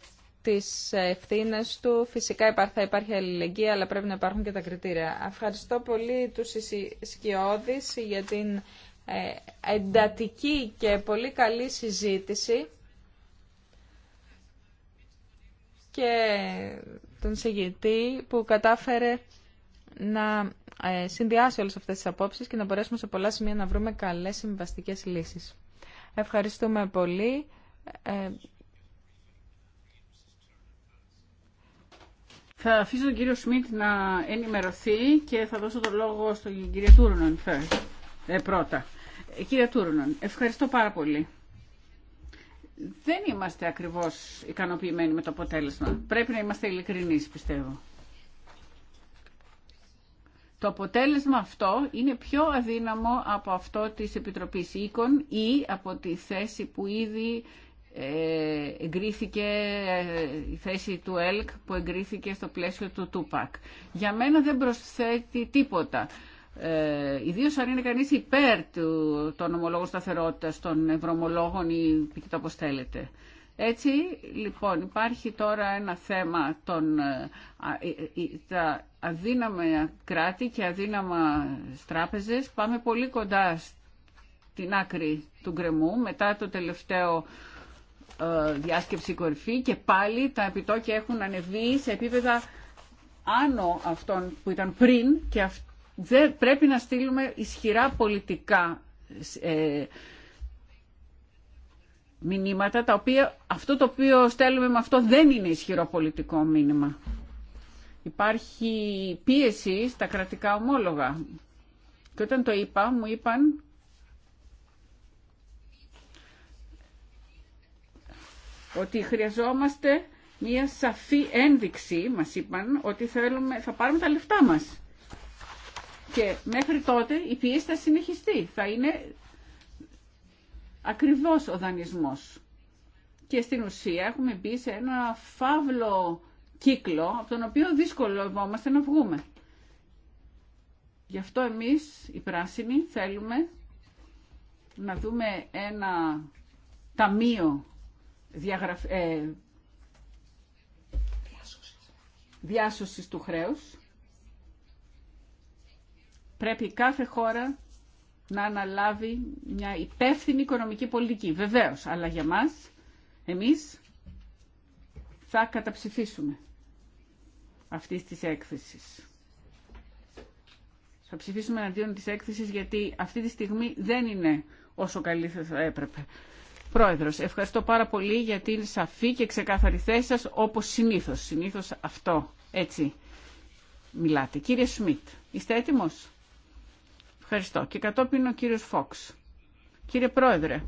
τις ευθύνε του. Φυσικά θα υπάρχει αλληλεγγύη, αλλά πρέπει να υπάρχουν και τα κριτήρια. Ευχαριστώ πολύ τους Σκιώδης για την ε, εντατική και πολύ καλή συζήτηση και τον συγγητή που κατάφερε να ε, συνδυάσει όλες αυτές τις απόψεις και να μπορέσουμε σε πολλά σημεία να βρούμε καλές συμβαστικές λύσεις. Ευχαριστούμε πολύ. Ε, Θα αφήσω τον κύριο Σμιτ να ενημερωθεί και θα δώσω το λόγο στον κύριο Τούρνον ε, πρώτα. Ε, κύριε Τούρνον, ευχαριστώ πάρα πολύ. Δεν είμαστε ακριβώς ικανοποιημένοι με το αποτέλεσμα. Πρέπει να είμαστε ειλικρινείς, πιστεύω. Το αποτέλεσμα αυτό είναι πιο αδύναμο από αυτό της Επιτροπής Οίκων ή από τη θέση που ήδη εγκρίθηκε ε, η θέση του ΕΛΚ που εγκρίθηκε στο πλαίσιο του ΤΟΥΠΑΚ. Για μένα δεν προσθέτει τίποτα. Ε, Ιδίω αν είναι κανεί υπέρ του, των ομολόγων σταθερότητα, των ευρωομολόγων ή το όπω Έτσι, λοιπόν, υπάρχει τώρα ένα θέμα των ε, ε, τα αδύναμα κράτη και αδύναμα τράπεζες. Πάμε πολύ κοντά στην άκρη του γκρεμού μετά το τελευταίο ε, διάσκεψη κορυφή και πάλι τα επιτόκια έχουν ανεβεί σε επίπεδα άνω αυτών που ήταν πριν και δεν πρέπει να στείλουμε ισχυρά πολιτικά ε, μηνύματα τα οποία αυτό το οποίο στέλνουμε με αυτό δεν είναι ισχυρό πολιτικό μήνυμα. Υπάρχει πίεση στα κρατικά ομόλογα. Και όταν το είπα, μου είπαν ότι χρειαζόμαστε μια σαφή ένδειξη, μας είπαν, ότι θέλουμε, θα πάρουμε τα λεφτά μας. Και μέχρι τότε η πίεση θα συνεχιστεί. Θα είναι ακριβώς ο δανεισμός. Και στην ουσία έχουμε μπει σε ένα φαύλο κύκλο, από τον οποίο δυσκολευόμαστε να βγούμε. Γι' αυτό εμείς, οι πράσινοι, θέλουμε να δούμε ένα ταμείο Διάσωση ε, διάσωσης του χρέους. Πρέπει κάθε χώρα να αναλάβει μια υπεύθυνη οικονομική πολιτική. Βεβαίως, αλλά για μας, εμείς, θα καταψηφίσουμε αυτή της έκθεσης. Θα ψηφίσουμε εναντίον της έκθεσης γιατί αυτή τη στιγμή δεν είναι όσο καλή θα έπρεπε. Πρόεδρος, ευχαριστώ πάρα πολύ για την σαφή και ξεκάθαρη θέση σας, όπως συνήθως. Συνήθως αυτό, έτσι μιλάτε. Κύριε Σμιτ, είστε έτοιμος? Ευχαριστώ. Και κατόπιν ο κύριος Φόξ. Κύριε Πρόεδρε,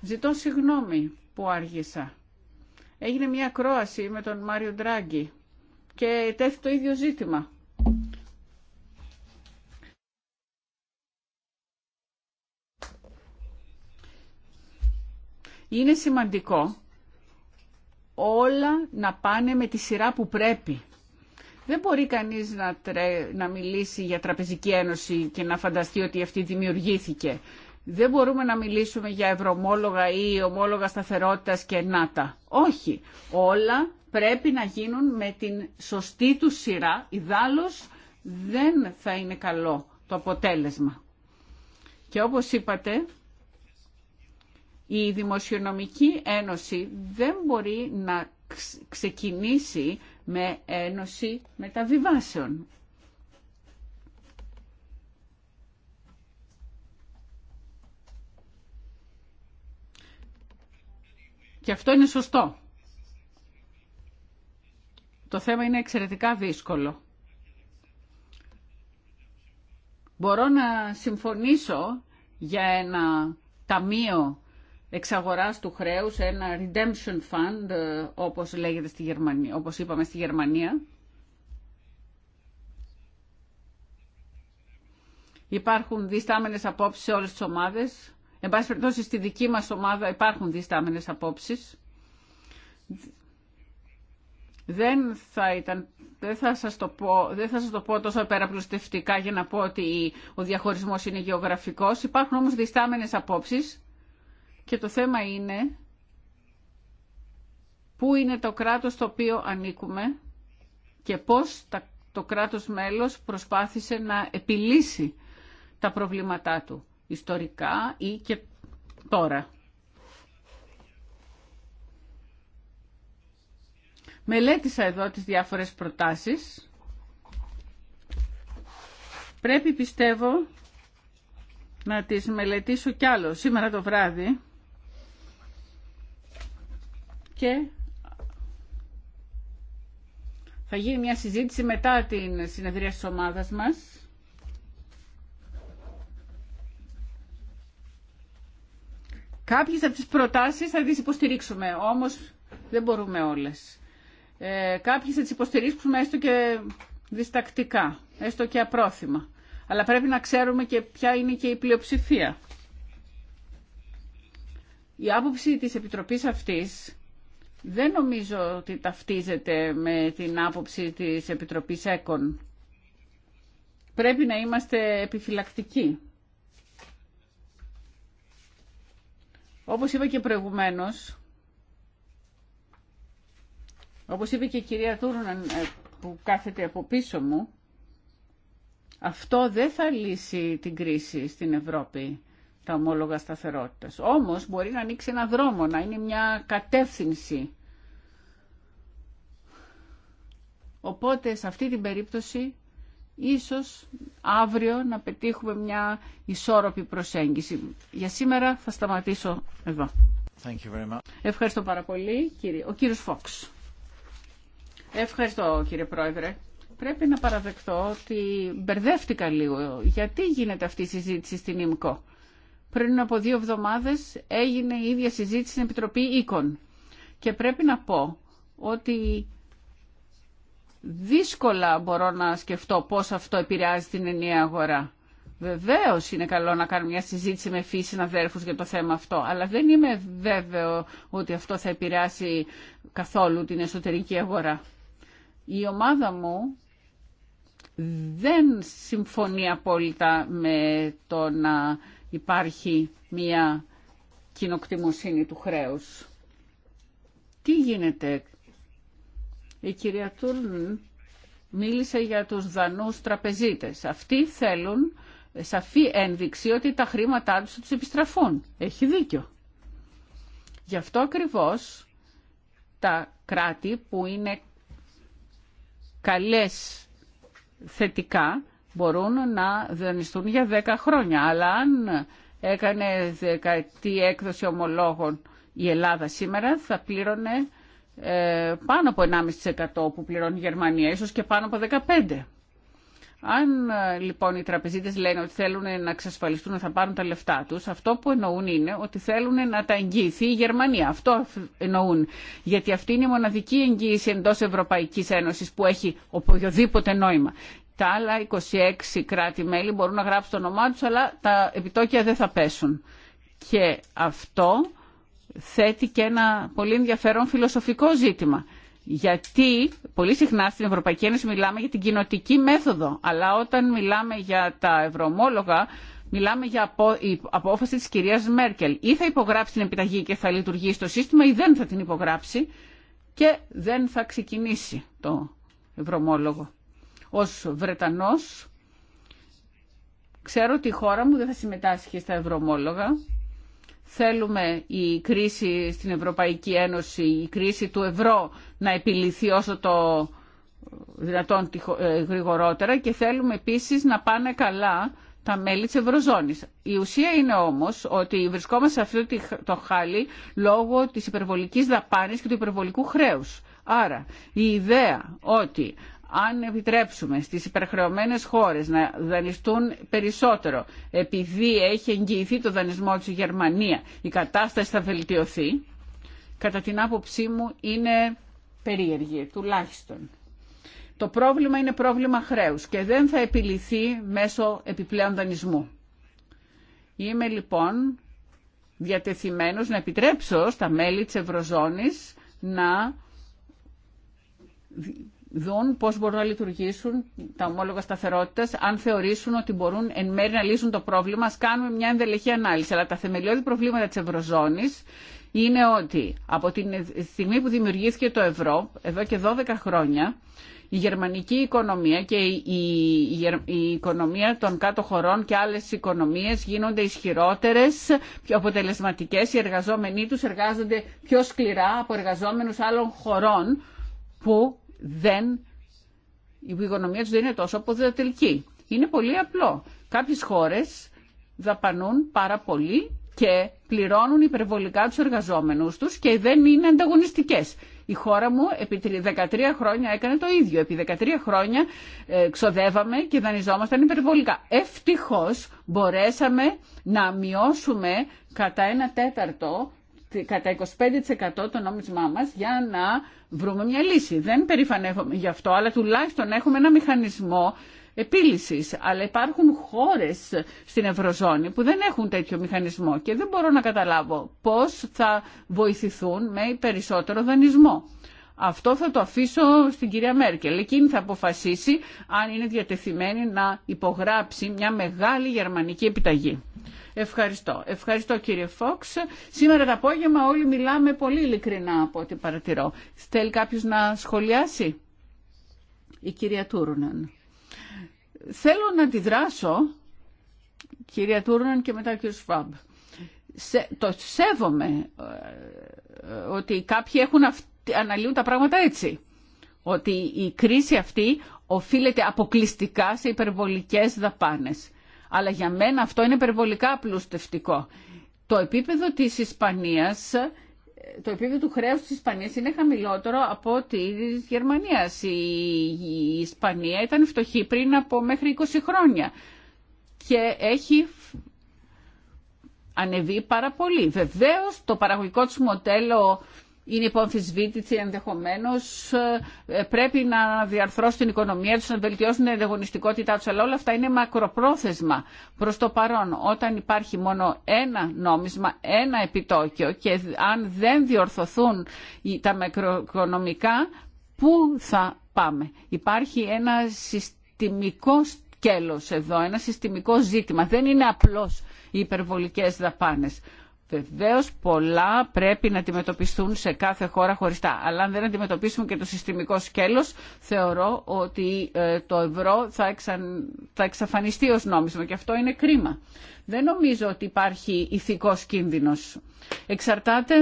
ζητώ συγγνώμη που άργησα. Έγινε μια κρόαση με τον Μάριο Ντράγκη και τέθη το ίδιο ζήτημα. είναι σημαντικό όλα να πάνε με τη σειρά που πρέπει. Δεν μπορεί κανείς να, να μιλήσει για τραπεζική ένωση και να φανταστεί ότι αυτή δημιουργήθηκε. Δεν μπορούμε να μιλήσουμε για ευρωμόλογα ή ομόλογα σταθερότητας και νάτα. Όχι. Όλα πρέπει να γίνουν με την σωστή του σειρά. Ιδάλλως δεν θα είναι καλό το αποτέλεσμα. Και όπως είπατε, η Δημοσιονομική Ένωση δεν μπορεί να ξεκινήσει με ένωση μεταβιβάσεων. Και αυτό είναι σωστό. Το θέμα είναι εξαιρετικά δύσκολο. Μπορώ να συμφωνήσω για ένα ταμείο εξαγοράς του χρέους, ένα redemption fund, ε, όπως λέγεται στη Γερμανία, όπως είπαμε στη Γερμανία. Υπάρχουν διστάμενες απόψεις σε όλες τις ομάδες. Εν πάση περιπτώσει στη δική μας ομάδα υπάρχουν διστάμενες απόψεις. Δεν θα, ήταν, δεν, θα σας το πω, δεν θα σας το πω τόσο υπεραπλουστευτικά για να πω ότι ο διαχωρισμός είναι γεωγραφικός. Υπάρχουν όμως διστάμενες απόψεις και το θέμα είναι πού είναι το κράτος στο οποίο ανήκουμε και πώς το κράτος μέλος προσπάθησε να επιλύσει τα προβλήματά του ιστορικά ή και τώρα. Μελέτησα εδώ τις διάφορες προτάσεις. Πρέπει πιστεύω να τις μελετήσω κι άλλο σήμερα το βράδυ και θα γίνει μια συζήτηση μετά την συνεδρία της ομάδας μας. Κάποιες από τις προτάσεις θα τις υποστηρίξουμε, όμως δεν μπορούμε όλες. Ε, κάποιες θα τις υποστηρίξουμε έστω και διστακτικά, έστω και απρόθυμα. Αλλά πρέπει να ξέρουμε και ποια είναι και η πλειοψηφία. Η άποψη της Επιτροπής αυτής δεν νομίζω ότι ταυτίζεται με την άποψη της Επιτροπής ΕΚΟΝ. Πρέπει να είμαστε επιφυλακτικοί. Όπως είπα και προηγουμένως, όπως είπε και η κυρία Τούρναν ε, που κάθεται από πίσω μου, αυτό δεν θα λύσει την κρίση στην Ευρώπη, τα ομόλογα σταθερότητας. Όμως μπορεί να ανοίξει ένα δρόμο, να είναι μια κατεύθυνση Οπότε σε αυτή την περίπτωση ίσως αύριο να πετύχουμε μια ισόρροπη προσέγγιση. Για σήμερα θα σταματήσω εδώ. Thank you very much. Ευχαριστώ πάρα πολύ, κύριε. ο κύριος Φόξ. Ευχαριστώ, κύριε Πρόεδρε. Πρέπει να παραδεχτώ ότι μπερδεύτηκα λίγο. Γιατί γίνεται αυτή η συζήτηση στην ΙΜΚΟ. Πριν από δύο εβδομάδες έγινε η ίδια συζήτηση στην Επιτροπή Και πρέπει να πω ότι δύσκολα μπορώ να σκεφτώ πώς αυτό επηρεάζει την ενιαία αγορά. Βεβαίω είναι καλό να κάνω μια συζήτηση με φύση συναδέρφου για το θέμα αυτό, αλλά δεν είμαι βέβαιο ότι αυτό θα επηρεάσει καθόλου την εσωτερική αγορά. Η ομάδα μου δεν συμφωνεί απόλυτα με το να υπάρχει μια κοινοκτημοσύνη του χρέους. Τι γίνεται η κυρία Τούρν μίλησε για τους δανούς τραπεζίτες. Αυτοί θέλουν σαφή ένδειξη ότι τα χρήματά τους τους επιστραφούν. Έχει δίκιο. Γι' αυτό ακριβώς τα κράτη που είναι καλές θετικά μπορούν να δανειστούν για 10 χρόνια. Αλλά αν έκανε δεκαετή έκδοση ομολόγων η Ελλάδα σήμερα θα πλήρωνε ε, πάνω από 1,5% που πληρώνει η Γερμανία, ίσως και πάνω από 15%. Αν ε, λοιπόν οι τραπεζίτες λένε ότι θέλουν να εξασφαλιστούν να θα πάρουν τα λεφτά τους, αυτό που εννοούν είναι ότι θέλουν να τα εγγυηθεί η Γερμανία. Αυτό εννοούν. Γιατί αυτή είναι η μοναδική εγγύηση εντός Ευρωπαϊκής Ένωσης που έχει οποιοδήποτε νόημα. Τα άλλα 26 κράτη-μέλη μπορούν να γράψουν το όνομά τους, αλλά τα επιτόκια δεν θα πέσουν. Και αυτό θέτει και ένα πολύ ενδιαφέρον φιλοσοφικό ζήτημα. Γιατί πολύ συχνά στην Ευρωπαϊκή Ένωση μιλάμε για την κοινοτική μέθοδο, αλλά όταν μιλάμε για τα ευρωομόλογα, μιλάμε για απόφαση της κυρίας Μέρκελ. Ή θα υπογράψει την επιταγή και θα λειτουργήσει το σύστημα ή δεν θα την υπογράψει και δεν θα ξεκινήσει το ευρωομόλογο. Ως Βρετανός, ξέρω ότι η χώρα μου δεν θα συμμετάσχει στα ευρωομόλογα, Θέλουμε η κρίση στην Ευρωπαϊκή Ένωση, η κρίση του ευρώ να επιληθεί όσο το δυνατόν ε, γρηγορότερα και θέλουμε επίσης να πάνε καλά τα μέλη της Ευρωζώνης. Η ουσία είναι όμως ότι βρισκόμαστε σε αυτό το χάλι λόγω της υπερβολικής δαπάνης και του υπερβολικού χρέους. Άρα η ιδέα ότι αν επιτρέψουμε στις υπερχρεωμένες χώρες να δανειστούν περισσότερο επειδή έχει εγγυηθεί το δανεισμό της Γερμανία η κατάσταση θα βελτιωθεί κατά την άποψή μου είναι περίεργη τουλάχιστον. Το πρόβλημα είναι πρόβλημα χρέους και δεν θα επιληθεί μέσω επιπλέον δανεισμού. Είμαι λοιπόν διατεθειμένος να επιτρέψω στα μέλη της Ευρωζώνης να δουν πώς μπορούν να λειτουργήσουν τα ομόλογα σταθερότητας, αν θεωρήσουν ότι μπορούν εν μέρει να λύσουν το πρόβλημα, ας κάνουμε μια ενδελεχή ανάλυση. Αλλά τα θεμελιώδη προβλήματα της Ευρωζώνης είναι ότι από τη στιγμή που δημιουργήθηκε το ευρώ, εδώ και 12 χρόνια, η γερμανική οικονομία και η, οικονομία των κάτω χωρών και άλλες οικονομίες γίνονται ισχυρότερες, πιο αποτελεσματικές. Οι εργαζόμενοι τους εργάζονται πιο σκληρά από εργαζόμενους άλλων χωρών που δεν, η οικονομία τους δεν είναι τόσο αποδοτελική. Είναι πολύ απλό. Κάποιες χώρες δαπανούν πάρα πολύ και πληρώνουν υπερβολικά τους εργαζόμενους τους και δεν είναι ανταγωνιστικές. Η χώρα μου επί 13 χρόνια έκανε το ίδιο. Επί 13 χρόνια ε, ξοδεύαμε και δανειζόμασταν υπερβολικά. Ευτυχώς μπορέσαμε να μειώσουμε κατά ένα τέταρτο κατά 25% το νόμισμά μας για να βρούμε μια λύση. Δεν περηφανεύομαι γι' αυτό, αλλά τουλάχιστον έχουμε ένα μηχανισμό επίλυση. Αλλά υπάρχουν χώρες στην Ευρωζώνη που δεν έχουν τέτοιο μηχανισμό και δεν μπορώ να καταλάβω πώς θα βοηθηθούν με περισσότερο δανεισμό. Αυτό θα το αφήσω στην κυρία Μέρκελ. Εκείνη θα αποφασίσει αν είναι διατεθειμένη να υπογράψει μια μεγάλη γερμανική επιταγή. Ευχαριστώ. Ευχαριστώ κύριε Φόξ. Σήμερα το απόγευμα όλοι μιλάμε πολύ ειλικρινά από ό,τι παρατηρώ. Θέλει κάποιος να σχολιάσει. Η κυρία Τούρναν. Θέλω να αντιδράσω, κυρία Τούρναν και μετά ο κύριος Φαμπ. το σέβομαι ε, ε, ότι κάποιοι έχουν αναλύουν τα πράγματα έτσι. Ότι η κρίση αυτή οφείλεται αποκλειστικά σε υπερβολικές δαπάνες. Αλλά για μένα αυτό είναι περιβολικά απλουστευτικό. Το επίπεδο της Ισπανίας το επίπεδο του χρέους της Ισπανίας είναι χαμηλότερο από της Γερμανίας. Η Ισπανία ήταν φτωχή πριν από μέχρι 20 χρόνια και έχει ανεβεί πάρα πολύ. Βεβαίως το παραγωγικό του μοντέλο είναι υποαμφισβήτητη ενδεχομένω. Ε, πρέπει να διαρθρώσουν την οικονομία του, να βελτιώσουν την ανταγωνιστικότητά του. Αλλά όλα αυτά είναι μακροπρόθεσμα. Προ το παρόν, όταν υπάρχει μόνο ένα νόμισμα, ένα επιτόκιο και αν δεν διορθωθούν τα μακροοικονομικά, πού θα πάμε. Υπάρχει ένα συστημικό σκέλος εδώ, ένα συστημικό ζήτημα. Δεν είναι απλώς οι υπερβολικές δαπάνες. Βεβαίω πολλά πρέπει να αντιμετωπιστούν σε κάθε χώρα χωριστά. Αλλά αν δεν αντιμετωπίσουμε και το συστημικό σκέλος, θεωρώ ότι ε, το ευρώ θα, θα εξαφανιστεί ω νόμισμα και αυτό είναι κρίμα. Δεν νομίζω ότι υπάρχει ηθικός κίνδυνος. Εξαρτάται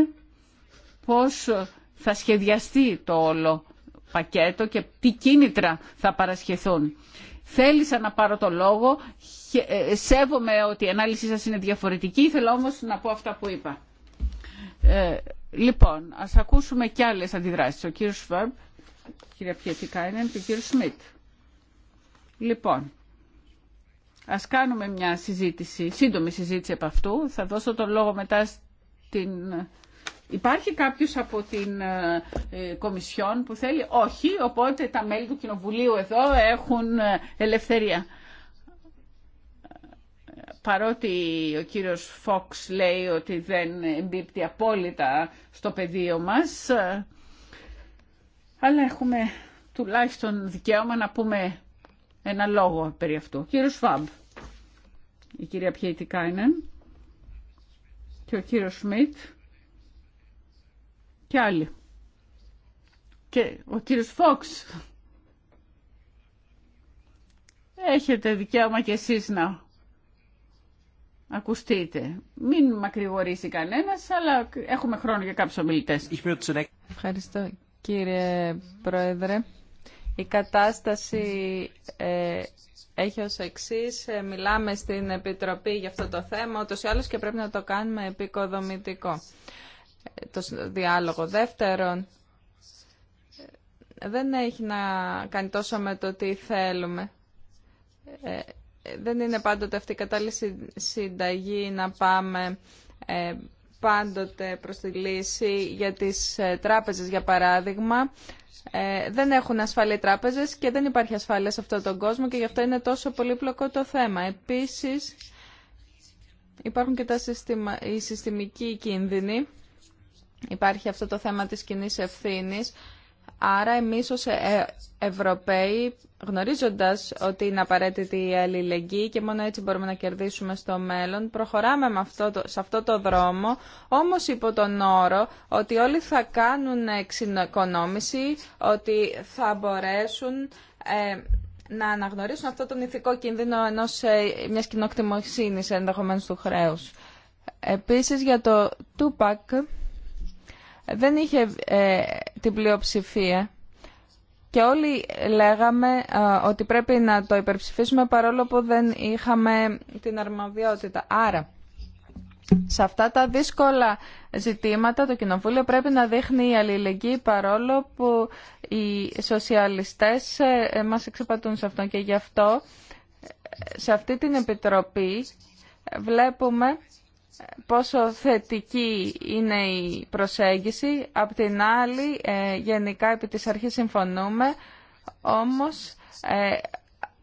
πώς θα σχεδιαστεί το όλο πακέτο και τι κίνητρα θα παρασχεθούν. Θέλησα να πάρω το λόγο. Ε, ε, σέβομαι ότι η ανάλυση σας είναι διαφορετική. Θέλω όμως να πω αυτά που είπα. Ε, λοιπόν, ας ακούσουμε κι άλλες αντιδράσεις. Ο κύριος Σβάμπ, κυρία Πιετικάινεν και ο κύριος Σμιτ. Λοιπόν, ας κάνουμε μια συζήτηση, σύντομη συζήτηση από αυτού. Θα δώσω το λόγο μετά στην Υπάρχει κάποιος από την ε, ε, Κομισιόν που θέλει όχι, οπότε τα μέλη του Κοινοβουλίου εδώ έχουν ε, ελευθερία. Παρότι ο κύριος Φόξ λέει ότι δεν εμπίπτει απόλυτα στο πεδίο μας, αλλά έχουμε τουλάχιστον δικαίωμα να πούμε ένα λόγο περί αυτού. κύριος Φαμπ, η κυρία Πιέτη Κάινεν και ο κύριος Σμιτ και άλλοι. Και ο κύριος Φόξ. Έχετε δικαίωμα κι εσείς να ακουστείτε. Μην μακρηγορήσει κανένας, αλλά έχουμε χρόνο για κάποιους ομιλητές. Ευχαριστώ κύριε Πρόεδρε. Η κατάσταση ε, έχει ως εξής. Ε, μιλάμε στην Επιτροπή για αυτό το θέμα, ούτως ή άλλως και πρέπει να το κάνουμε επικοδομητικό το διάλογο. Δεύτερον, δεν έχει να κάνει τόσο με το τι θέλουμε. Ε, δεν είναι πάντοτε αυτή η κατάλληλη συνταγή να πάμε ε, πάντοτε προς τη λύση για τις ε, τράπεζες, για παράδειγμα. Δεν έχουν ασφαλή τράπεζες και δεν υπάρχει ασφάλεια σε αυτόν τον κόσμο και γι' αυτό είναι τόσο πολύπλοκο το θέμα. Επίσης, υπάρχουν και τα συστημα... οι συστημικοί κίνδυνοι Υπάρχει αυτό το θέμα της κοινή ευθύνη. Άρα εμείς ως ε- ε- Ευρωπαίοι, γνωρίζοντας ότι είναι απαραίτητη η αλληλεγγύη και μόνο έτσι μπορούμε να κερδίσουμε στο μέλλον, προχωράμε με αυτό το, σε αυτό το δρόμο, όμως υπό τον όρο ότι όλοι θα κάνουν εξοικονόμηση, ότι θα μπορέσουν ε, να αναγνωρίσουν αυτό τον ηθικό κίνδυνο ενός, μιας κοινοκτημοσύνης ενδεχομένως του χρέους. Επίσης για το Tupac δεν είχε ε, την πλειοψηφία και όλοι λέγαμε ε, ότι πρέπει να το υπερψηφίσουμε παρόλο που δεν είχαμε την αρμοδιότητα. Άρα, σε αυτά τα δύσκολα ζητήματα το Κοινοβούλιο πρέπει να δείχνει η αλληλεγγύη παρόλο που οι σοσιαλιστές ε, μας εξεπατούν σε αυτό και γι' αυτό σε αυτή την Επιτροπή βλέπουμε πόσο θετική είναι η προσέγγιση. Απ' την άλλη, ε, γενικά επί της αρχής συμφωνούμε, όμως ε,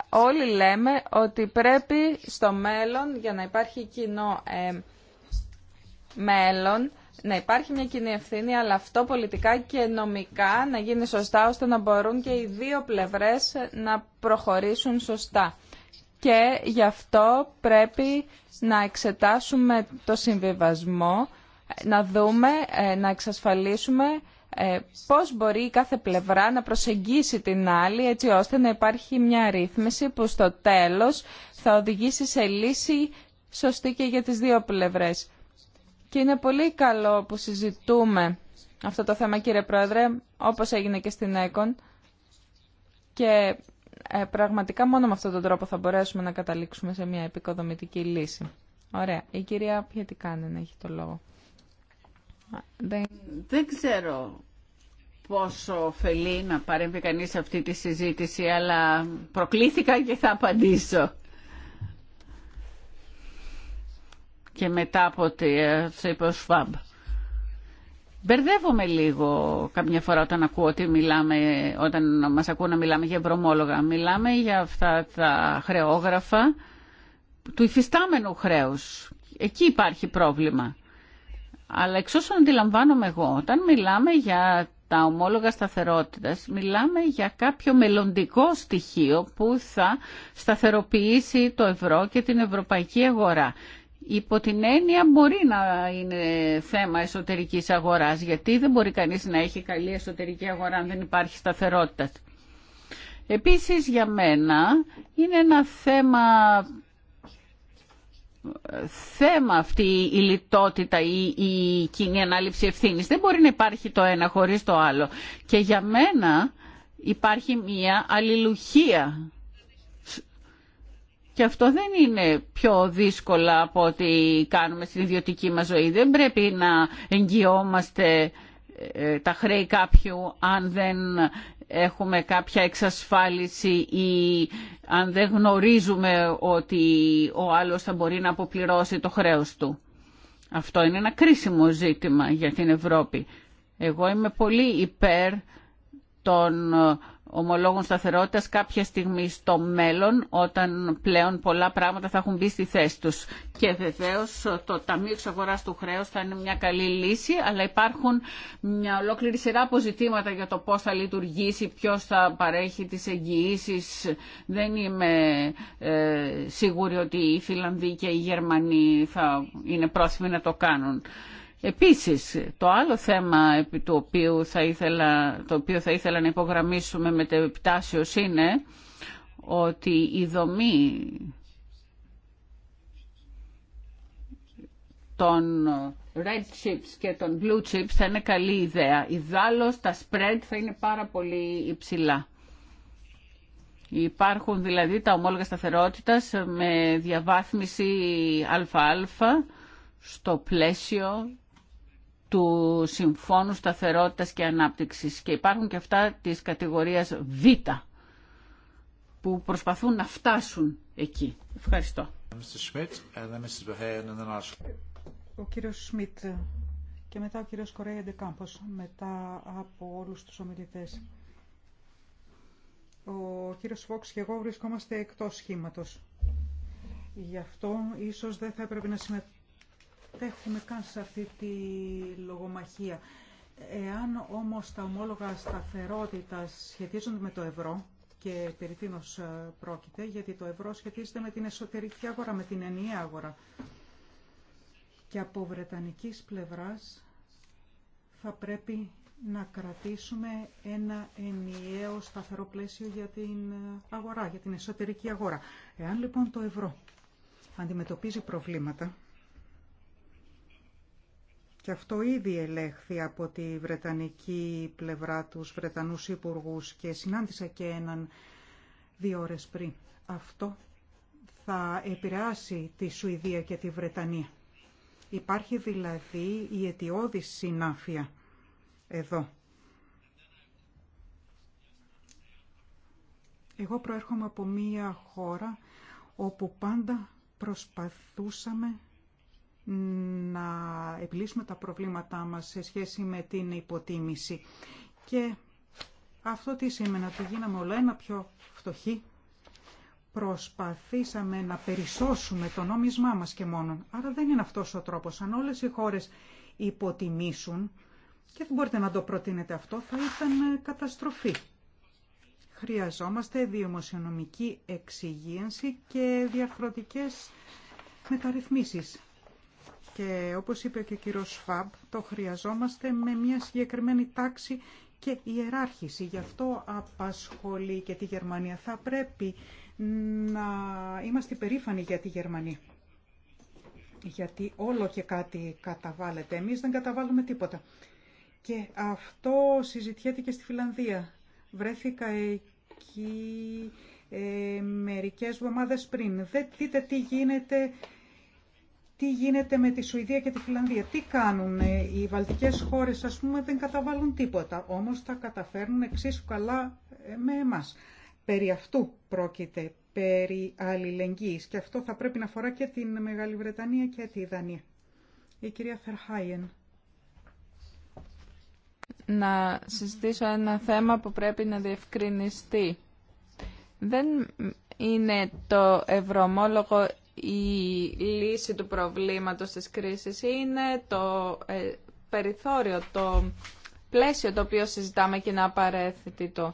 όλοι λέμε ότι πρέπει στο μέλλον, για να υπάρχει κοινό ε, μέλλον, να υπάρχει μια κοινή ευθύνη, αλλά αυτό πολιτικά και νομικά να γίνει σωστά, ώστε να μπορούν και οι δύο πλευρές να προχωρήσουν σωστά και γι' αυτό πρέπει να εξετάσουμε το συμβιβασμό, να δούμε, ε, να εξασφαλίσουμε ε, πώς μπορεί κάθε πλευρά να προσεγγίσει την άλλη έτσι ώστε να υπάρχει μια ρύθμιση που στο τέλος θα οδηγήσει σε λύση σωστή και για τις δύο πλευρές. Και είναι πολύ καλό που συζητούμε αυτό το θέμα κύριε Πρόεδρε, όπως έγινε και στην ΕΚΟΝ και ε, πραγματικά μόνο με αυτόν τον τρόπο θα μπορέσουμε να καταλήξουμε σε μια επικοδομητική λύση. Ωραία. Η κυρία να έχει το λόγο. Δεν, Δεν ξέρω πόσο ωφελεί να παρέμβει κανείς σε αυτή τη συζήτηση, αλλά προκλήθηκα και θα απαντήσω. Και μετά από τι ε, είπε ο Σφάμπ. Μπερδεύομαι λίγο καμιά φορά όταν ακούω ότι μιλάμε, όταν μας ακούω να μιλάμε για ευρωμόλογα. Μιλάμε για αυτά τα χρεόγραφα του υφιστάμενου χρέους. Εκεί υπάρχει πρόβλημα. Αλλά εξ όσων αντιλαμβάνομαι εγώ, όταν μιλάμε για τα ομόλογα σταθερότητας, μιλάμε για κάποιο μελλοντικό στοιχείο που θα σταθεροποιήσει το ευρώ και την ευρωπαϊκή αγορά υπό την έννοια μπορεί να είναι θέμα εσωτερικής αγοράς, γιατί δεν μπορεί κανείς να έχει καλή εσωτερική αγορά αν δεν υπάρχει σταθερότητα. Επίσης για μένα είναι ένα θέμα θέμα αυτή η λιτότητα ή η, η κοινη ανάληψη ευθύνης. Δεν μπορεί να υπάρχει το ένα χωρίς το άλλο. Και για μένα υπάρχει μια αλληλουχία και αυτό δεν είναι πιο δύσκολα από ό,τι κάνουμε στην ιδιωτική μας ζωή. Δεν πρέπει να εγγυόμαστε ε, τα χρέη κάποιου αν δεν έχουμε κάποια εξασφάλιση ή αν δεν γνωρίζουμε ότι ο άλλος θα μπορεί να αποπληρώσει το χρέος του. Αυτό είναι ένα κρίσιμο ζήτημα για την Ευρώπη. Εγώ είμαι πολύ υπέρ των ομολόγων σταθερότητας κάποια στιγμή στο μέλλον όταν πλέον πολλά πράγματα θα έχουν μπει στη θέση τους. Και βεβαίως το Ταμείο Εξαγοράς του Χρέους θα είναι μια καλή λύση αλλά υπάρχουν μια ολόκληρη σειρά αποζητήματα για το πώς θα λειτουργήσει, ποιος θα παρέχει τις εγγυήσει. Δεν είμαι ε, σίγουρη ότι οι Φιλανδοί και οι Γερμανοί θα είναι πρόθυμοι να το κάνουν. Επίσης, το άλλο θέμα επί του οποίου θα ήθελα, το οποίο θα ήθελα να υπογραμμίσουμε με είναι ότι η δομή των red chips και των blue chips θα είναι καλή ιδέα. Ιδάλλως τα spread θα είναι πάρα πολύ υψηλά. Υπάρχουν δηλαδή τα ομόλογα σταθερότητας με διαβάθμιση ΑΑ στο πλαίσιο του Συμφώνου Σταθερότητας και Ανάπτυξης και υπάρχουν και αυτά της κατηγορίας Β που προσπαθούν να φτάσουν εκεί. Ευχαριστώ. Ο κύριος Σμιτ και μετά ο κύριος Κορέα Ντεκάμπος, μετά από όλους τους ομιλητές. Ο κύριος Φόξ και εγώ βρισκόμαστε εκτός σχήματος. Γι' αυτό ίσως δεν θα έπρεπε να συμμετέχουμε έχουμε καν σε αυτή τη λογομαχία. Εάν όμως τα ομόλογα σταθερότητα σχετίζονται με το ευρώ, και περί τίνος ε, πρόκειται, γιατί το ευρώ σχετίζεται με την εσωτερική αγορά, με την ενιαία αγορά. Και από βρετανικής πλευράς θα πρέπει να κρατήσουμε ένα ενιαίο σταθερό πλαίσιο για την ε, αγορά, για την εσωτερική αγορά. Εάν λοιπόν το ευρώ αντιμετωπίζει προβλήματα, και αυτό ήδη ελέγχθη από τη Βρετανική πλευρά τους Βρετανούς Υπουργούς και συνάντησα και έναν δύο ώρες πριν. Αυτό θα επηρεάσει τη Σουηδία και τη Βρετανία. Υπάρχει δηλαδή η αιτιώδη συνάφεια εδώ. Εγώ προέρχομαι από μία χώρα όπου πάντα προσπαθούσαμε να επιλύσουμε τα προβλήματά μας σε σχέση με την υποτίμηση. Και αυτό τι σήμαινε, ότι γίναμε όλα ένα πιο φτωχοί, προσπαθήσαμε να περισσώσουμε το νόμισμά μας και μόνον. Άρα δεν είναι αυτός ο τρόπος. Αν όλες οι χώρες υποτιμήσουν, και δεν μπορείτε να το προτείνετε αυτό, θα ήταν καταστροφή. Χρειαζόμαστε δημοσιονομική εξυγίανση και διαφορετικές μεταρρυθμίσεις. Και όπως είπε και ο κύριος Σφαμπ, το χρειαζόμαστε με μια συγκεκριμένη τάξη και ιεράρχηση. Γι' αυτό απασχολεί και τη Γερμανία. Θα πρέπει να είμαστε περήφανοι για τη Γερμανία. Γιατί όλο και κάτι καταβάλλεται. Εμείς δεν καταβάλουμε τίποτα. Και αυτό συζητιέται και στη Φιλανδία. Βρέθηκα εκεί ε, μερικές εβδομάδες πριν. Δεν δείτε τι γίνεται τι γίνεται με τη Σουηδία και τη Φιλανδία. Τι κάνουν ε, οι βαλτικές χώρες, ας πούμε, δεν καταβάλουν τίποτα, όμως θα καταφέρνουν εξίσου καλά ε, με εμάς. Περί αυτού πρόκειται, περί αλληλεγγύης και αυτό θα πρέπει να αφορά και την Μεγάλη Βρετανία και τη Δανία. Η κυρία Φερχάιεν. Να συζητήσω ένα θέμα που πρέπει να διευκρινιστεί. Δεν είναι το ευρωομόλογο η λύση του προβλήματος της κρίσης είναι το ε, περιθώριο, το πλαίσιο το οποίο συζητάμε και είναι απαραίτητο.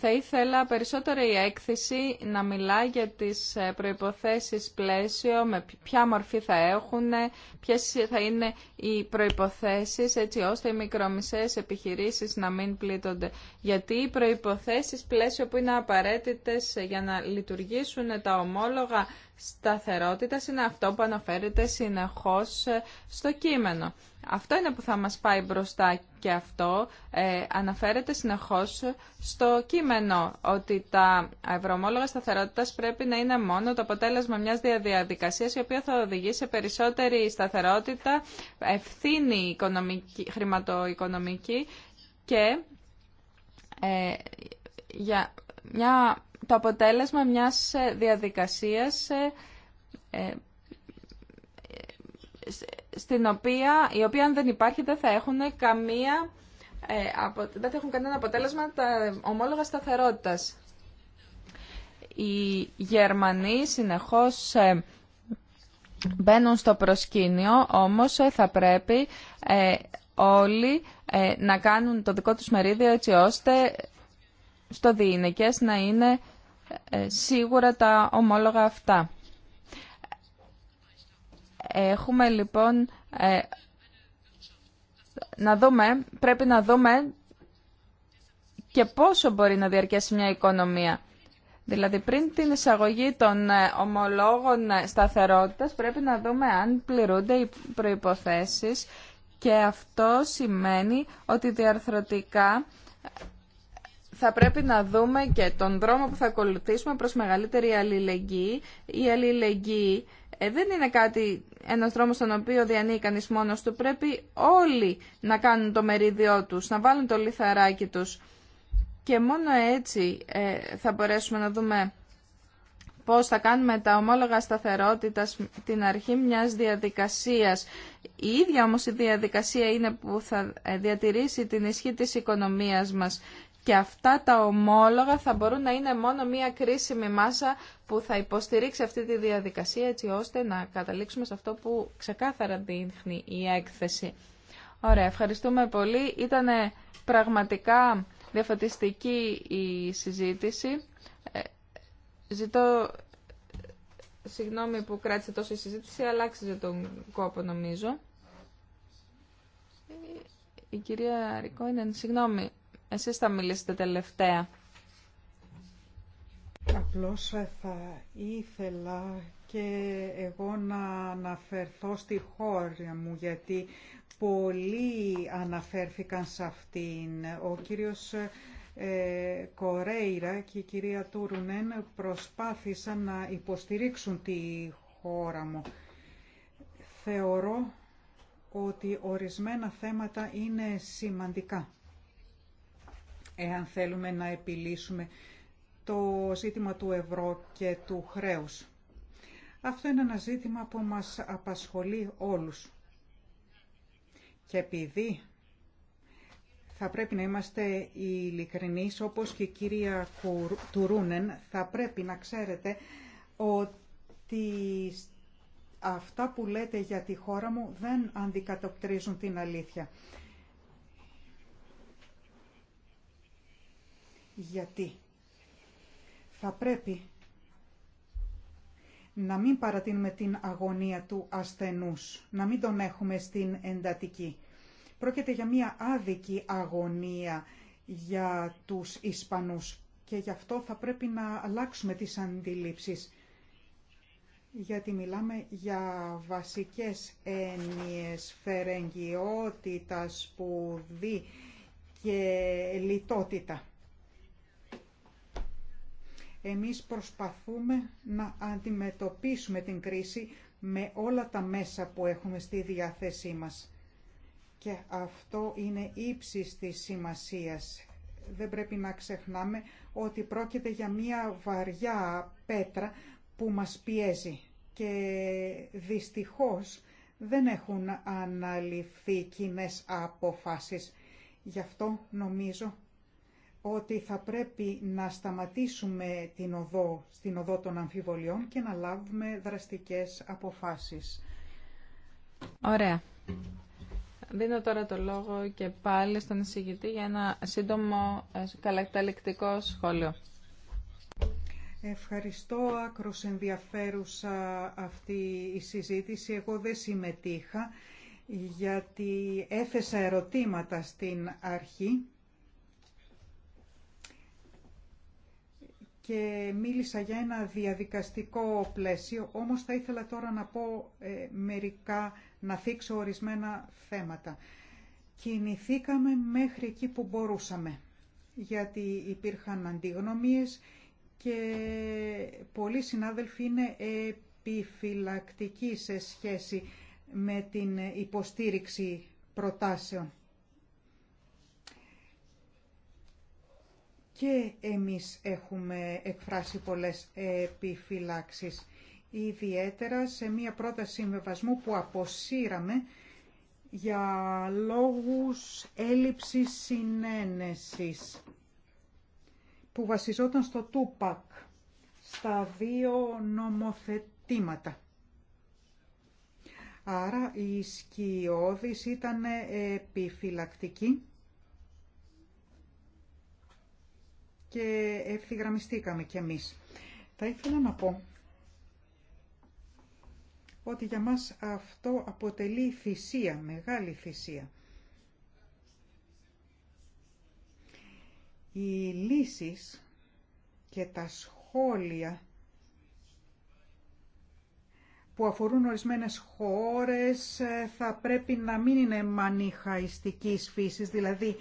Θα ήθελα περισσότερο η έκθεση να μιλά για τις ε, προϋποθέσεις πλαίσιο, με ποια μορφή θα έχουν, ποιες θα είναι οι προϋποθέσεις, έτσι ώστε οι μικρομισές επιχειρήσεις να μην πλήττονται. Γιατί οι προϋποθέσεις πλαίσιο που είναι απαραίτητες για να λειτουργήσουν τα ομόλογα σταθερότητας είναι αυτό που αναφέρεται συνεχώς ε, στο κείμενο. Αυτό είναι που θα μας πάει μπροστά και αυτό ε, αναφέρεται συνεχώς στο κείμενο ότι τα ευρωομόλογα σταθερότητας πρέπει να είναι μόνο το αποτέλεσμα μιας διαδικασίας η οποία θα οδηγεί σε περισσότερη σταθερότητα, ευθύνη οικονομική, χρηματοοικονομική και ε, για μια, το αποτέλεσμα μιας ε, διαδικασίας ε, ε στην οποία, η οποία αν δεν υπάρχει δεν θα έχουν καμία ε, απο, δεν θα έχουν κανένα αποτέλεσμα τα ομόλογα σταθερότητας. Οι Γερμανοί συνεχώς μπαίνουν στο προσκήνιο, όμως θα πρέπει όλοι να κάνουν το δικό τους μερίδιο έτσι ώστε στο διηνεκές να είναι ε, σίγουρα τα ομόλογα αυτά. Έχουμε λοιπόν ε, να δούμε, πρέπει να δούμε και πόσο μπορεί να διαρκέσει μια οικονομία. Δηλαδή πριν την εισαγωγή των ε, ομολόγων σταθερότητας πρέπει να δούμε αν πληρούνται οι προϋποθέσεις και αυτό σημαίνει ότι διαρθρωτικά θα πρέπει να δούμε και τον δρόμο που θα ακολουθήσουμε προς μεγαλύτερη αλληλεγγύη. Η αλληλεγγύη ε, δεν είναι κάτι, ένας δρόμος στον οποίο διανύει κανείς μόνος του. Πρέπει όλοι να κάνουν το μερίδιό τους, να βάλουν το λιθαράκι τους. Και μόνο έτσι ε, θα μπορέσουμε να δούμε πώς θα κάνουμε τα ομόλογα σταθερότητα την αρχή μιας διαδικασίας. Η ίδια όμως η διαδικασία είναι που θα ε, διατηρήσει την ισχύ της οικονομίας μας και αυτά τα ομόλογα θα μπορούν να είναι μόνο μία κρίσιμη μάσα που θα υποστηρίξει αυτή τη διαδικασία έτσι ώστε να καταλήξουμε σε αυτό που ξεκάθαρα δείχνει η έκθεση. Ωραία, ευχαριστούμε πολύ. Ήταν πραγματικά διαφωτιστική η συζήτηση. Ε, ζητώ συγγνώμη που κράτησε τόσο η συζήτηση, αλλάξιζε τον κόπο νομίζω. Η κυρία Ρικόινεν, συγγνώμη, εσείς θα μιλήσετε τελευταία. Απλώς θα ήθελα και εγώ να αναφερθώ στη χώρα μου, γιατί πολλοί αναφέρθηκαν σε αυτήν. Ο κύριος ε, Κορέιρα και η κυρία Τούρουνεν προσπάθησαν να υποστηρίξουν τη χώρα μου. Θεωρώ ότι ορισμένα θέματα είναι σημαντικά εάν θέλουμε να επιλύσουμε το ζήτημα του ευρώ και του χρέους. Αυτό είναι ένα ζήτημα που μας απασχολεί όλους. Και επειδή θα πρέπει να είμαστε ειλικρινεί, όπως και η κυρία Τουρούνεν, θα πρέπει να ξέρετε ότι αυτά που λέτε για τη χώρα μου δεν αντικατοπτρίζουν την αλήθεια. γιατί θα πρέπει να μην παρατείνουμε την αγωνία του ασθενούς, να μην τον έχουμε στην εντατική. Πρόκειται για μία άδικη αγωνία για τους Ισπανούς και γι' αυτό θα πρέπει να αλλάξουμε τις αντιλήψεις. Γιατί μιλάμε για βασικές έννοιες φερεγγιότητα, σπουδή και λιτότητα. Εμείς προσπαθούμε να αντιμετωπίσουμε την κρίση με όλα τα μέσα που έχουμε στη διάθεσή μας. Και αυτό είναι ύψης της σημασίας. Δεν πρέπει να ξεχνάμε ότι πρόκειται για μια βαριά πέτρα που μας πιέζει και δυστυχώς δεν έχουν αναλυφθεί κοινέ αποφάσεις. Γι' αυτό νομίζω ότι θα πρέπει να σταματήσουμε την οδό, στην οδό των αμφιβολιών και να λάβουμε δραστικές αποφάσεις. Ωραία. Δίνω τώρα το λόγο και πάλι στον εισηγητή για ένα σύντομο ε, καλακταλεκτικό σχόλιο. Ευχαριστώ άκρος ενδιαφέρουσα αυτή η συζήτηση. Εγώ δεν συμμετείχα γιατί έθεσα ερωτήματα στην αρχή και μίλησα για ένα διαδικαστικό πλαίσιο, όμως θα ήθελα τώρα να πω ε, μερικά, να θίξω ορισμένα θέματα. Κινηθήκαμε μέχρι εκεί που μπορούσαμε, γιατί υπήρχαν αντιγνωμίες και πολλοί συνάδελφοι είναι επιφυλακτικοί σε σχέση με την υποστήριξη προτάσεων. και εμείς έχουμε εκφράσει πολλές επιφυλάξεις, ιδιαίτερα σε μία πρόταση συμβεβασμού που αποσύραμε για λόγους έλλειψης συνένεσης που βασιζόταν στο Τούπακ στα δύο νομοθετήματα. Άρα η σκιώδης ήταν επιφυλακτική. και ευθυγραμμιστήκαμε κι εμείς. Θα ήθελα να πω ότι για μας αυτό αποτελεί θυσία, μεγάλη θυσία. Οι λύσεις και τα σχόλια που αφορούν ορισμένες χώρες ε, θα πρέπει να μην είναι μανιχαϊστικής φύσης, δηλαδή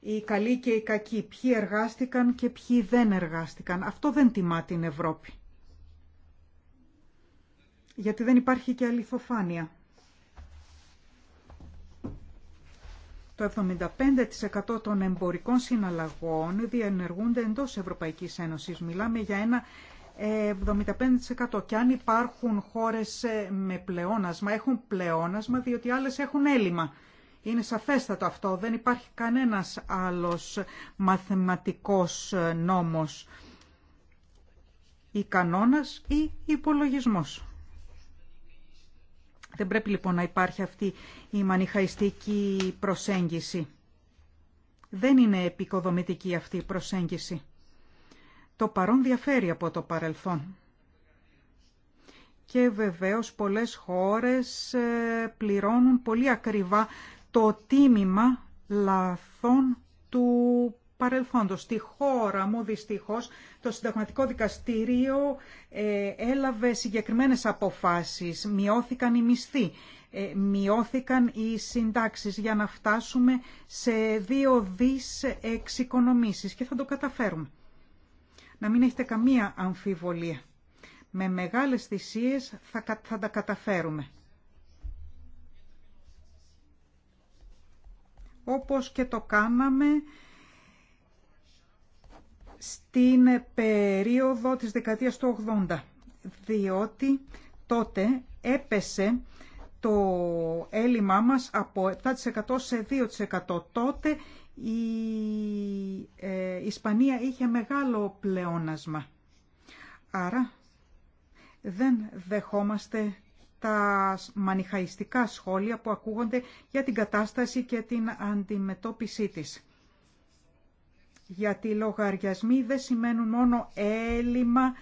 οι καλοί και οι κακοί, ποιοι εργάστηκαν και ποιοι δεν εργάστηκαν. Αυτό δεν τιμά την Ευρώπη. Γιατί δεν υπάρχει και αληθοφάνεια. Το 75% των εμπορικών συναλλαγών διενεργούνται εντός Ευρωπαϊκής Ένωσης. Μιλάμε για ένα 75% και αν υπάρχουν χώρες με πλεόνασμα, έχουν πλεόνασμα διότι άλλες έχουν έλλειμμα. Είναι σαφέστατο αυτό, δεν υπάρχει κανένας άλλος μαθηματικός νόμος ή κανόνας ή υπολογισμός. Δεν πρέπει λοιπόν να υπάρχει αυτή η μανιχαϊστική προσέγγιση. Δεν είναι επικοδομητική αυτή η προσέγγιση. Το παρόν διαφέρει από το παρελθόν. Και βεβαίως πολλές χώρες ε, πληρώνουν πολύ ακριβά το τίμημα λαθών του παρελθόντος. Στη χώρα μου, δυστυχώς, το Συνταγματικό Δικαστήριο ε, έλαβε συγκεκριμένες αποφάσεις. Μειώθηκαν οι μισθοί, ε, μειώθηκαν οι συντάξεις για να φτάσουμε σε δύο δις εξοικονομήσεις και θα το καταφέρουμε. Να μην έχετε καμία αμφιβολία. Με μεγάλες θυσίες θα, θα τα καταφέρουμε. όπως και το κάναμε στην περίοδο της δεκαετίας του 80, διότι τότε έπεσε το έλλειμμά μας από 7% σε 2%. Τότε ε, η Ισπανία είχε μεγάλο πλεόνασμα. Άρα δεν δεχόμαστε τα μανιχαϊστικά σχόλια που ακούγονται για την κατάσταση και την αντιμετώπιση της. Γιατί οι λογαριασμοί δεν σημαίνουν μόνο έλλειμμα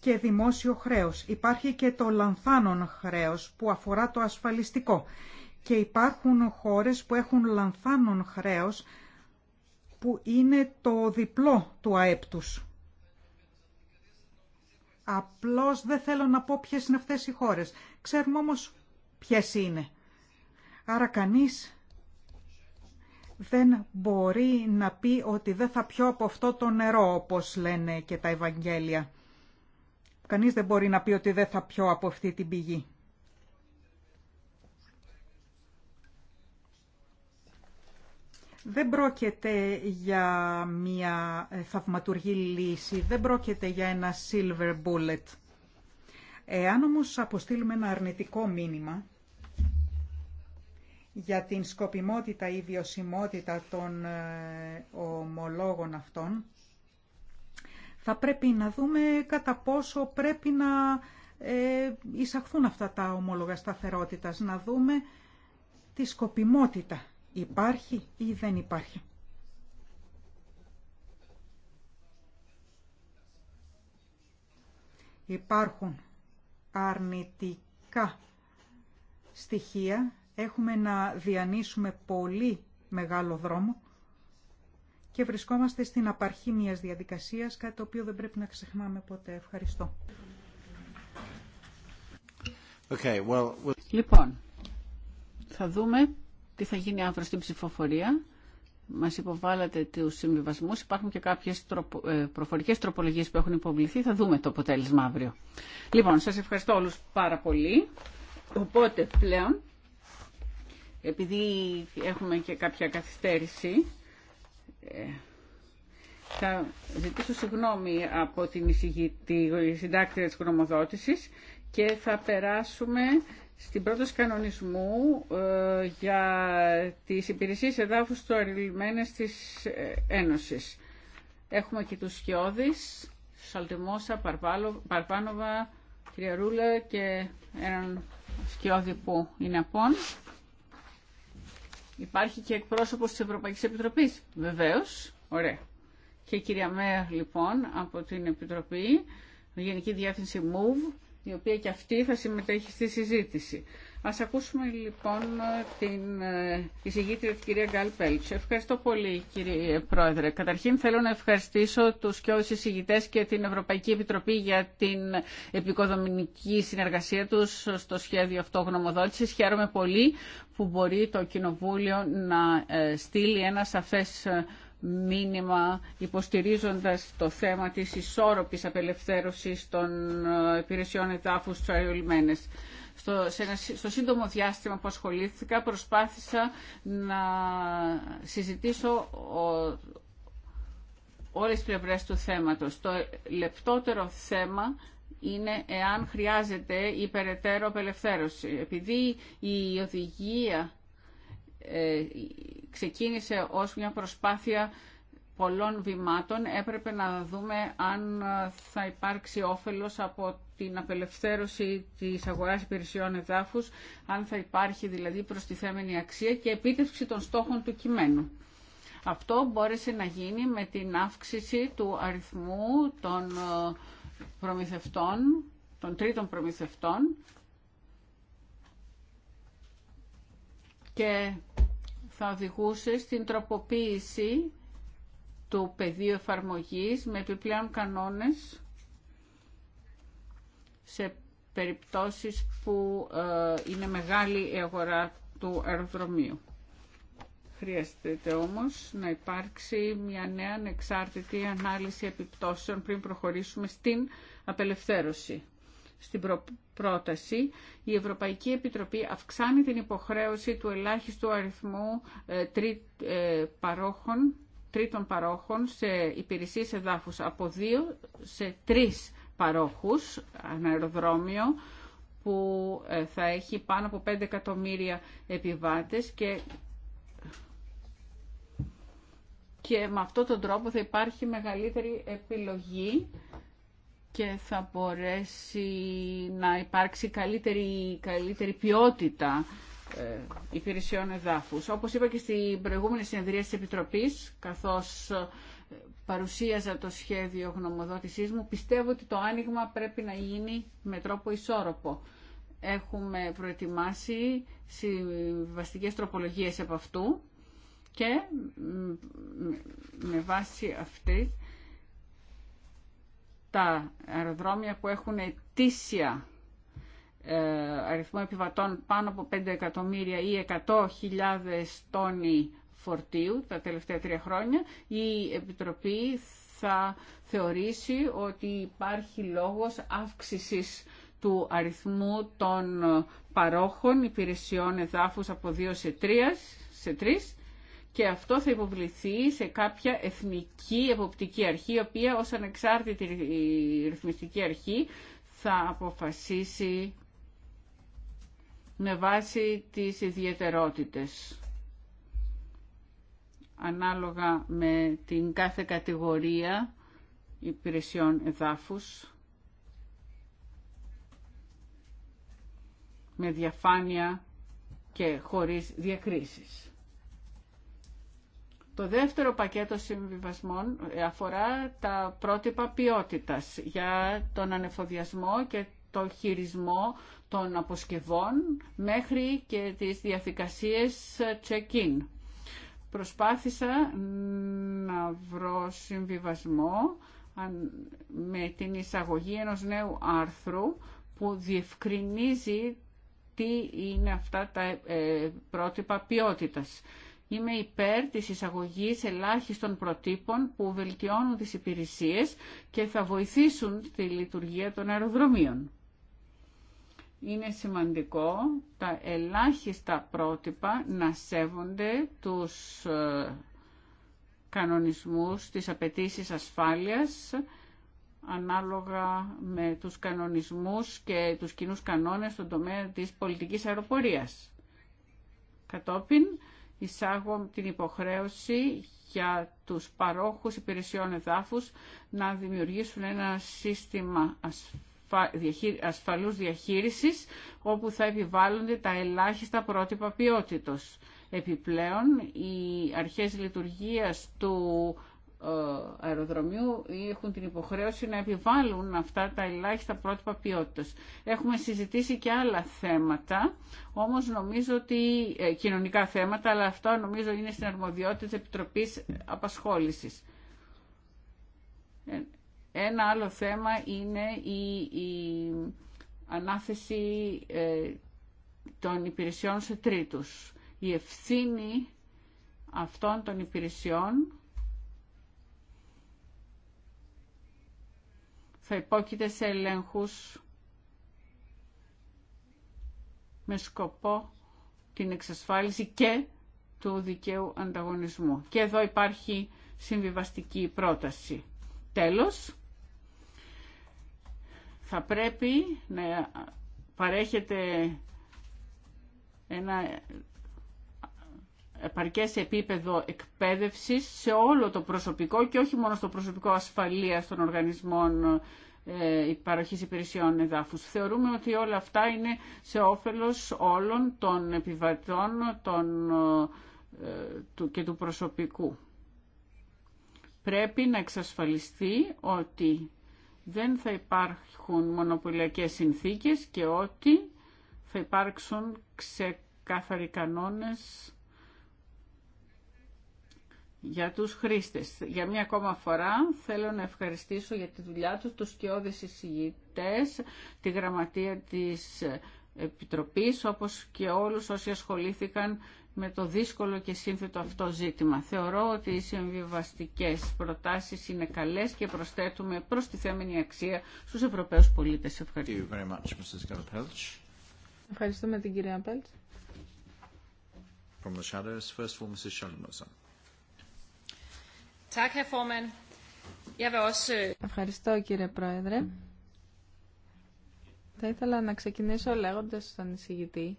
και δημόσιο χρέος. Υπάρχει και το λανθάνον χρέος που αφορά το ασφαλιστικό. Και υπάρχουν χώρες που έχουν λανθάνων χρέος που είναι το διπλό του ΑΕΠ τους. Απλώς δεν θέλω να πω ποιες είναι αυτές οι χώρες. Ξέρουμε όμως ποιες είναι. Άρα κανείς δεν μπορεί να πει ότι δεν θα πιω από αυτό το νερό, όπως λένε και τα Ευαγγέλια. Κανείς δεν μπορεί να πει ότι δεν θα πιω από αυτή την πηγή. Δεν πρόκειται για μια θαυματουργή λύση, δεν πρόκειται για ένα silver bullet. Εάν όμως αποστείλουμε ένα αρνητικό μήνυμα για την σκοπιμότητα ή βιωσιμότητα των ε, ομολόγων αυτών, θα πρέπει να δούμε κατά πόσο πρέπει να ε, εισαχθούν αυτά τα ομόλογα σταθερότητας, να δούμε τη σκοπιμότητα υπάρχει ή δεν υπάρχει. Υπάρχουν αρνητικά στοιχεία. Έχουμε να διανύσουμε πολύ μεγάλο δρόμο και βρισκόμαστε στην απαρχή μιας διαδικασίας, κάτι το οποίο δεν πρέπει να ξεχνάμε ποτέ. Ευχαριστώ. Λοιπόν, θα δούμε τι θα γίνει αύριο στην ψηφοφορία μας υποβάλλατε τους συμβιβασμούς. Υπάρχουν και κάποιες τροπο, ε, προφορικές τροπολογίες που έχουν υποβληθεί. Θα δούμε το αποτέλεσμα αύριο. Λοιπόν, σας ευχαριστώ όλους πάρα πολύ. Οπότε πλέον, επειδή έχουμε και κάποια καθυστέρηση, ε, θα ζητήσω συγγνώμη από την εισηγητή, τη συντάκτρια της γνωμοδότησης και θα περάσουμε στην πρόταση κανονισμού ε, για τις υπηρεσίες εδάφους αριλημένες της ε, Ένωσης. Έχουμε και τους σκιόδης, Σαλτιμόσα, Παρπάνοβα, κυρία Ρούλα και έναν σκιώδη που είναι απόν. Υπάρχει και εκπρόσωπος της Ευρωπαϊκής Επιτροπής, βεβαίως. Ωραία. Και η κυρία Μέα, λοιπόν, από την Επιτροπή, Γενική Διεύθυνση MOVE, η οποία και αυτή θα συμμετέχει στη συζήτηση. Ας ακούσουμε λοιπόν την ε, εισηγήτρια την κυρία Γκάλ Πέλτς. Ευχαριστώ πολύ κύριε Πρόεδρε. Καταρχήν θέλω να ευχαριστήσω τους και όλους εισηγητές και την Ευρωπαϊκή Επιτροπή για την επικοδομηνική συνεργασία τους στο σχέδιο αυτό γνωμοδότησης. Χαίρομαι πολύ που μπορεί το Κοινοβούλιο να ε, στείλει ένα σαφές ε, μήνυμα υποστηρίζοντας το θέμα της ισόρροπης απελευθέρωσης των ε, υπηρεσιών εδάφους στους Στο, σε στο σύντομο διάστημα που ασχολήθηκα προσπάθησα να συζητήσω ο, όλες τις πλευρές του θέματος. Το λεπτότερο θέμα είναι εάν χρειάζεται υπεραιτέρω απελευθέρωση. Επειδή η οδηγία ε, ξεκίνησε ως μια προσπάθεια πολλών βημάτων έπρεπε να δούμε αν θα υπάρξει όφελος από την απελευθέρωση της αγοράς υπηρεσιών εδάφους, αν θα υπάρχει δηλαδή προστιθέμενη αξία και επίτευξη των στόχων του κειμένου. Αυτό μπόρεσε να γίνει με την αύξηση του αριθμού των ε, προμηθευτών, των τρίτων προμηθευτών και θα οδηγούσε στην τροποποίηση του πεδίου εφαρμογής με επιπλέον κανόνες σε περιπτώσεις που ε, είναι μεγάλη η αγορά του αεροδρομίου. Χρειάζεται όμως να υπάρξει μια νέα ανεξάρτητη ανάλυση επιπτώσεων πριν προχωρήσουμε στην απελευθέρωση στην πρόταση, η Ευρωπαϊκή Επιτροπή αυξάνει την υποχρέωση του ελάχιστου αριθμού ε, τρί, ε, παρόχων, τρίτων παρόχων σε υπηρεσίες εδάφους από δύο σε τρεις παρόχους, ένα αεροδρόμιο, που ε, θα έχει πάνω από 5 εκατομμύρια επιβάτες και, και με αυτόν τον τρόπο θα υπάρχει μεγαλύτερη επιλογή και θα μπορέσει να υπάρξει καλύτερη, καλύτερη ποιότητα ε, υπηρεσιών εδάφους. Όπως είπα και στην προηγούμενη συνεδρία της Επιτροπής, καθώς ε, παρουσίαζα το σχέδιο γνωμοδότησής μου, πιστεύω ότι το άνοιγμα πρέπει να γίνει με τρόπο ισόρροπο. Έχουμε προετοιμάσει συμβαστικές τροπολογίες από αυτού και με βάση αυτή τα αεροδρόμια που έχουν ετήσια ε, αριθμό επιβατών πάνω από 5 εκατομμύρια ή 100.000 τόνοι φορτίου τα τελευταία τρία χρόνια, η Επιτροπή θα θεωρήσει ότι υπάρχει λόγος αύξησης του αριθμού των παρόχων υπηρεσιών εδάφους από 2 σε 3, σε 3 και αυτό θα υποβληθεί σε κάποια εθνική εποπτική αρχή, η οποία ως ανεξάρτητη ρυθμιστική αρχή θα αποφασίσει με βάση τις ιδιαιτερότητες ανάλογα με την κάθε κατηγορία υπηρεσιών εδάφους με διαφάνεια και χωρίς διακρίσεις. Το δεύτερο πακέτο συμβιβασμών ε, αφορά τα πρότυπα ποιότητας για τον ανεφοδιασμό και το χειρισμό των αποσκευών μέχρι και τις διαδικασίες check-in. Προσπάθησα να βρω συμβιβασμό με την εισαγωγή ενός νέου άρθρου που διευκρινίζει τι είναι αυτά τα ε, πρότυπα ποιότητας. Είμαι υπέρ της εισαγωγής ελάχιστων προτύπων που βελτιώνουν τις υπηρεσίες και θα βοηθήσουν τη λειτουργία των αεροδρομίων. Είναι σημαντικό τα ελάχιστα πρότυπα να σέβονται τους ε, κανονισμούς, τις απαιτήσεις ασφάλειας, ανάλογα με τους κανονισμούς και τους κοινούς κανόνες στον τομέα της πολιτικής αεροπορίας. Κατόπιν, εισάγω την υποχρέωση για τους παρόχους υπηρεσιών εδάφους να δημιουργήσουν ένα σύστημα ασφαλούς διαχείρισης όπου θα επιβάλλονται τα ελάχιστα πρότυπα ποιότητος. Επιπλέον, οι αρχές λειτουργίας του ε, αεροδρομίου έχουν την υποχρέωση να επιβάλλουν αυτά τα ελάχιστα πρότυπα ποιότητας. Έχουμε συζητήσει και άλλα θέματα, όμως νομίζω ότι ε, κοινωνικά θέματα, αλλά αυτο νομίζω είναι στην αρμοδιότητα της Επιτροπής Απασχόλησης. Ε, ένα άλλο θέμα είναι η, η ανάθεση των υπηρεσιών σε τρίτους. Η ευθύνη αυτών των υπηρεσιών θα υπόκειται σε ελέγχους με σκοπό την εξασφάλιση και του δικαίου ανταγωνισμού. Και εδώ υπάρχει συμβιβαστική πρόταση. Τέλος, θα πρέπει να παρέχεται ένα επαρκές επίπεδο εκπαίδευσης σε όλο το προσωπικό και όχι μόνο στο προσωπικό ασφαλείας των οργανισμών ε, παροχή υπηρεσιών εδάφους. Θεωρούμε ότι όλα αυτά είναι σε όφελος όλων των επιβατών των, ε, και του προσωπικού. Πρέπει να εξασφαλιστεί ότι δεν θα υπάρχουν μονοπωλιακές συνθήκες και ότι θα υπάρξουν ξεκάθαροι κανόνες για τους χρήστες. Για μία ακόμα φορά θέλω να ευχαριστήσω για τη δουλειά τους τους σκιώδες εισηγητές, τη γραμματεία της Επιτροπής, όπως και όλους όσοι ασχολήθηκαν με το δύσκολο και σύνθετο αυτό ζήτημα. Θεωρώ ότι οι συμβιβαστικές προτάσεις είναι καλές και προσθέτουμε προς τη θέμενη αξία στους Ευρωπαίους πολίτες. Ευχαριστώ. Ευχαριστούμε την κυρία Πέλτς. Øh, Ευχαριστώ κύριε Πρόεδρε. Θα ήθελα να ξεκινήσω λέγοντας στον εισηγητή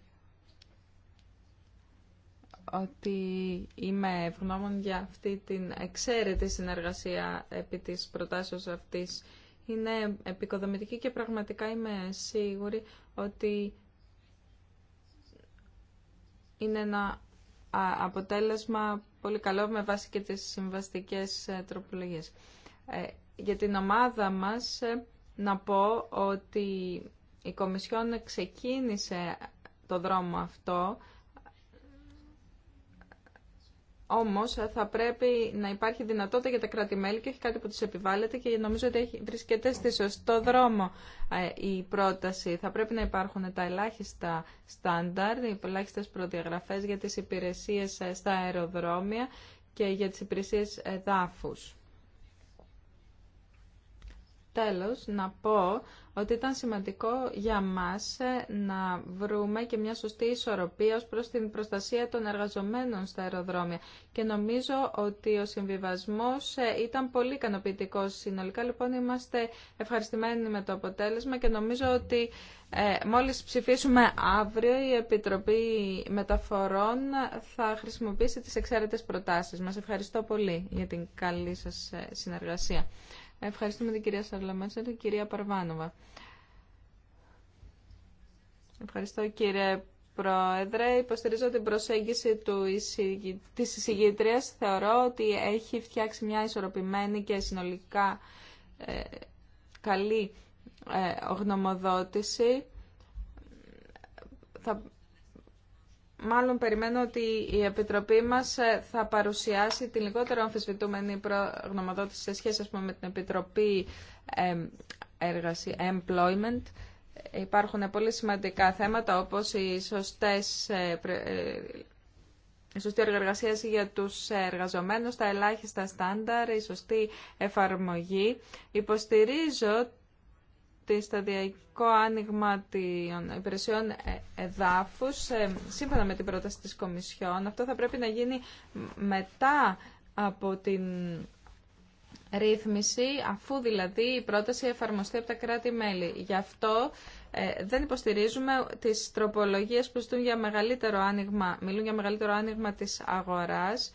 ότι είμαι ευγνώμων για αυτή την εξαίρετη συνεργασία επί της προτάσεως αυτής. Είναι επικοδομητική και πραγματικά είμαι σίγουρη ότι είναι ένα αποτέλεσμα πολύ καλό με βάση και τις συμβαστικές ε, τροπολογίες. Ε, για την ομάδα μας ε, να πω ότι η Κομισιόν ξεκίνησε το δρόμο αυτό Όμω, θα πρέπει να υπάρχει δυνατότητα για τα κράτη-μέλη και όχι κάτι που τους επιβάλλεται και νομίζω ότι έχει, βρίσκεται στη σωστό δρόμο ε, η πρόταση. Θα πρέπει να υπάρχουν τα ελάχιστα στάνταρ, οι ελάχιστε προδιαγραφέ για τις υπηρεσίες ε, στα αεροδρόμια και για τις υπηρεσίες εδάφου. Τέλος, να πω ότι ήταν σημαντικό για μας ε, να βρούμε και μια σωστή ισορροπία ως προς την προστασία των εργαζομένων στα αεροδρόμια. Και νομίζω ότι ο συμβιβασμός ε, ήταν πολύ ικανοποιητικό συνολικά. Λοιπόν, είμαστε ευχαριστημένοι με το αποτέλεσμα και νομίζω ότι ε, μόλις ψηφίσουμε αύριο η Επιτροπή Μεταφορών θα χρησιμοποιήσει τις εξαίρετες προτάσεις μας. Ευχαριστώ πολύ για την καλή σας συνεργασία. Ευχαριστούμε την κυρία Σαρλαμέτσα και την κυρία Παρβάνοβα. Ευχαριστώ κύριε Πρόεδρε. Υποστηρίζω την προσέγγιση του εισηγη... της εισηγητρίας. Θεωρώ ότι έχει φτιάξει μια ισορροπημένη και συνολικά ε, καλή ε, γνωμοδότηση. Θα Μάλλον περιμένω ότι η Επιτροπή μας ε, θα παρουσιάσει την λιγότερο αμφισβητούμενη γνωμοδότηση σε σχέση πούμε, με την Επιτροπή Έργαση Employment. Υπάρχουν πολύ σημαντικά θέματα όπως οι σωστές ε, ε, η σωστή εργασία για τους εργαζομένους, τα ελάχιστα στάνταρ, η σωστή εφαρμογή. Υποστηρίζω τη σταδιακό άνοιγμα των υπηρεσιών ε, εδάφους, ε, σύμφωνα με την πρόταση της Κομισιόν, αυτό θα πρέπει να γίνει μετά από την ρύθμιση, αφού δηλαδή η πρόταση εφαρμοστεί από τα κράτη-μέλη. Γι' αυτό ε, δεν υποστηρίζουμε τις τροπολογίες που ζητούν για μεγαλύτερο άνοιγμα, μιλούν για μεγαλύτερο άνοιγμα της αγοράς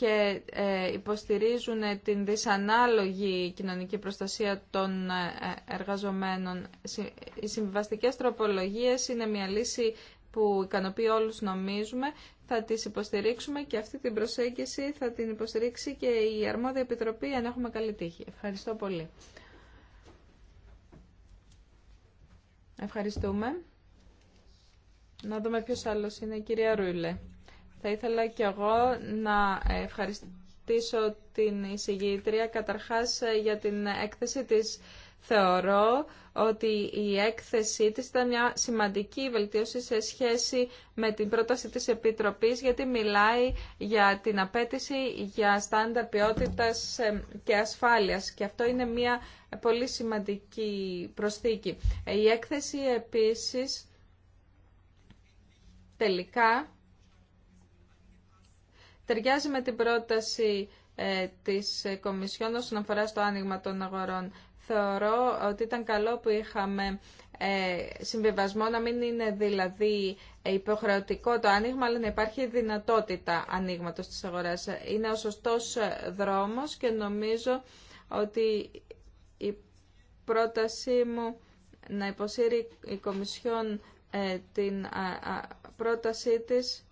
και ε, υποστηρίζουν την δυσανάλογη κοινωνική προστασία των ε, εργαζομένων. Οι συμβιβαστικές τροπολογίες είναι μια λύση που ικανοποιεί όλους νομίζουμε. Θα τις υποστηρίξουμε και αυτή την προσέγγιση θα την υποστηρίξει και η Αρμόδια Επιτροπή αν έχουμε καλή τύχη. Ευχαριστώ πολύ. Ευχαριστούμε. Να δούμε ποιος άλλος είναι η κυρία Ρούιλε. Θα ήθελα κι εγώ να ευχαριστήσω την εισηγήτρια καταρχάς ε, για την έκθεση της. Θεωρώ ότι η έκθεσή της ήταν μια σημαντική βελτίωση σε σχέση με την πρόταση της Επιτροπής γιατί μιλάει για την απέτηση για στάνταρ ποιότητας ε, και ασφάλειας και αυτό είναι μια πολύ σημαντική προσθήκη. Η έκθεση επίσης τελικά ταιριάζει με την πρόταση ε, της Κομισιόν όσον αφορά στο άνοιγμα των αγορών. Θεωρώ ότι ήταν καλό που είχαμε ε, συμβιβασμό να μην είναι δηλαδή ε, υποχρεωτικό το άνοιγμα, αλλά να υπάρχει δυνατότητα ανοίγματος της αγοράς. Είναι ο σωστός δρόμος και νομίζω ότι η πρότασή μου να υποσύρει η Κομισιόν την πρότασή της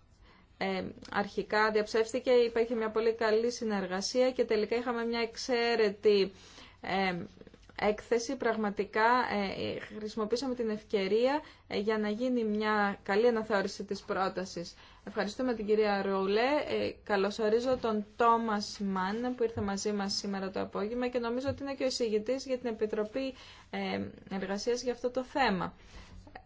ε, αρχικά διαψεύστηκε, υπήρχε μια πολύ καλή συνεργασία και τελικά είχαμε μια εξαίρετη ε, έκθεση. Πραγματικά ε, χρησιμοποίησαμε την ευκαιρία ε, για να γίνει μια καλή αναθεώρηση της πρότασης. Ευχαριστούμε την κυρία Ρούλε. Καλωσορίζω τον Τόμας Μαν που ήρθε μαζί μας σήμερα το απόγευμα και νομίζω ότι είναι και ο εισηγητής για την Επιτροπή Εργασίας για αυτό το θέμα.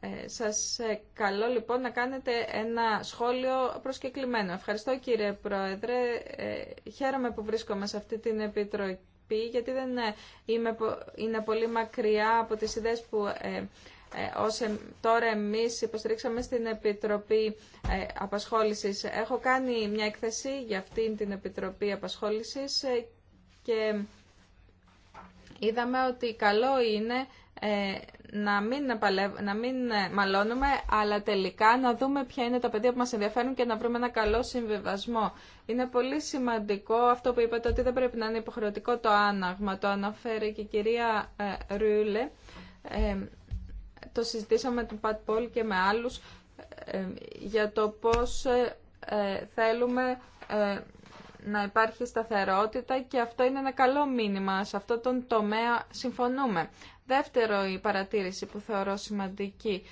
Ε, σας ε, καλώ λοιπόν να κάνετε ένα σχόλιο προσκεκλημένο. Ευχαριστώ κύριε Πρόεδρε. Ε, χαίρομαι που βρίσκομαι σε αυτή την επιτροπή γιατί δεν είμαι, είναι πολύ μακριά από τις ιδέες που ε, τώρα εμείς υποστηρίξαμε στην Επιτροπή Απασχόλησης. Έχω κάνει μια έκθεση για αυτήν την Επιτροπή Απασχόλησης και είδαμε ότι καλό είναι να μην, παλευ... να μην ε, μαλώνουμε, αλλά τελικά να δούμε ποια είναι τα πεδία που μας ενδιαφέρουν και να βρούμε ένα καλό συμβιβασμό. Είναι πολύ σημαντικό αυτό που είπατε ότι δεν πρέπει να είναι υποχρεωτικό το άναγμα. Το αναφέρει και η κυρία ε, Ρούλε. Το συζητήσαμε με τον Πατ Πολ και με άλλους ε, για το πώς θέλουμε να υπάρχει σταθερότητα και αυτό είναι ένα καλό μήνυμα. Σε αυτό τον τομέα συμφωνούμε. Δεύτερο η παρατήρηση που θεωρώ σημαντική.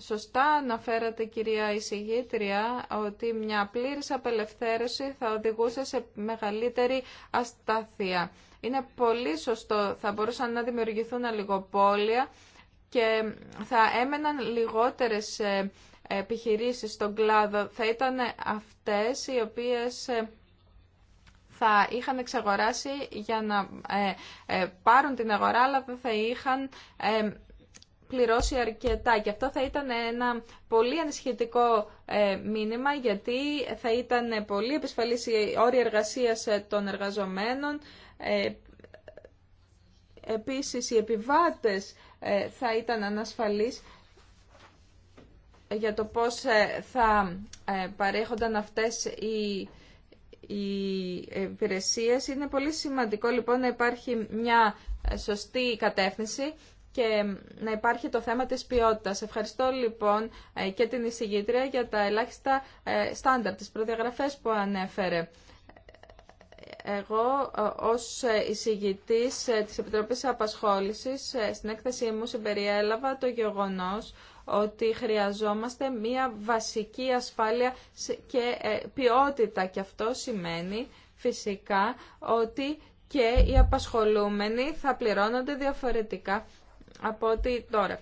Σωστά αναφέρατε κυρία εισηγήτρια ότι μια πλήρης απελευθέρωση θα οδηγούσε σε μεγαλύτερη αστάθεια. Είναι πολύ σωστό. Θα μπορούσαν να δημιουργηθούν αλληγοπόλια και θα έμεναν λιγότερες ε, επιχειρήσεις στον κλάδο. Θα ήταν αυτές οι οποίες ε, θα είχαν εξαγοράσει για να ε, ε, πάρουν την αγορά, αλλά δεν θα είχαν ε, πληρώσει αρκετά. Και αυτό θα ήταν ένα πολύ ανησυχητικό μήνυμα, γιατί θα ήταν πολύ επισφαλής η όρη εργασίας των εργαζομένων. Επίσης, οι επιβάτες θα ήταν ανασφαλείς για το πώς θα παρέχονταν αυτές οι οι υπηρεσίες. Είναι πολύ σημαντικό λοιπόν να υπάρχει μια σωστή κατεύθυνση και να υπάρχει το θέμα της ποιότητας. Ευχαριστώ λοιπόν ε, και την εισηγήτρια για τα ελάχιστα ε, στάνταρ, τις προδιαγραφές που ανέφερε. Εγώ ε, ως εισηγητής της Επιτροπής Απασχόλησης στην έκθεσή μου συμπεριέλαβα το γεγονός ότι χρειαζόμαστε μία βασική ασφάλεια και ε, ποιότητα και αυτό σημαίνει φυσικά ότι και οι απασχολούμενοι θα πληρώνονται διαφορετικά από ό,τι τώρα.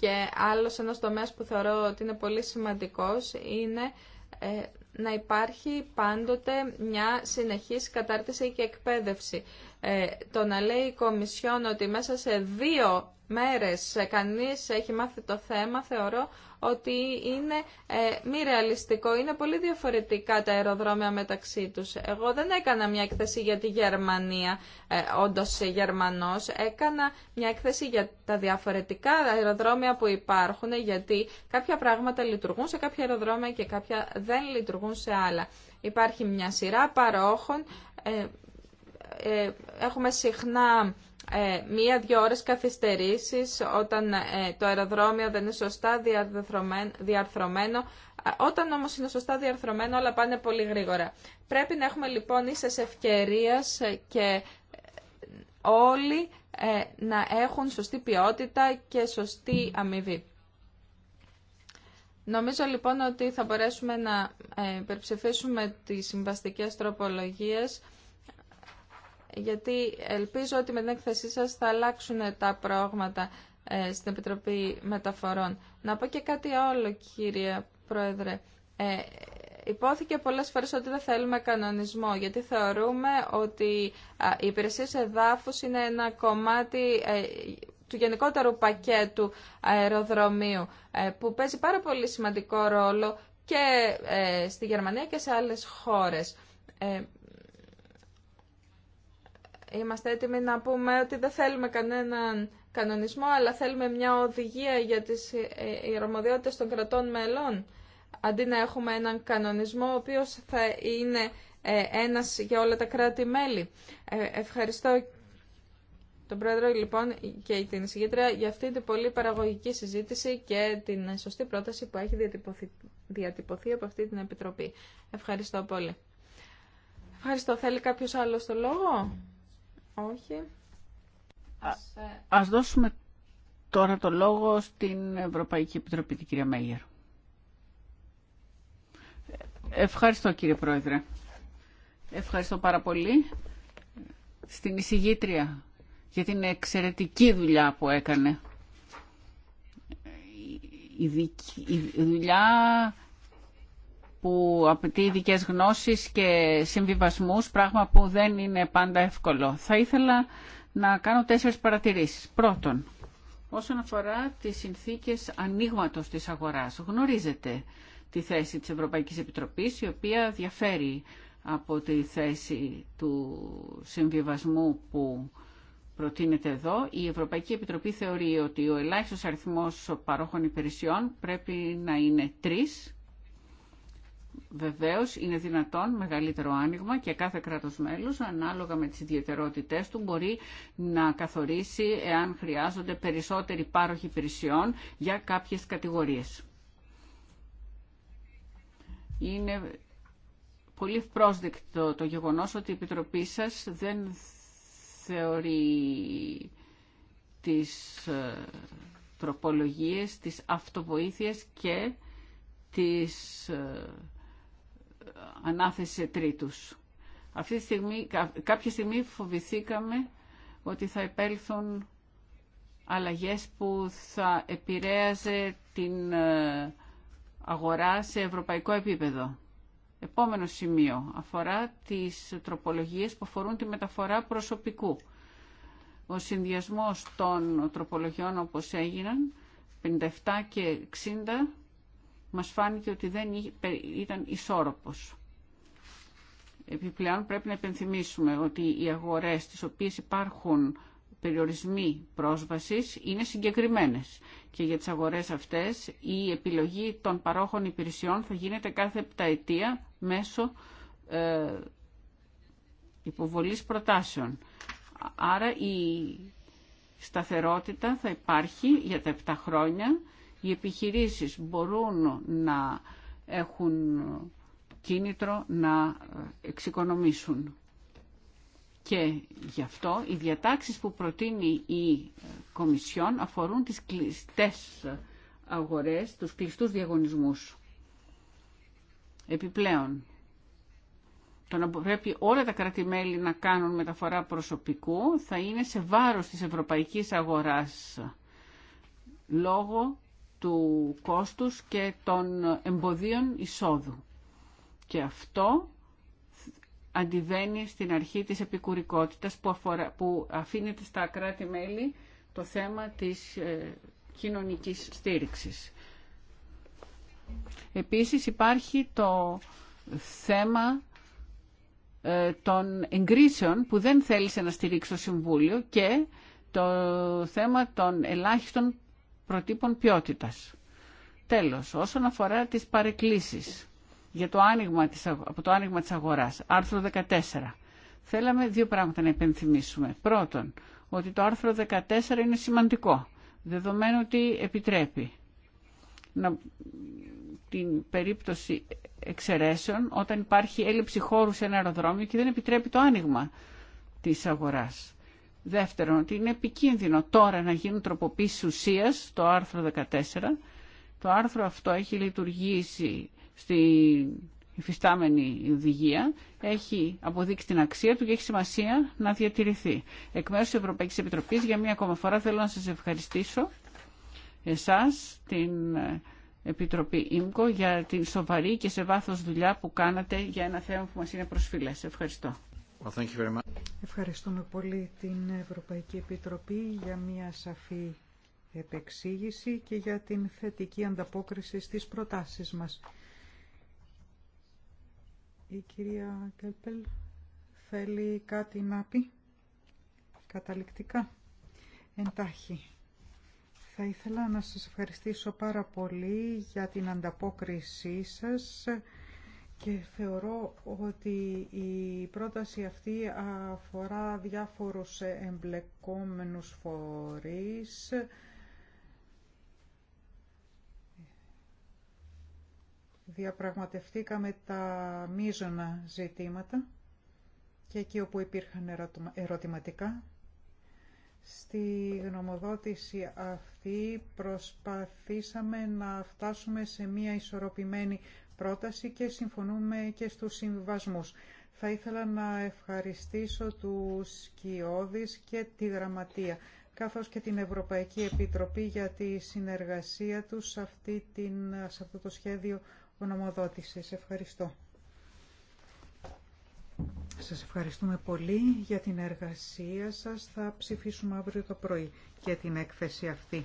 Και άλλος ένας τομέας που θεωρώ ότι είναι πολύ σημαντικός είναι ε, να υπάρχει πάντοτε μια συνεχής κατάρτιση και εκπαίδευση. Ε, το να λέει η Κομισιόν ότι μέσα σε δύο μέρες κανείς έχει μάθει το θέμα, θεωρώ ότι είναι ε, μη ρεαλιστικό. Είναι πολύ διαφορετικά τα αεροδρόμια μεταξύ τους. Εγώ δεν έκανα μια έκθεση για τη Γερμανία, ε, όντως Γερμανός. Έκανα μια έκθεση για τα διαφορετικά αεροδρόμια που υπάρχουν, γιατί κάποια πράγματα λειτουργούν σε κάποια αεροδρόμια και κάποια δεν λειτουργούν σε άλλα. Υπάρχει μια σειρά παρόχων ε, ε, έχουμε συχνά ε, μία-δύο ώρες καθυστερήσεις όταν ε, το αεροδρόμιο δεν είναι σωστά διαρθρωμένο. Όταν όμως είναι σωστά διαρθρωμένο όλα πάνε πολύ γρήγορα. Πρέπει να έχουμε λοιπόν ίσες ευκαιρίες και όλοι να έχουν σωστή ποιότητα και σωστή αμοιβή. Νομίζω λοιπόν ότι θα μπορέσουμε να υπερψηφίσουμε τις συμβαστικές τροπολογίες γιατί ελπίζω ότι με την έκθεσή σας θα αλλάξουν τα πρόγματα ε, στην Επιτροπή Μεταφορών. Να πω και κάτι άλλο, κύριε Πρόεδρε. Ε, υπόθηκε πολλές φορές ότι δεν θέλουμε κανονισμό, γιατί θεωρούμε ότι οι υπηρεσίες εδάφους είναι ένα κομμάτι ε, του γενικότερου πακέτου αεροδρομίου, ε, που παίζει πάρα πολύ σημαντικό ρόλο και στη Γερμανία και σε άλλες χώρες. Είμαστε έτοιμοι να πούμε ότι δεν θέλουμε κανέναν κανονισμό, αλλά θέλουμε μια οδηγία για τις ε, ιερομοδιότητες των κρατών μελών, αντί να έχουμε έναν κανονισμό, ο οποίος θα είναι ε, ένας για όλα τα κράτη-μέλη. Ε, ευχαριστώ τον Πρόεδρο λοιπόν και την εισηγήτρια για αυτή την πολύ παραγωγική συζήτηση και την σωστή πρόταση που έχει διατυπωθεί, διατυπωθεί από αυτή την Επιτροπή. Ευχαριστώ πολύ. Ευχαριστώ. Θέλει κάποιος άλλος το λόγο? Όχι. Ε, ας, δώσουμε τώρα το λόγο στην Ευρωπαϊκή Επιτροπή, την κυρία Μέγερ. Ευχαριστώ κύριε Πρόεδρε. Ευχαριστώ πάρα πολύ στην εισηγήτρια για την εξαιρετική δουλειά που έκανε. η δουλειά που απαιτεί ειδικέ γνώσεις και συμβιβασμούς, πράγμα που δεν είναι πάντα εύκολο. Θα ήθελα να κάνω τέσσερις παρατηρήσεις. Πρώτον, όσον αφορά τις συνθήκες ανοίγματο της αγοράς. Γνωρίζετε τη θέση της Ευρωπαϊκής Επιτροπής, η οποία διαφέρει από τη θέση του συμβιβασμού που προτείνεται εδώ. Η Ευρωπαϊκή Επιτροπή θεωρεί ότι ο ελάχιστος αριθμός παρόχων υπηρεσιών πρέπει να είναι τρεις Βεβαίω, είναι δυνατόν μεγαλύτερο άνοιγμα και κάθε κράτο μέλο, ανάλογα με τις ιδιαίτερότητε του μπορεί να καθορίσει εάν χρειάζονται περισσότεροι πάροχοι υπηρεσιών για κάποιες κατηγορίες. Είναι πολύ πρόσδεκτο το γεγονός ότι η Επιτροπή σας δεν θεωρεί τις ε, τροπολογίες, τις αυτοβοήθειες και τις ε, ανάθεση σε τρίτους. Αυτή τη στιγμή, κάποια στιγμή φοβηθήκαμε ότι θα επέλθουν αλλαγές που θα επηρέαζε την ε, αγορά σε ευρωπαϊκό επίπεδο. Επόμενο σημείο αφορά τις τροπολογίες που αφορούν τη μεταφορά προσωπικού. Ο συνδυασμός των τροπολογιών όπως έγιναν, 57 και 60, μας φάνηκε ότι δεν ήταν ισόρροπος. Επιπλέον πρέπει να επενθυμίσουμε ότι οι αγορές στις οποίες υπάρχουν περιορισμοί πρόσβασης είναι συγκεκριμένες και για τις αγορές αυτές η επιλογή των παρόχων υπηρεσιών θα γίνεται κάθε επταετία μέσω ε, υποβολής προτάσεων. Άρα η σταθερότητα θα υπάρχει για τα επτά χρόνια οι επιχειρήσεις μπορούν να έχουν κίνητρο να εξοικονομήσουν. Και γι' αυτό οι διατάξεις που προτείνει η Κομισιόν αφορούν τις κλειστές αγορές, τους κλειστούς διαγωνισμούς. Επιπλέον, το να πρέπει όλα τα κράτη-μέλη να κάνουν μεταφορά προσωπικού θα είναι σε βάρος της ευρωπαϊκής αγοράς λόγω του κόστους και των εμποδίων εισόδου. Και αυτό αντιβαίνει στην αρχή της επικουρικότητας που, αφορά, που αφήνεται στα κράτη-μέλη το θέμα της ε, κοινωνικής στήριξης. Επίσης υπάρχει το θέμα ε, των εγκρίσεων που δεν θέλησε να στηρίξει το Συμβούλιο και το θέμα των ελάχιστων προτύπων ποιότητας. Τέλος, όσον αφορά τις παρεκκλήσεις για το άνοιγμα της, από το άνοιγμα της αγοράς, άρθρο 14, θέλαμε δύο πράγματα να υπενθυμίσουμε. Πρώτον, ότι το άρθρο 14 είναι σημαντικό, δεδομένου ότι επιτρέπει την περίπτωση εξαιρέσεων όταν υπάρχει έλλειψη χώρου σε ένα αεροδρόμιο και δεν επιτρέπει το άνοιγμα της αγοράς. Δεύτερον, ότι είναι επικίνδυνο τώρα να γίνουν τροποποίησεις ουσίας, το άρθρο 14. Το άρθρο αυτό έχει λειτουργήσει στην υφιστάμενη οδηγία, έχει αποδείξει την αξία του και έχει σημασία να διατηρηθεί. Εκ μέρους της Ευρωπαϊκής Επιτροπής, για μία ακόμα φορά θέλω να σας ευχαριστήσω εσάς, την ε, Επιτροπή ΙΜΚΟ, για την σοβαρή και σε βάθος δουλειά που κάνατε για ένα θέμα που μας είναι προσφυλές. Ευχαριστώ. Ευχαριστούμε πολύ την Ευρωπαϊκή Επιτροπή για μια σαφή επεξήγηση και για την θετική ανταπόκριση στις προτάσεις μας. Η κυρία Κέλπελ θέλει κάτι να πει καταληκτικά, εντάχει. Θα ήθελα να σας ευχαριστήσω πάρα πολύ για την ανταπόκρισή σας και θεωρώ ότι η πρόταση αυτή αφορά διάφορους εμπλεκόμενους φορείς, διαπραγματευτήκαμε τα μείζωνα ζητήματα και εκεί όπου υπήρχαν ερωτηματικά. Στη γνωμοδότηση αυτή προσπαθήσαμε να φτάσουμε σε μία ισορροπημένη πρόταση και συμφωνούμε και στους συμβιβασμούς. Θα ήθελα να ευχαριστήσω τους Κιώδης και τη Γραμματεία, καθώς και την Ευρωπαϊκή Επιτροπή για τη συνεργασία τους σε, αυτή την, σε αυτό το σχέδιο ονομοδότησης. Ευχαριστώ. Σας ευχαριστούμε πολύ για την εργασία σας. Θα ψηφίσουμε αύριο το πρωί για την έκθεση αυτή.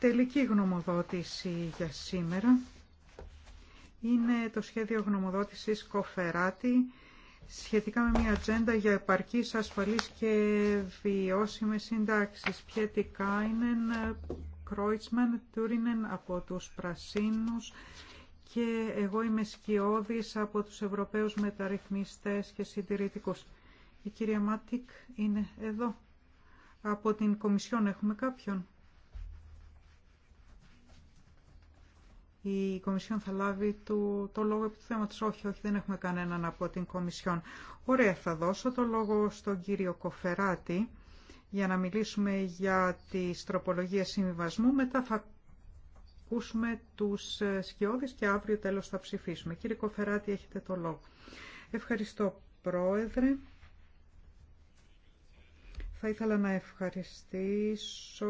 Τελική γνωμοδότηση για σήμερα είναι το σχέδιο γνωμοδότησης Κοφεράτη σχετικά με μια ατζέντα για επαρκής ασφαλής και βιώσιμες συντάξεις. Πιέτη Κάινεν, Κρόιτσμαν, Τούρινεν από τους Πρασίνους και εγώ είμαι σκιώδης από τους Ευρωπαίους μεταρρυθμιστές και συντηρητικούς. Η κυρία Μάτικ είναι εδώ. Από την Κομισιόν έχουμε κάποιον. η Κομισιόν θα λάβει το, το λόγο επί του θέματος. Όχι, όχι, δεν έχουμε κανέναν από την Κομισιόν. Ωραία, θα δώσω το λόγο στον κύριο Κοφεράτη για να μιλήσουμε για τη τροπολογίες συμβιβασμού. Μετά θα ακούσουμε τους ε, σκιώδεις και αύριο τέλος θα ψηφίσουμε. Κύριε Κοφεράτη, έχετε το λόγο. Ευχαριστώ, Πρόεδρε. Θα ήθελα να ευχαριστήσω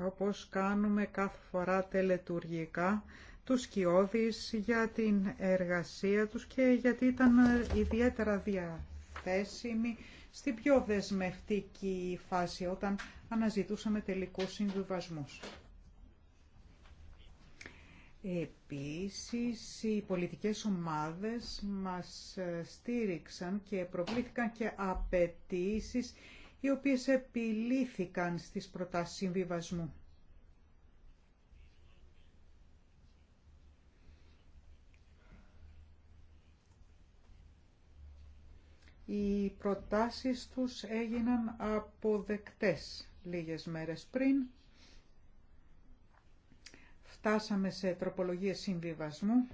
όπως κάνουμε κάθε φορά τελετουργικά, τους σκιώδεις για την εργασία τους και γιατί ήταν ιδιαίτερα διαθέσιμοι στην πιο δεσμευτική φάση όταν αναζητούσαμε τελικούς συμβιβασμούς. Επίσης, οι πολιτικές ομάδες μας στήριξαν και προβλήθηκαν και απαιτήσει οι οποίες επιλήθηκαν στις προτάσεις συμβιβασμού. Οι προτάσεις τους έγιναν αποδεκτές λίγες μέρες πριν. Φτάσαμε σε τροπολογίες συμβιβασμού.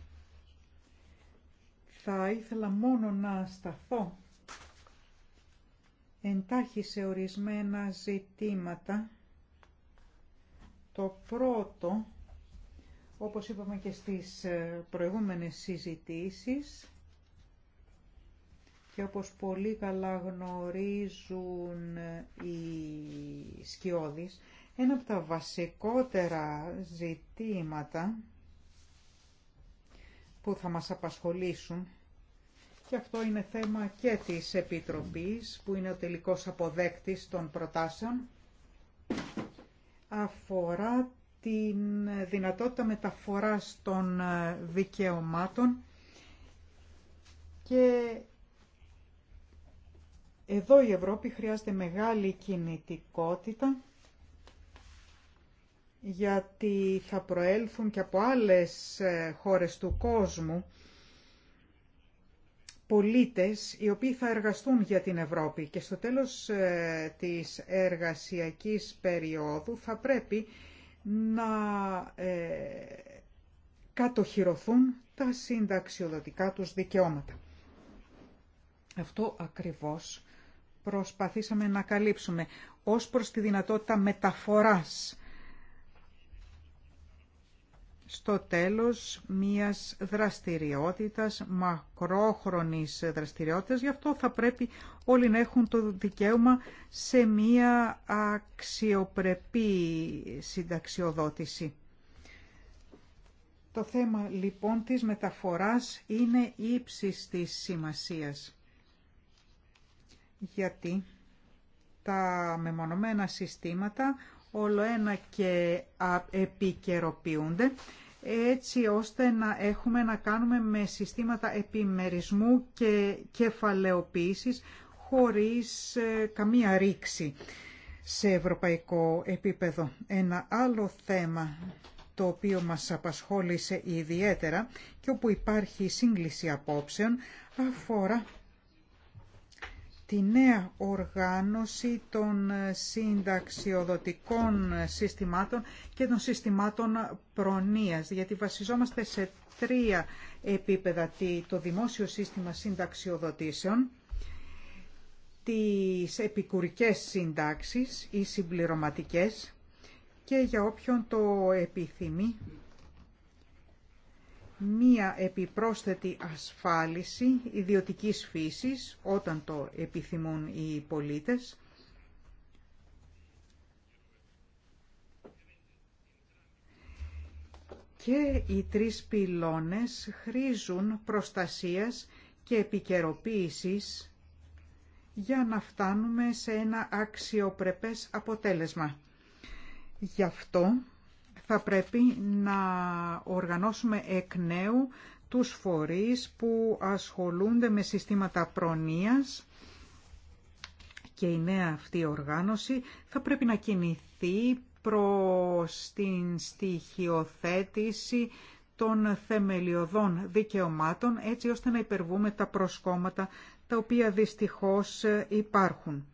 Θα ήθελα μόνο να σταθώ εντάχει σε ορισμένα ζητήματα. Το πρώτο, όπως είπαμε και στις ε, προηγούμενες συζητήσεις, και όπως πολύ καλά γνωρίζουν ε, οι σκιώδεις, ένα από τα βασικότερα ζητήματα που θα μας απασχολήσουν και αυτό είναι θέμα και της Επιτροπής, που είναι ο τελικός αποδέκτης των προτάσεων. Αφορά την δυνατότητα μεταφοράς των δικαιωμάτων και εδώ η Ευρώπη χρειάζεται μεγάλη κινητικότητα γιατί θα προέλθουν και από άλλες ε, χώρες του κόσμου πολίτες οι οποίοι θα εργαστούν για την Ευρώπη και στο τέλος ε, της εργασιακής περίοδου θα πρέπει να ε, κατοχυρωθούν τα συνταξιοδοτικά τους δικαιώματα. Αυτό ακριβώς προσπαθήσαμε να καλύψουμε ως προς τη δυνατότητα μεταφοράς στο τέλος μιας δραστηριότητας, μακρόχρονης δραστηριότητας. Γι' αυτό θα πρέπει όλοι να έχουν το δικαίωμα σε μια αξιοπρεπή συνταξιοδότηση. Το θέμα λοιπόν της μεταφοράς είναι ύψης της σημασίας. Γιατί τα μεμονωμένα συστήματα όλο ένα και επικαιροποιούνται έτσι ώστε να έχουμε να κάνουμε με συστήματα επιμερισμού και κεφαλαιοποίησης χωρίς ε, καμία ρήξη σε ευρωπαϊκό επίπεδο. Ένα άλλο θέμα το οποίο μας απασχόλησε ιδιαίτερα και όπου υπάρχει σύγκληση απόψεων αφορά τη νέα οργάνωση των συνταξιοδοτικών συστημάτων και των συστημάτων προνοίας, γιατί βασιζόμαστε σε τρία επίπεδα, το δημόσιο σύστημα συνταξιοδοτήσεων, τις επικουρικές συντάξεις ή συμπληρωματικές και για όποιον το επιθυμεί μία επιπρόσθετη ασφάλιση ιδιωτικής φύσης όταν το επιθυμούν οι πολίτες και οι τρεις πυλώνες χρήζουν προστασίας και επικαιροποίησης για να φτάνουμε σε ένα αξιοπρεπές αποτέλεσμα. Γι' αυτό θα πρέπει να οργανώσουμε εκ νέου τους φορείς που ασχολούνται με συστήματα προνοίας και η νέα αυτή οργάνωση θα πρέπει να κινηθεί προς την στοιχειοθέτηση των θεμελιωδών δικαιωμάτων έτσι ώστε να υπερβούμε τα προσκόμματα τα οποία δυστυχώς υπάρχουν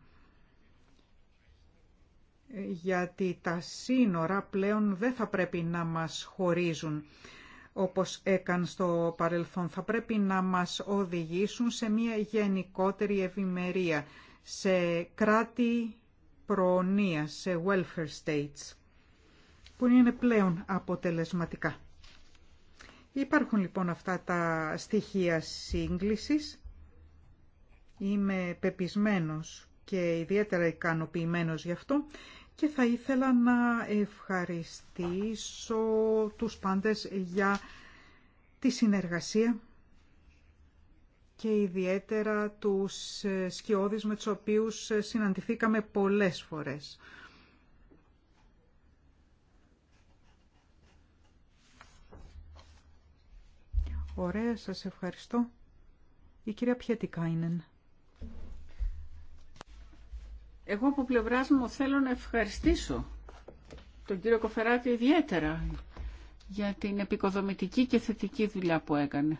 γιατί τα σύνορα πλέον δεν θα πρέπει να μας χωρίζουν όπως έκανε στο παρελθόν. Θα πρέπει να μας οδηγήσουν σε μια γενικότερη ευημερία, σε κράτη προονία, σε welfare states, που είναι πλέον αποτελεσματικά. Υπάρχουν λοιπόν αυτά τα στοιχεία σύγκλησης. Είμαι πεπισμένος και ιδιαίτερα ικανοποιημένος γι' αυτό και θα ήθελα να ευχαριστήσω τους πάντες για τη συνεργασία και ιδιαίτερα τους σκιώδεις με τους οποίους συναντηθήκαμε πολλές φορές. Ωραία, σας ευχαριστώ. Η κυρία Κάινεν. Εγώ από πλευρά μου θέλω να ευχαριστήσω τον κύριο Κοφεράτη ιδιαίτερα για την επικοδομητική και θετική δουλειά που έκανε.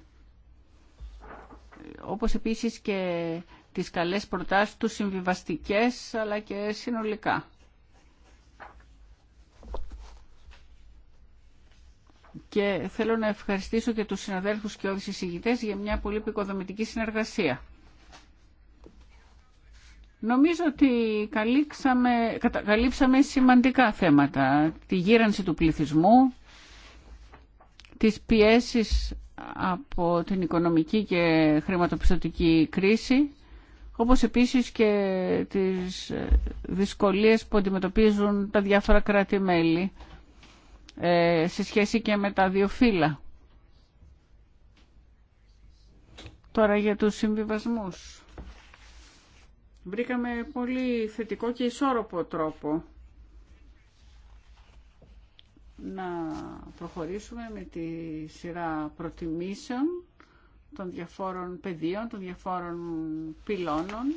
Όπως επίσης και τις καλές προτάσεις του συμβιβαστικές αλλά και συνολικά. Και θέλω να ευχαριστήσω και τους συναδέλφους και του εισηγητές για μια πολύ επικοδομητική συνεργασία. Νομίζω ότι καλύψαμε, σημαντικά θέματα. Τη γύρανση του πληθυσμού, τις πιέσεις από την οικονομική και χρηματοπιστωτική κρίση, όπως επίσης και τις δυσκολίες που αντιμετωπίζουν τα διάφορα κράτη-μέλη ε, σε σχέση και με τα δύο φύλλα. Τώρα για τους συμβιβασμούς βρήκαμε πολύ θετικό και ισόρροπο τρόπο να προχωρήσουμε με τη σειρά προτιμήσεων των διαφόρων πεδίων, των διαφόρων πυλώνων,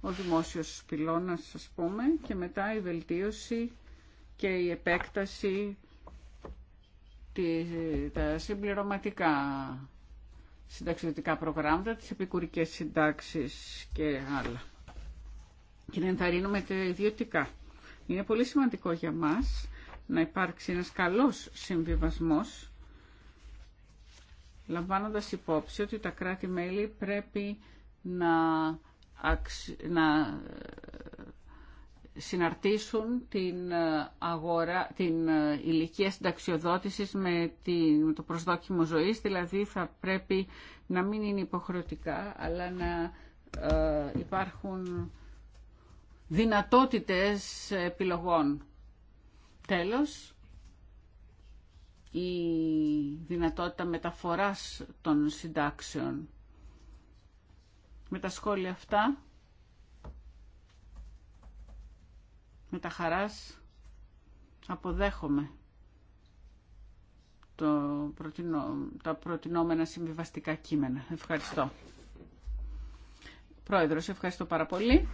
ο δημόσιος πυλώνας ας πούμε και μετά η βελτίωση και η επέκταση τα συμπληρωματικά συνταξιδοτικά προγράμματα, τις επικουρικές συντάξεις και άλλα και να ενθαρρύνουμε τα ιδιωτικά. Είναι πολύ σημαντικό για μας να υπάρξει ένας καλός συμβιβασμός, λαμβάνοντας υπόψη ότι τα κράτη-μέλη πρέπει να, να ε, συναρτήσουν την, ε, αγορά, την ε, ηλικία συνταξιοδότησης με, το προσδόκιμο ζωής, δηλαδή θα πρέπει να μην είναι υποχρεωτικά, αλλά να υπάρχουν δυνατότητες επιλογών. Τέλος, η δυνατότητα μεταφοράς των συντάξεων. Με τα σχόλια αυτά, με τα χαράς, αποδέχομαι το τα προτινόμενα συμβιβαστικά κείμενα. Ευχαριστώ. Πρόεδρος, ευχαριστώ πάρα πολύ.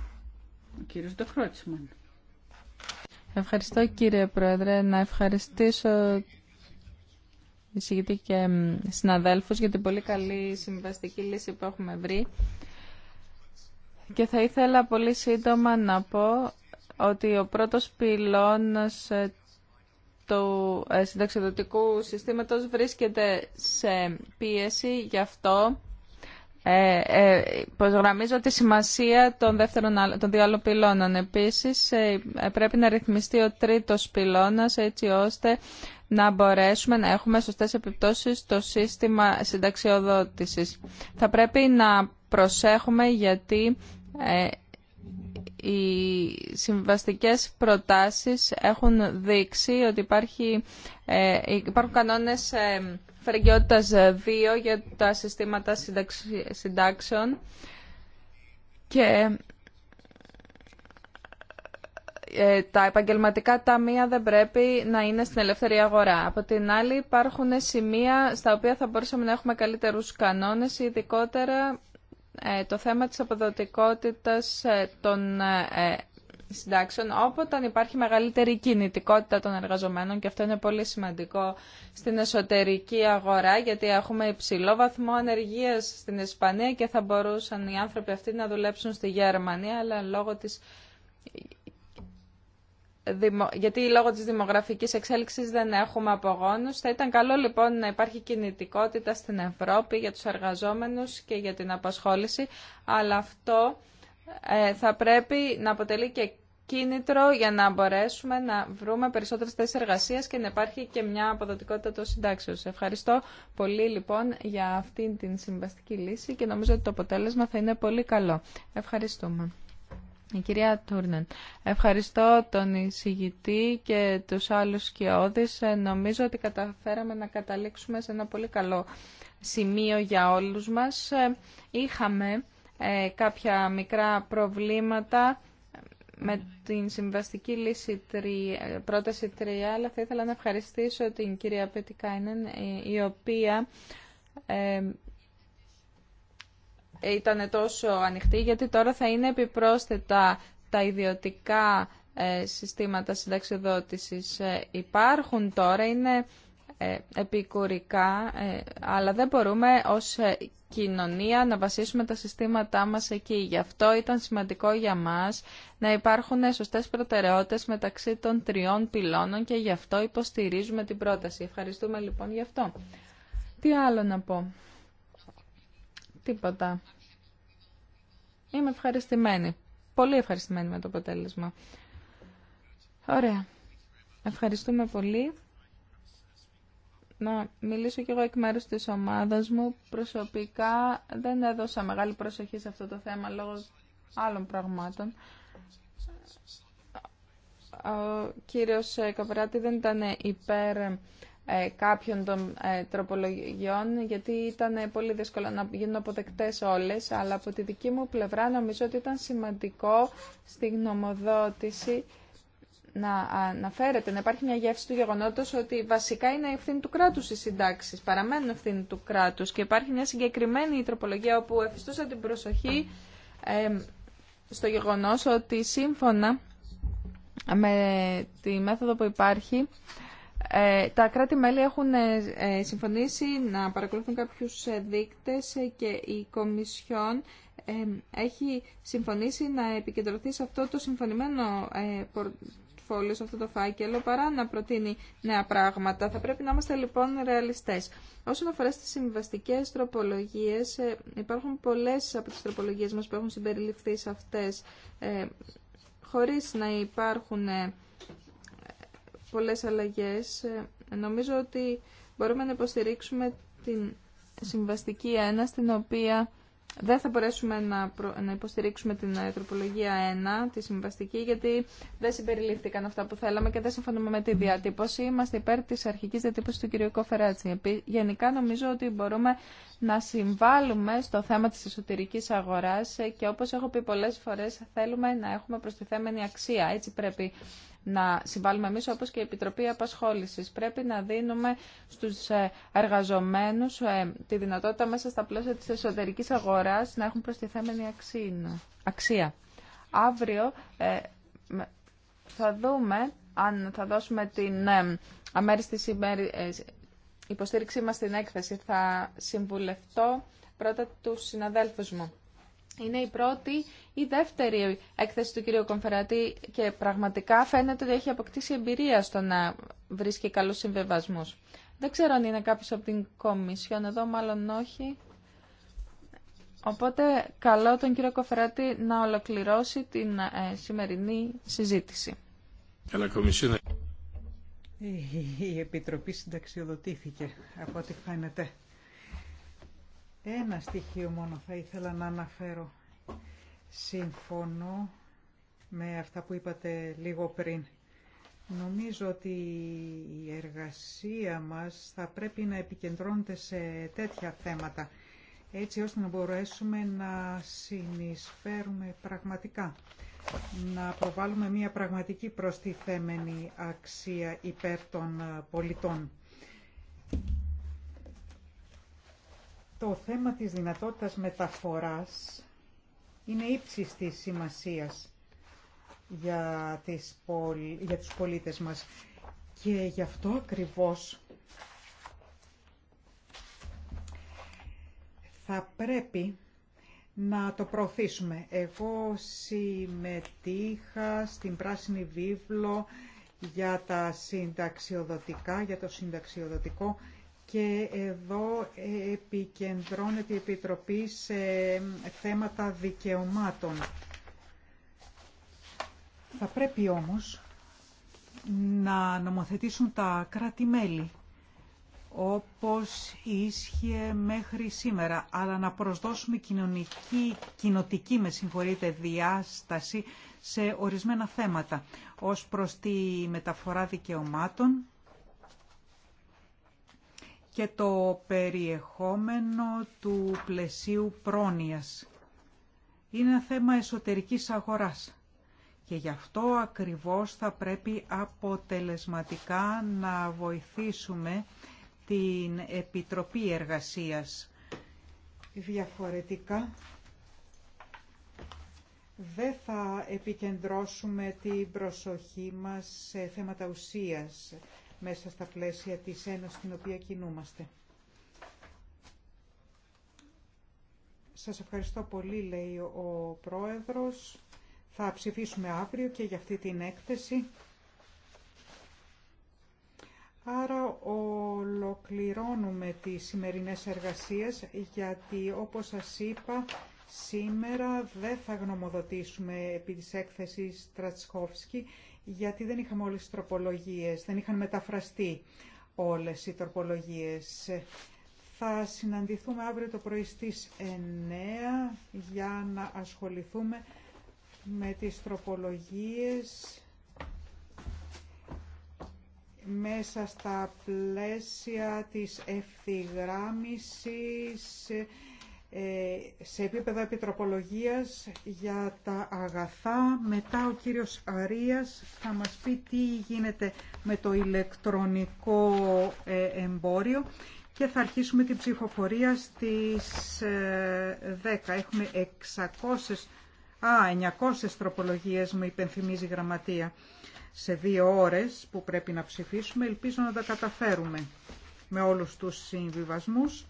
Ευχαριστώ κύριε Πρόεδρε. Να ευχαριστήσω εισηγητή και συναδέλφους για την πολύ καλή συμβαστική λύση που έχουμε βρει. Και θα ήθελα πολύ σύντομα να πω ότι ο πρώτος πυλώνας ε, του ε, συνταξιδοτικού συστήματος βρίσκεται σε πίεση, γι' αυτό ε, ε τη σημασία των, δύο άλλων πυλώνων. Επίσης, ε, ε, πρέπει να ρυθμιστεί ο τρίτος πυλώνας έτσι ώστε να μπορέσουμε να έχουμε σωστές επιπτώσεις στο σύστημα συνταξιοδότησης. Θα πρέπει να προσέχουμε γιατί οι συμβαστικές προτάσεις έχουν δείξει ότι υπάρχει, ε, υπάρχουν κανόνες ε, 2 για τα συστήματα συντάξεων και ε, τα επαγγελματικά ταμεία δεν πρέπει να είναι στην ελεύθερη αγορά. Από την άλλη υπάρχουν σημεία στα οποία θα μπορούσαμε να έχουμε καλύτερους κανόνες, ειδικότερα ε, το θέμα της αποδοτικότητας ε, των ε, συντάξεων όποτε υπάρχει μεγαλύτερη κινητικότητα των εργαζομένων και αυτό είναι πολύ σημαντικό στην εσωτερική αγορά γιατί έχουμε υψηλό βαθμό ανεργίας στην Ισπανία και θα μπορούσαν οι άνθρωποι αυτοί να δουλέψουν στη Γερμανία αλλά λόγω της γιατί λόγω της δημογραφικής εξέλιξης δεν έχουμε απογόνους. Θα ήταν καλό λοιπόν να υπάρχει κινητικότητα στην Ευρώπη για τους εργαζόμενους και για την απασχόληση, αλλά αυτό ε, θα πρέπει να αποτελεί και κίνητρο για να μπορέσουμε να βρούμε περισσότερες θέσεις εργασίας και να υπάρχει και μια αποδοτικότητα των συντάξεων. Ευχαριστώ πολύ λοιπόν για αυτήν την συμβαστική λύση και νομίζω ότι το αποτέλεσμα θα είναι πολύ καλό. Ευχαριστούμε. Η κυρία Τούρνεν, ευχαριστώ τον εισηγητή και τους άλλους σκιώδεις. Ε, νομίζω ότι καταφέραμε να καταλήξουμε σε ένα πολύ καλό σημείο για όλους μας. Ε, είχαμε ε, κάποια μικρά προβλήματα με την συμβαστική λύση 3, πρόταση 3, αλλά θα ήθελα να ευχαριστήσω την κυρία Πετικάινεν, η οποία ήταν τόσο ανοιχτή, γιατί τώρα θα είναι επιπρόσθετα τα ιδιωτικά ε, συστήματα συνταξιοδότησης. Ε, υπάρχουν τώρα, είναι ε, επικουρικά, αλλά δεν μπορούμε ως κοινωνία να βασίσουμε τα συστήματά μας εκεί. Γι' αυτό ήταν σημαντικό για μας να υπάρχουν σωστές προτεραιότητες μεταξύ των τριών πυλώνων και γι' αυτό υποστηρίζουμε την πρόταση. Ευχαριστούμε λοιπόν γι' αυτό. Τι άλλο να πω τίποτα. Είμαι ευχαριστημένη. Πολύ ευχαριστημένη με το αποτέλεσμα. Ωραία. Ευχαριστούμε πολύ. Να μιλήσω κι εγώ εκ μέρους της ομάδας μου. Προσωπικά δεν έδωσα μεγάλη προσοχή σε αυτό το θέμα λόγω άλλων πραγμάτων. Ο κύριος Καπεράτη δεν ήταν υπέρ ε, κάποιων των ε, τροπολογιών γιατί ήταν ε, πολύ δύσκολο να γίνουν αποδεκτές όλες αλλά από τη δική μου πλευρά νομίζω ότι ήταν σημαντικό στη γνωμοδότηση να αναφέρεται, να υπάρχει μια γεύση του γεγονότος ότι βασικά είναι ευθύνη του κράτους οι συντάξει. παραμένουν ευθύνη του κράτους και υπάρχει μια συγκεκριμένη τροπολογία όπου εφιστούσα την προσοχή στο γεγονός ότι σύμφωνα με τη μέθοδο που υπάρχει ε, τα κράτη-μέλη έχουν ε, ε, συμφωνήσει να παρακολουθούν κάποιους δείκτες και η Κομισιόν έχει συμφωνήσει να επικεντρωθεί σε αυτό το συμφωνημένο πορτφόλιο, σε αυτό το φάκελο, παρά να προτείνει νέα πράγματα. Θα πρέπει να είμαστε λοιπόν ρεαλιστές. Όσον αφορά στις συμβαστικές τροπολογίες, υπάρχουν πολλές από τις τροπολογίες μας που έχουν συμπεριληφθεί σε αυτές, χωρίς να υπάρχουν πολλές αλλαγές. Ε, νομίζω ότι μπορούμε να υποστηρίξουμε την συμβαστική ένα, στην οποία δεν θα μπορέσουμε να, να υποστηρίξουμε την ε, τροπολογία 1, τη συμβαστική, γιατί δεν συμπεριλήφθηκαν αυτά που θέλαμε και δεν συμφωνούμε με τη διατύπωση. Είμαστε υπέρ τη αρχικής διατύπωση του κ. Κοφεράτσι. Γενικά νομίζω ότι μπορούμε να συμβάλλουμε στο θέμα της εσωτερικής αγοράς και όπως έχω πει πολλές φορές θέλουμε να έχουμε προστιθέμενη αξία. Έτσι πρέπει να συμβάλλουμε εμείς όπως και η Επιτροπή Απασχόλησης. Πρέπει να δίνουμε στους ε, εργαζομένους ε, τη δυνατότητα μέσα στα πλαίσια της εσωτερικής αγοράς να έχουν προστιθέμενη αξία. Αύριο ε, θα δούμε αν θα δώσουμε την αμέριστη υποστήριξή μας στην έκθεση. Θα συμβουλευτώ πρώτα του συναδέλφου μου. Είναι η πρώτη ή δεύτερη έκθεση του κυρίου Κομφεράτη και πραγματικά φαίνεται ότι έχει αποκτήσει εμπειρία στο να βρίσκει καλούς συμβεβασμούς. Δεν ξέρω αν είναι κάποιο από την Κομισιόν εδώ, μάλλον όχι. Οπότε καλώ τον κύριο Κοφεράτη να ολοκληρώσει την ε, σημερινή συζήτηση. Η Επιτροπή συνταξιοδοτήθηκε, από ό,τι φαίνεται. Ένα στοιχείο μόνο θα ήθελα να αναφέρω. Συμφωνώ με αυτά που είπατε λίγο πριν. Νομίζω ότι η εργασία μας θα πρέπει να επικεντρώνεται σε τέτοια θέματα, έτσι ώστε να μπορέσουμε να συνεισφέρουμε πραγματικά να προβάλλουμε μια πραγματική προστιθέμενη αξία υπέρ των ε, πολιτών. Το θέμα της δυνατότητας μεταφοράς είναι ύψης της σημασίας για, τις για τους πολίτες μας και γι' αυτό ακριβώς θα πρέπει να το προωθήσουμε. Εγώ συμμετείχα στην Πράσινη Βίβλο για τα συνταξιοδοτικά, για το συνταξιοδοτικό και εδώ επικεντρώνεται η Επιτροπή σε θέματα δικαιωμάτων. Θα πρέπει όμως να νομοθετήσουν τα κράτη-μέλη όπως ίσχυε μέχρι σήμερα, αλλά να προσδώσουμε κοινωνική, κοινοτική με συγχωρείτε, διάσταση σε ορισμένα θέματα ως προς τη μεταφορά δικαιωμάτων και το περιεχόμενο του πλαισίου πρόνοιας. Είναι ένα θέμα εσωτερικής αγοράς και γι' αυτό ακριβώς θα πρέπει αποτελεσματικά να βοηθήσουμε την Επιτροπή Εργασίας. Διαφορετικά, δεν θα επικεντρώσουμε την προσοχή μας σε θέματα ουσίας μέσα στα πλαίσια της Ένωσης στην οποία κινούμαστε. Σας ευχαριστώ πολύ, λέει ο Πρόεδρος. Θα ψηφίσουμε αύριο και για αυτή την έκθεση. Άρα ολοκληρώνουμε τις σημερινές εργασίες γιατί όπως σας είπα σήμερα δεν θα γνωμοδοτήσουμε επί της έκθεσης Τρατσκόφσκι γιατί δεν είχαμε όλες τις τροπολογίες, δεν είχαν μεταφραστεί όλες οι τροπολογίες. Θα συναντηθούμε αύριο το πρωί στις 9 για να ασχοληθούμε με τις τροπολογίες μέσα στα πλαίσια της ευθυγράμμισης ε, σε επίπεδο επιτροπολογίας για τα αγαθά. Μετά ο κύριος Αρίας θα μας πει τι γίνεται με το ηλεκτρονικό ε, εμπόριο και θα αρχίσουμε την ψηφοφορία στις 10. Ε, Έχουμε 600, α, 900 τροπολογίες μου υπενθυμίζει η γραμματεία σε δύο ώρες που πρέπει να ψηφίσουμε. Ελπίζω να τα καταφέρουμε με όλους τους συμβιβασμούς.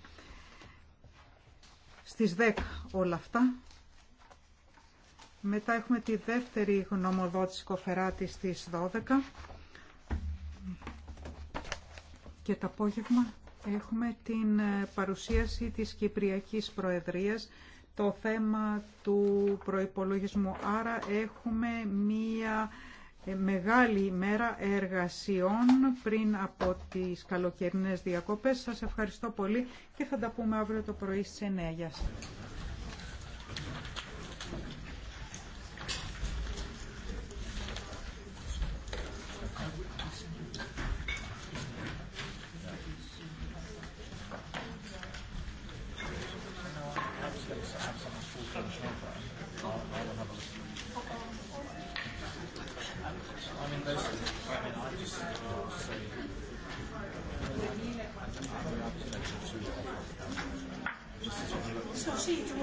Στις 10 όλα αυτά. Μετά έχουμε τη δεύτερη γνωμοδότηση κοφεράτη στις 12. Και το απόγευμα έχουμε την ε, παρουσίαση της Κυπριακής Προεδρίας το θέμα του προϋπολογισμού. Άρα έχουμε μία ε, μεγάλη ημέρα εργασιών πριν από τις καλοκαιρινές διακοπές. Σας ευχαριστώ πολύ και θα τα πούμε αύριο το πρωί στις 9.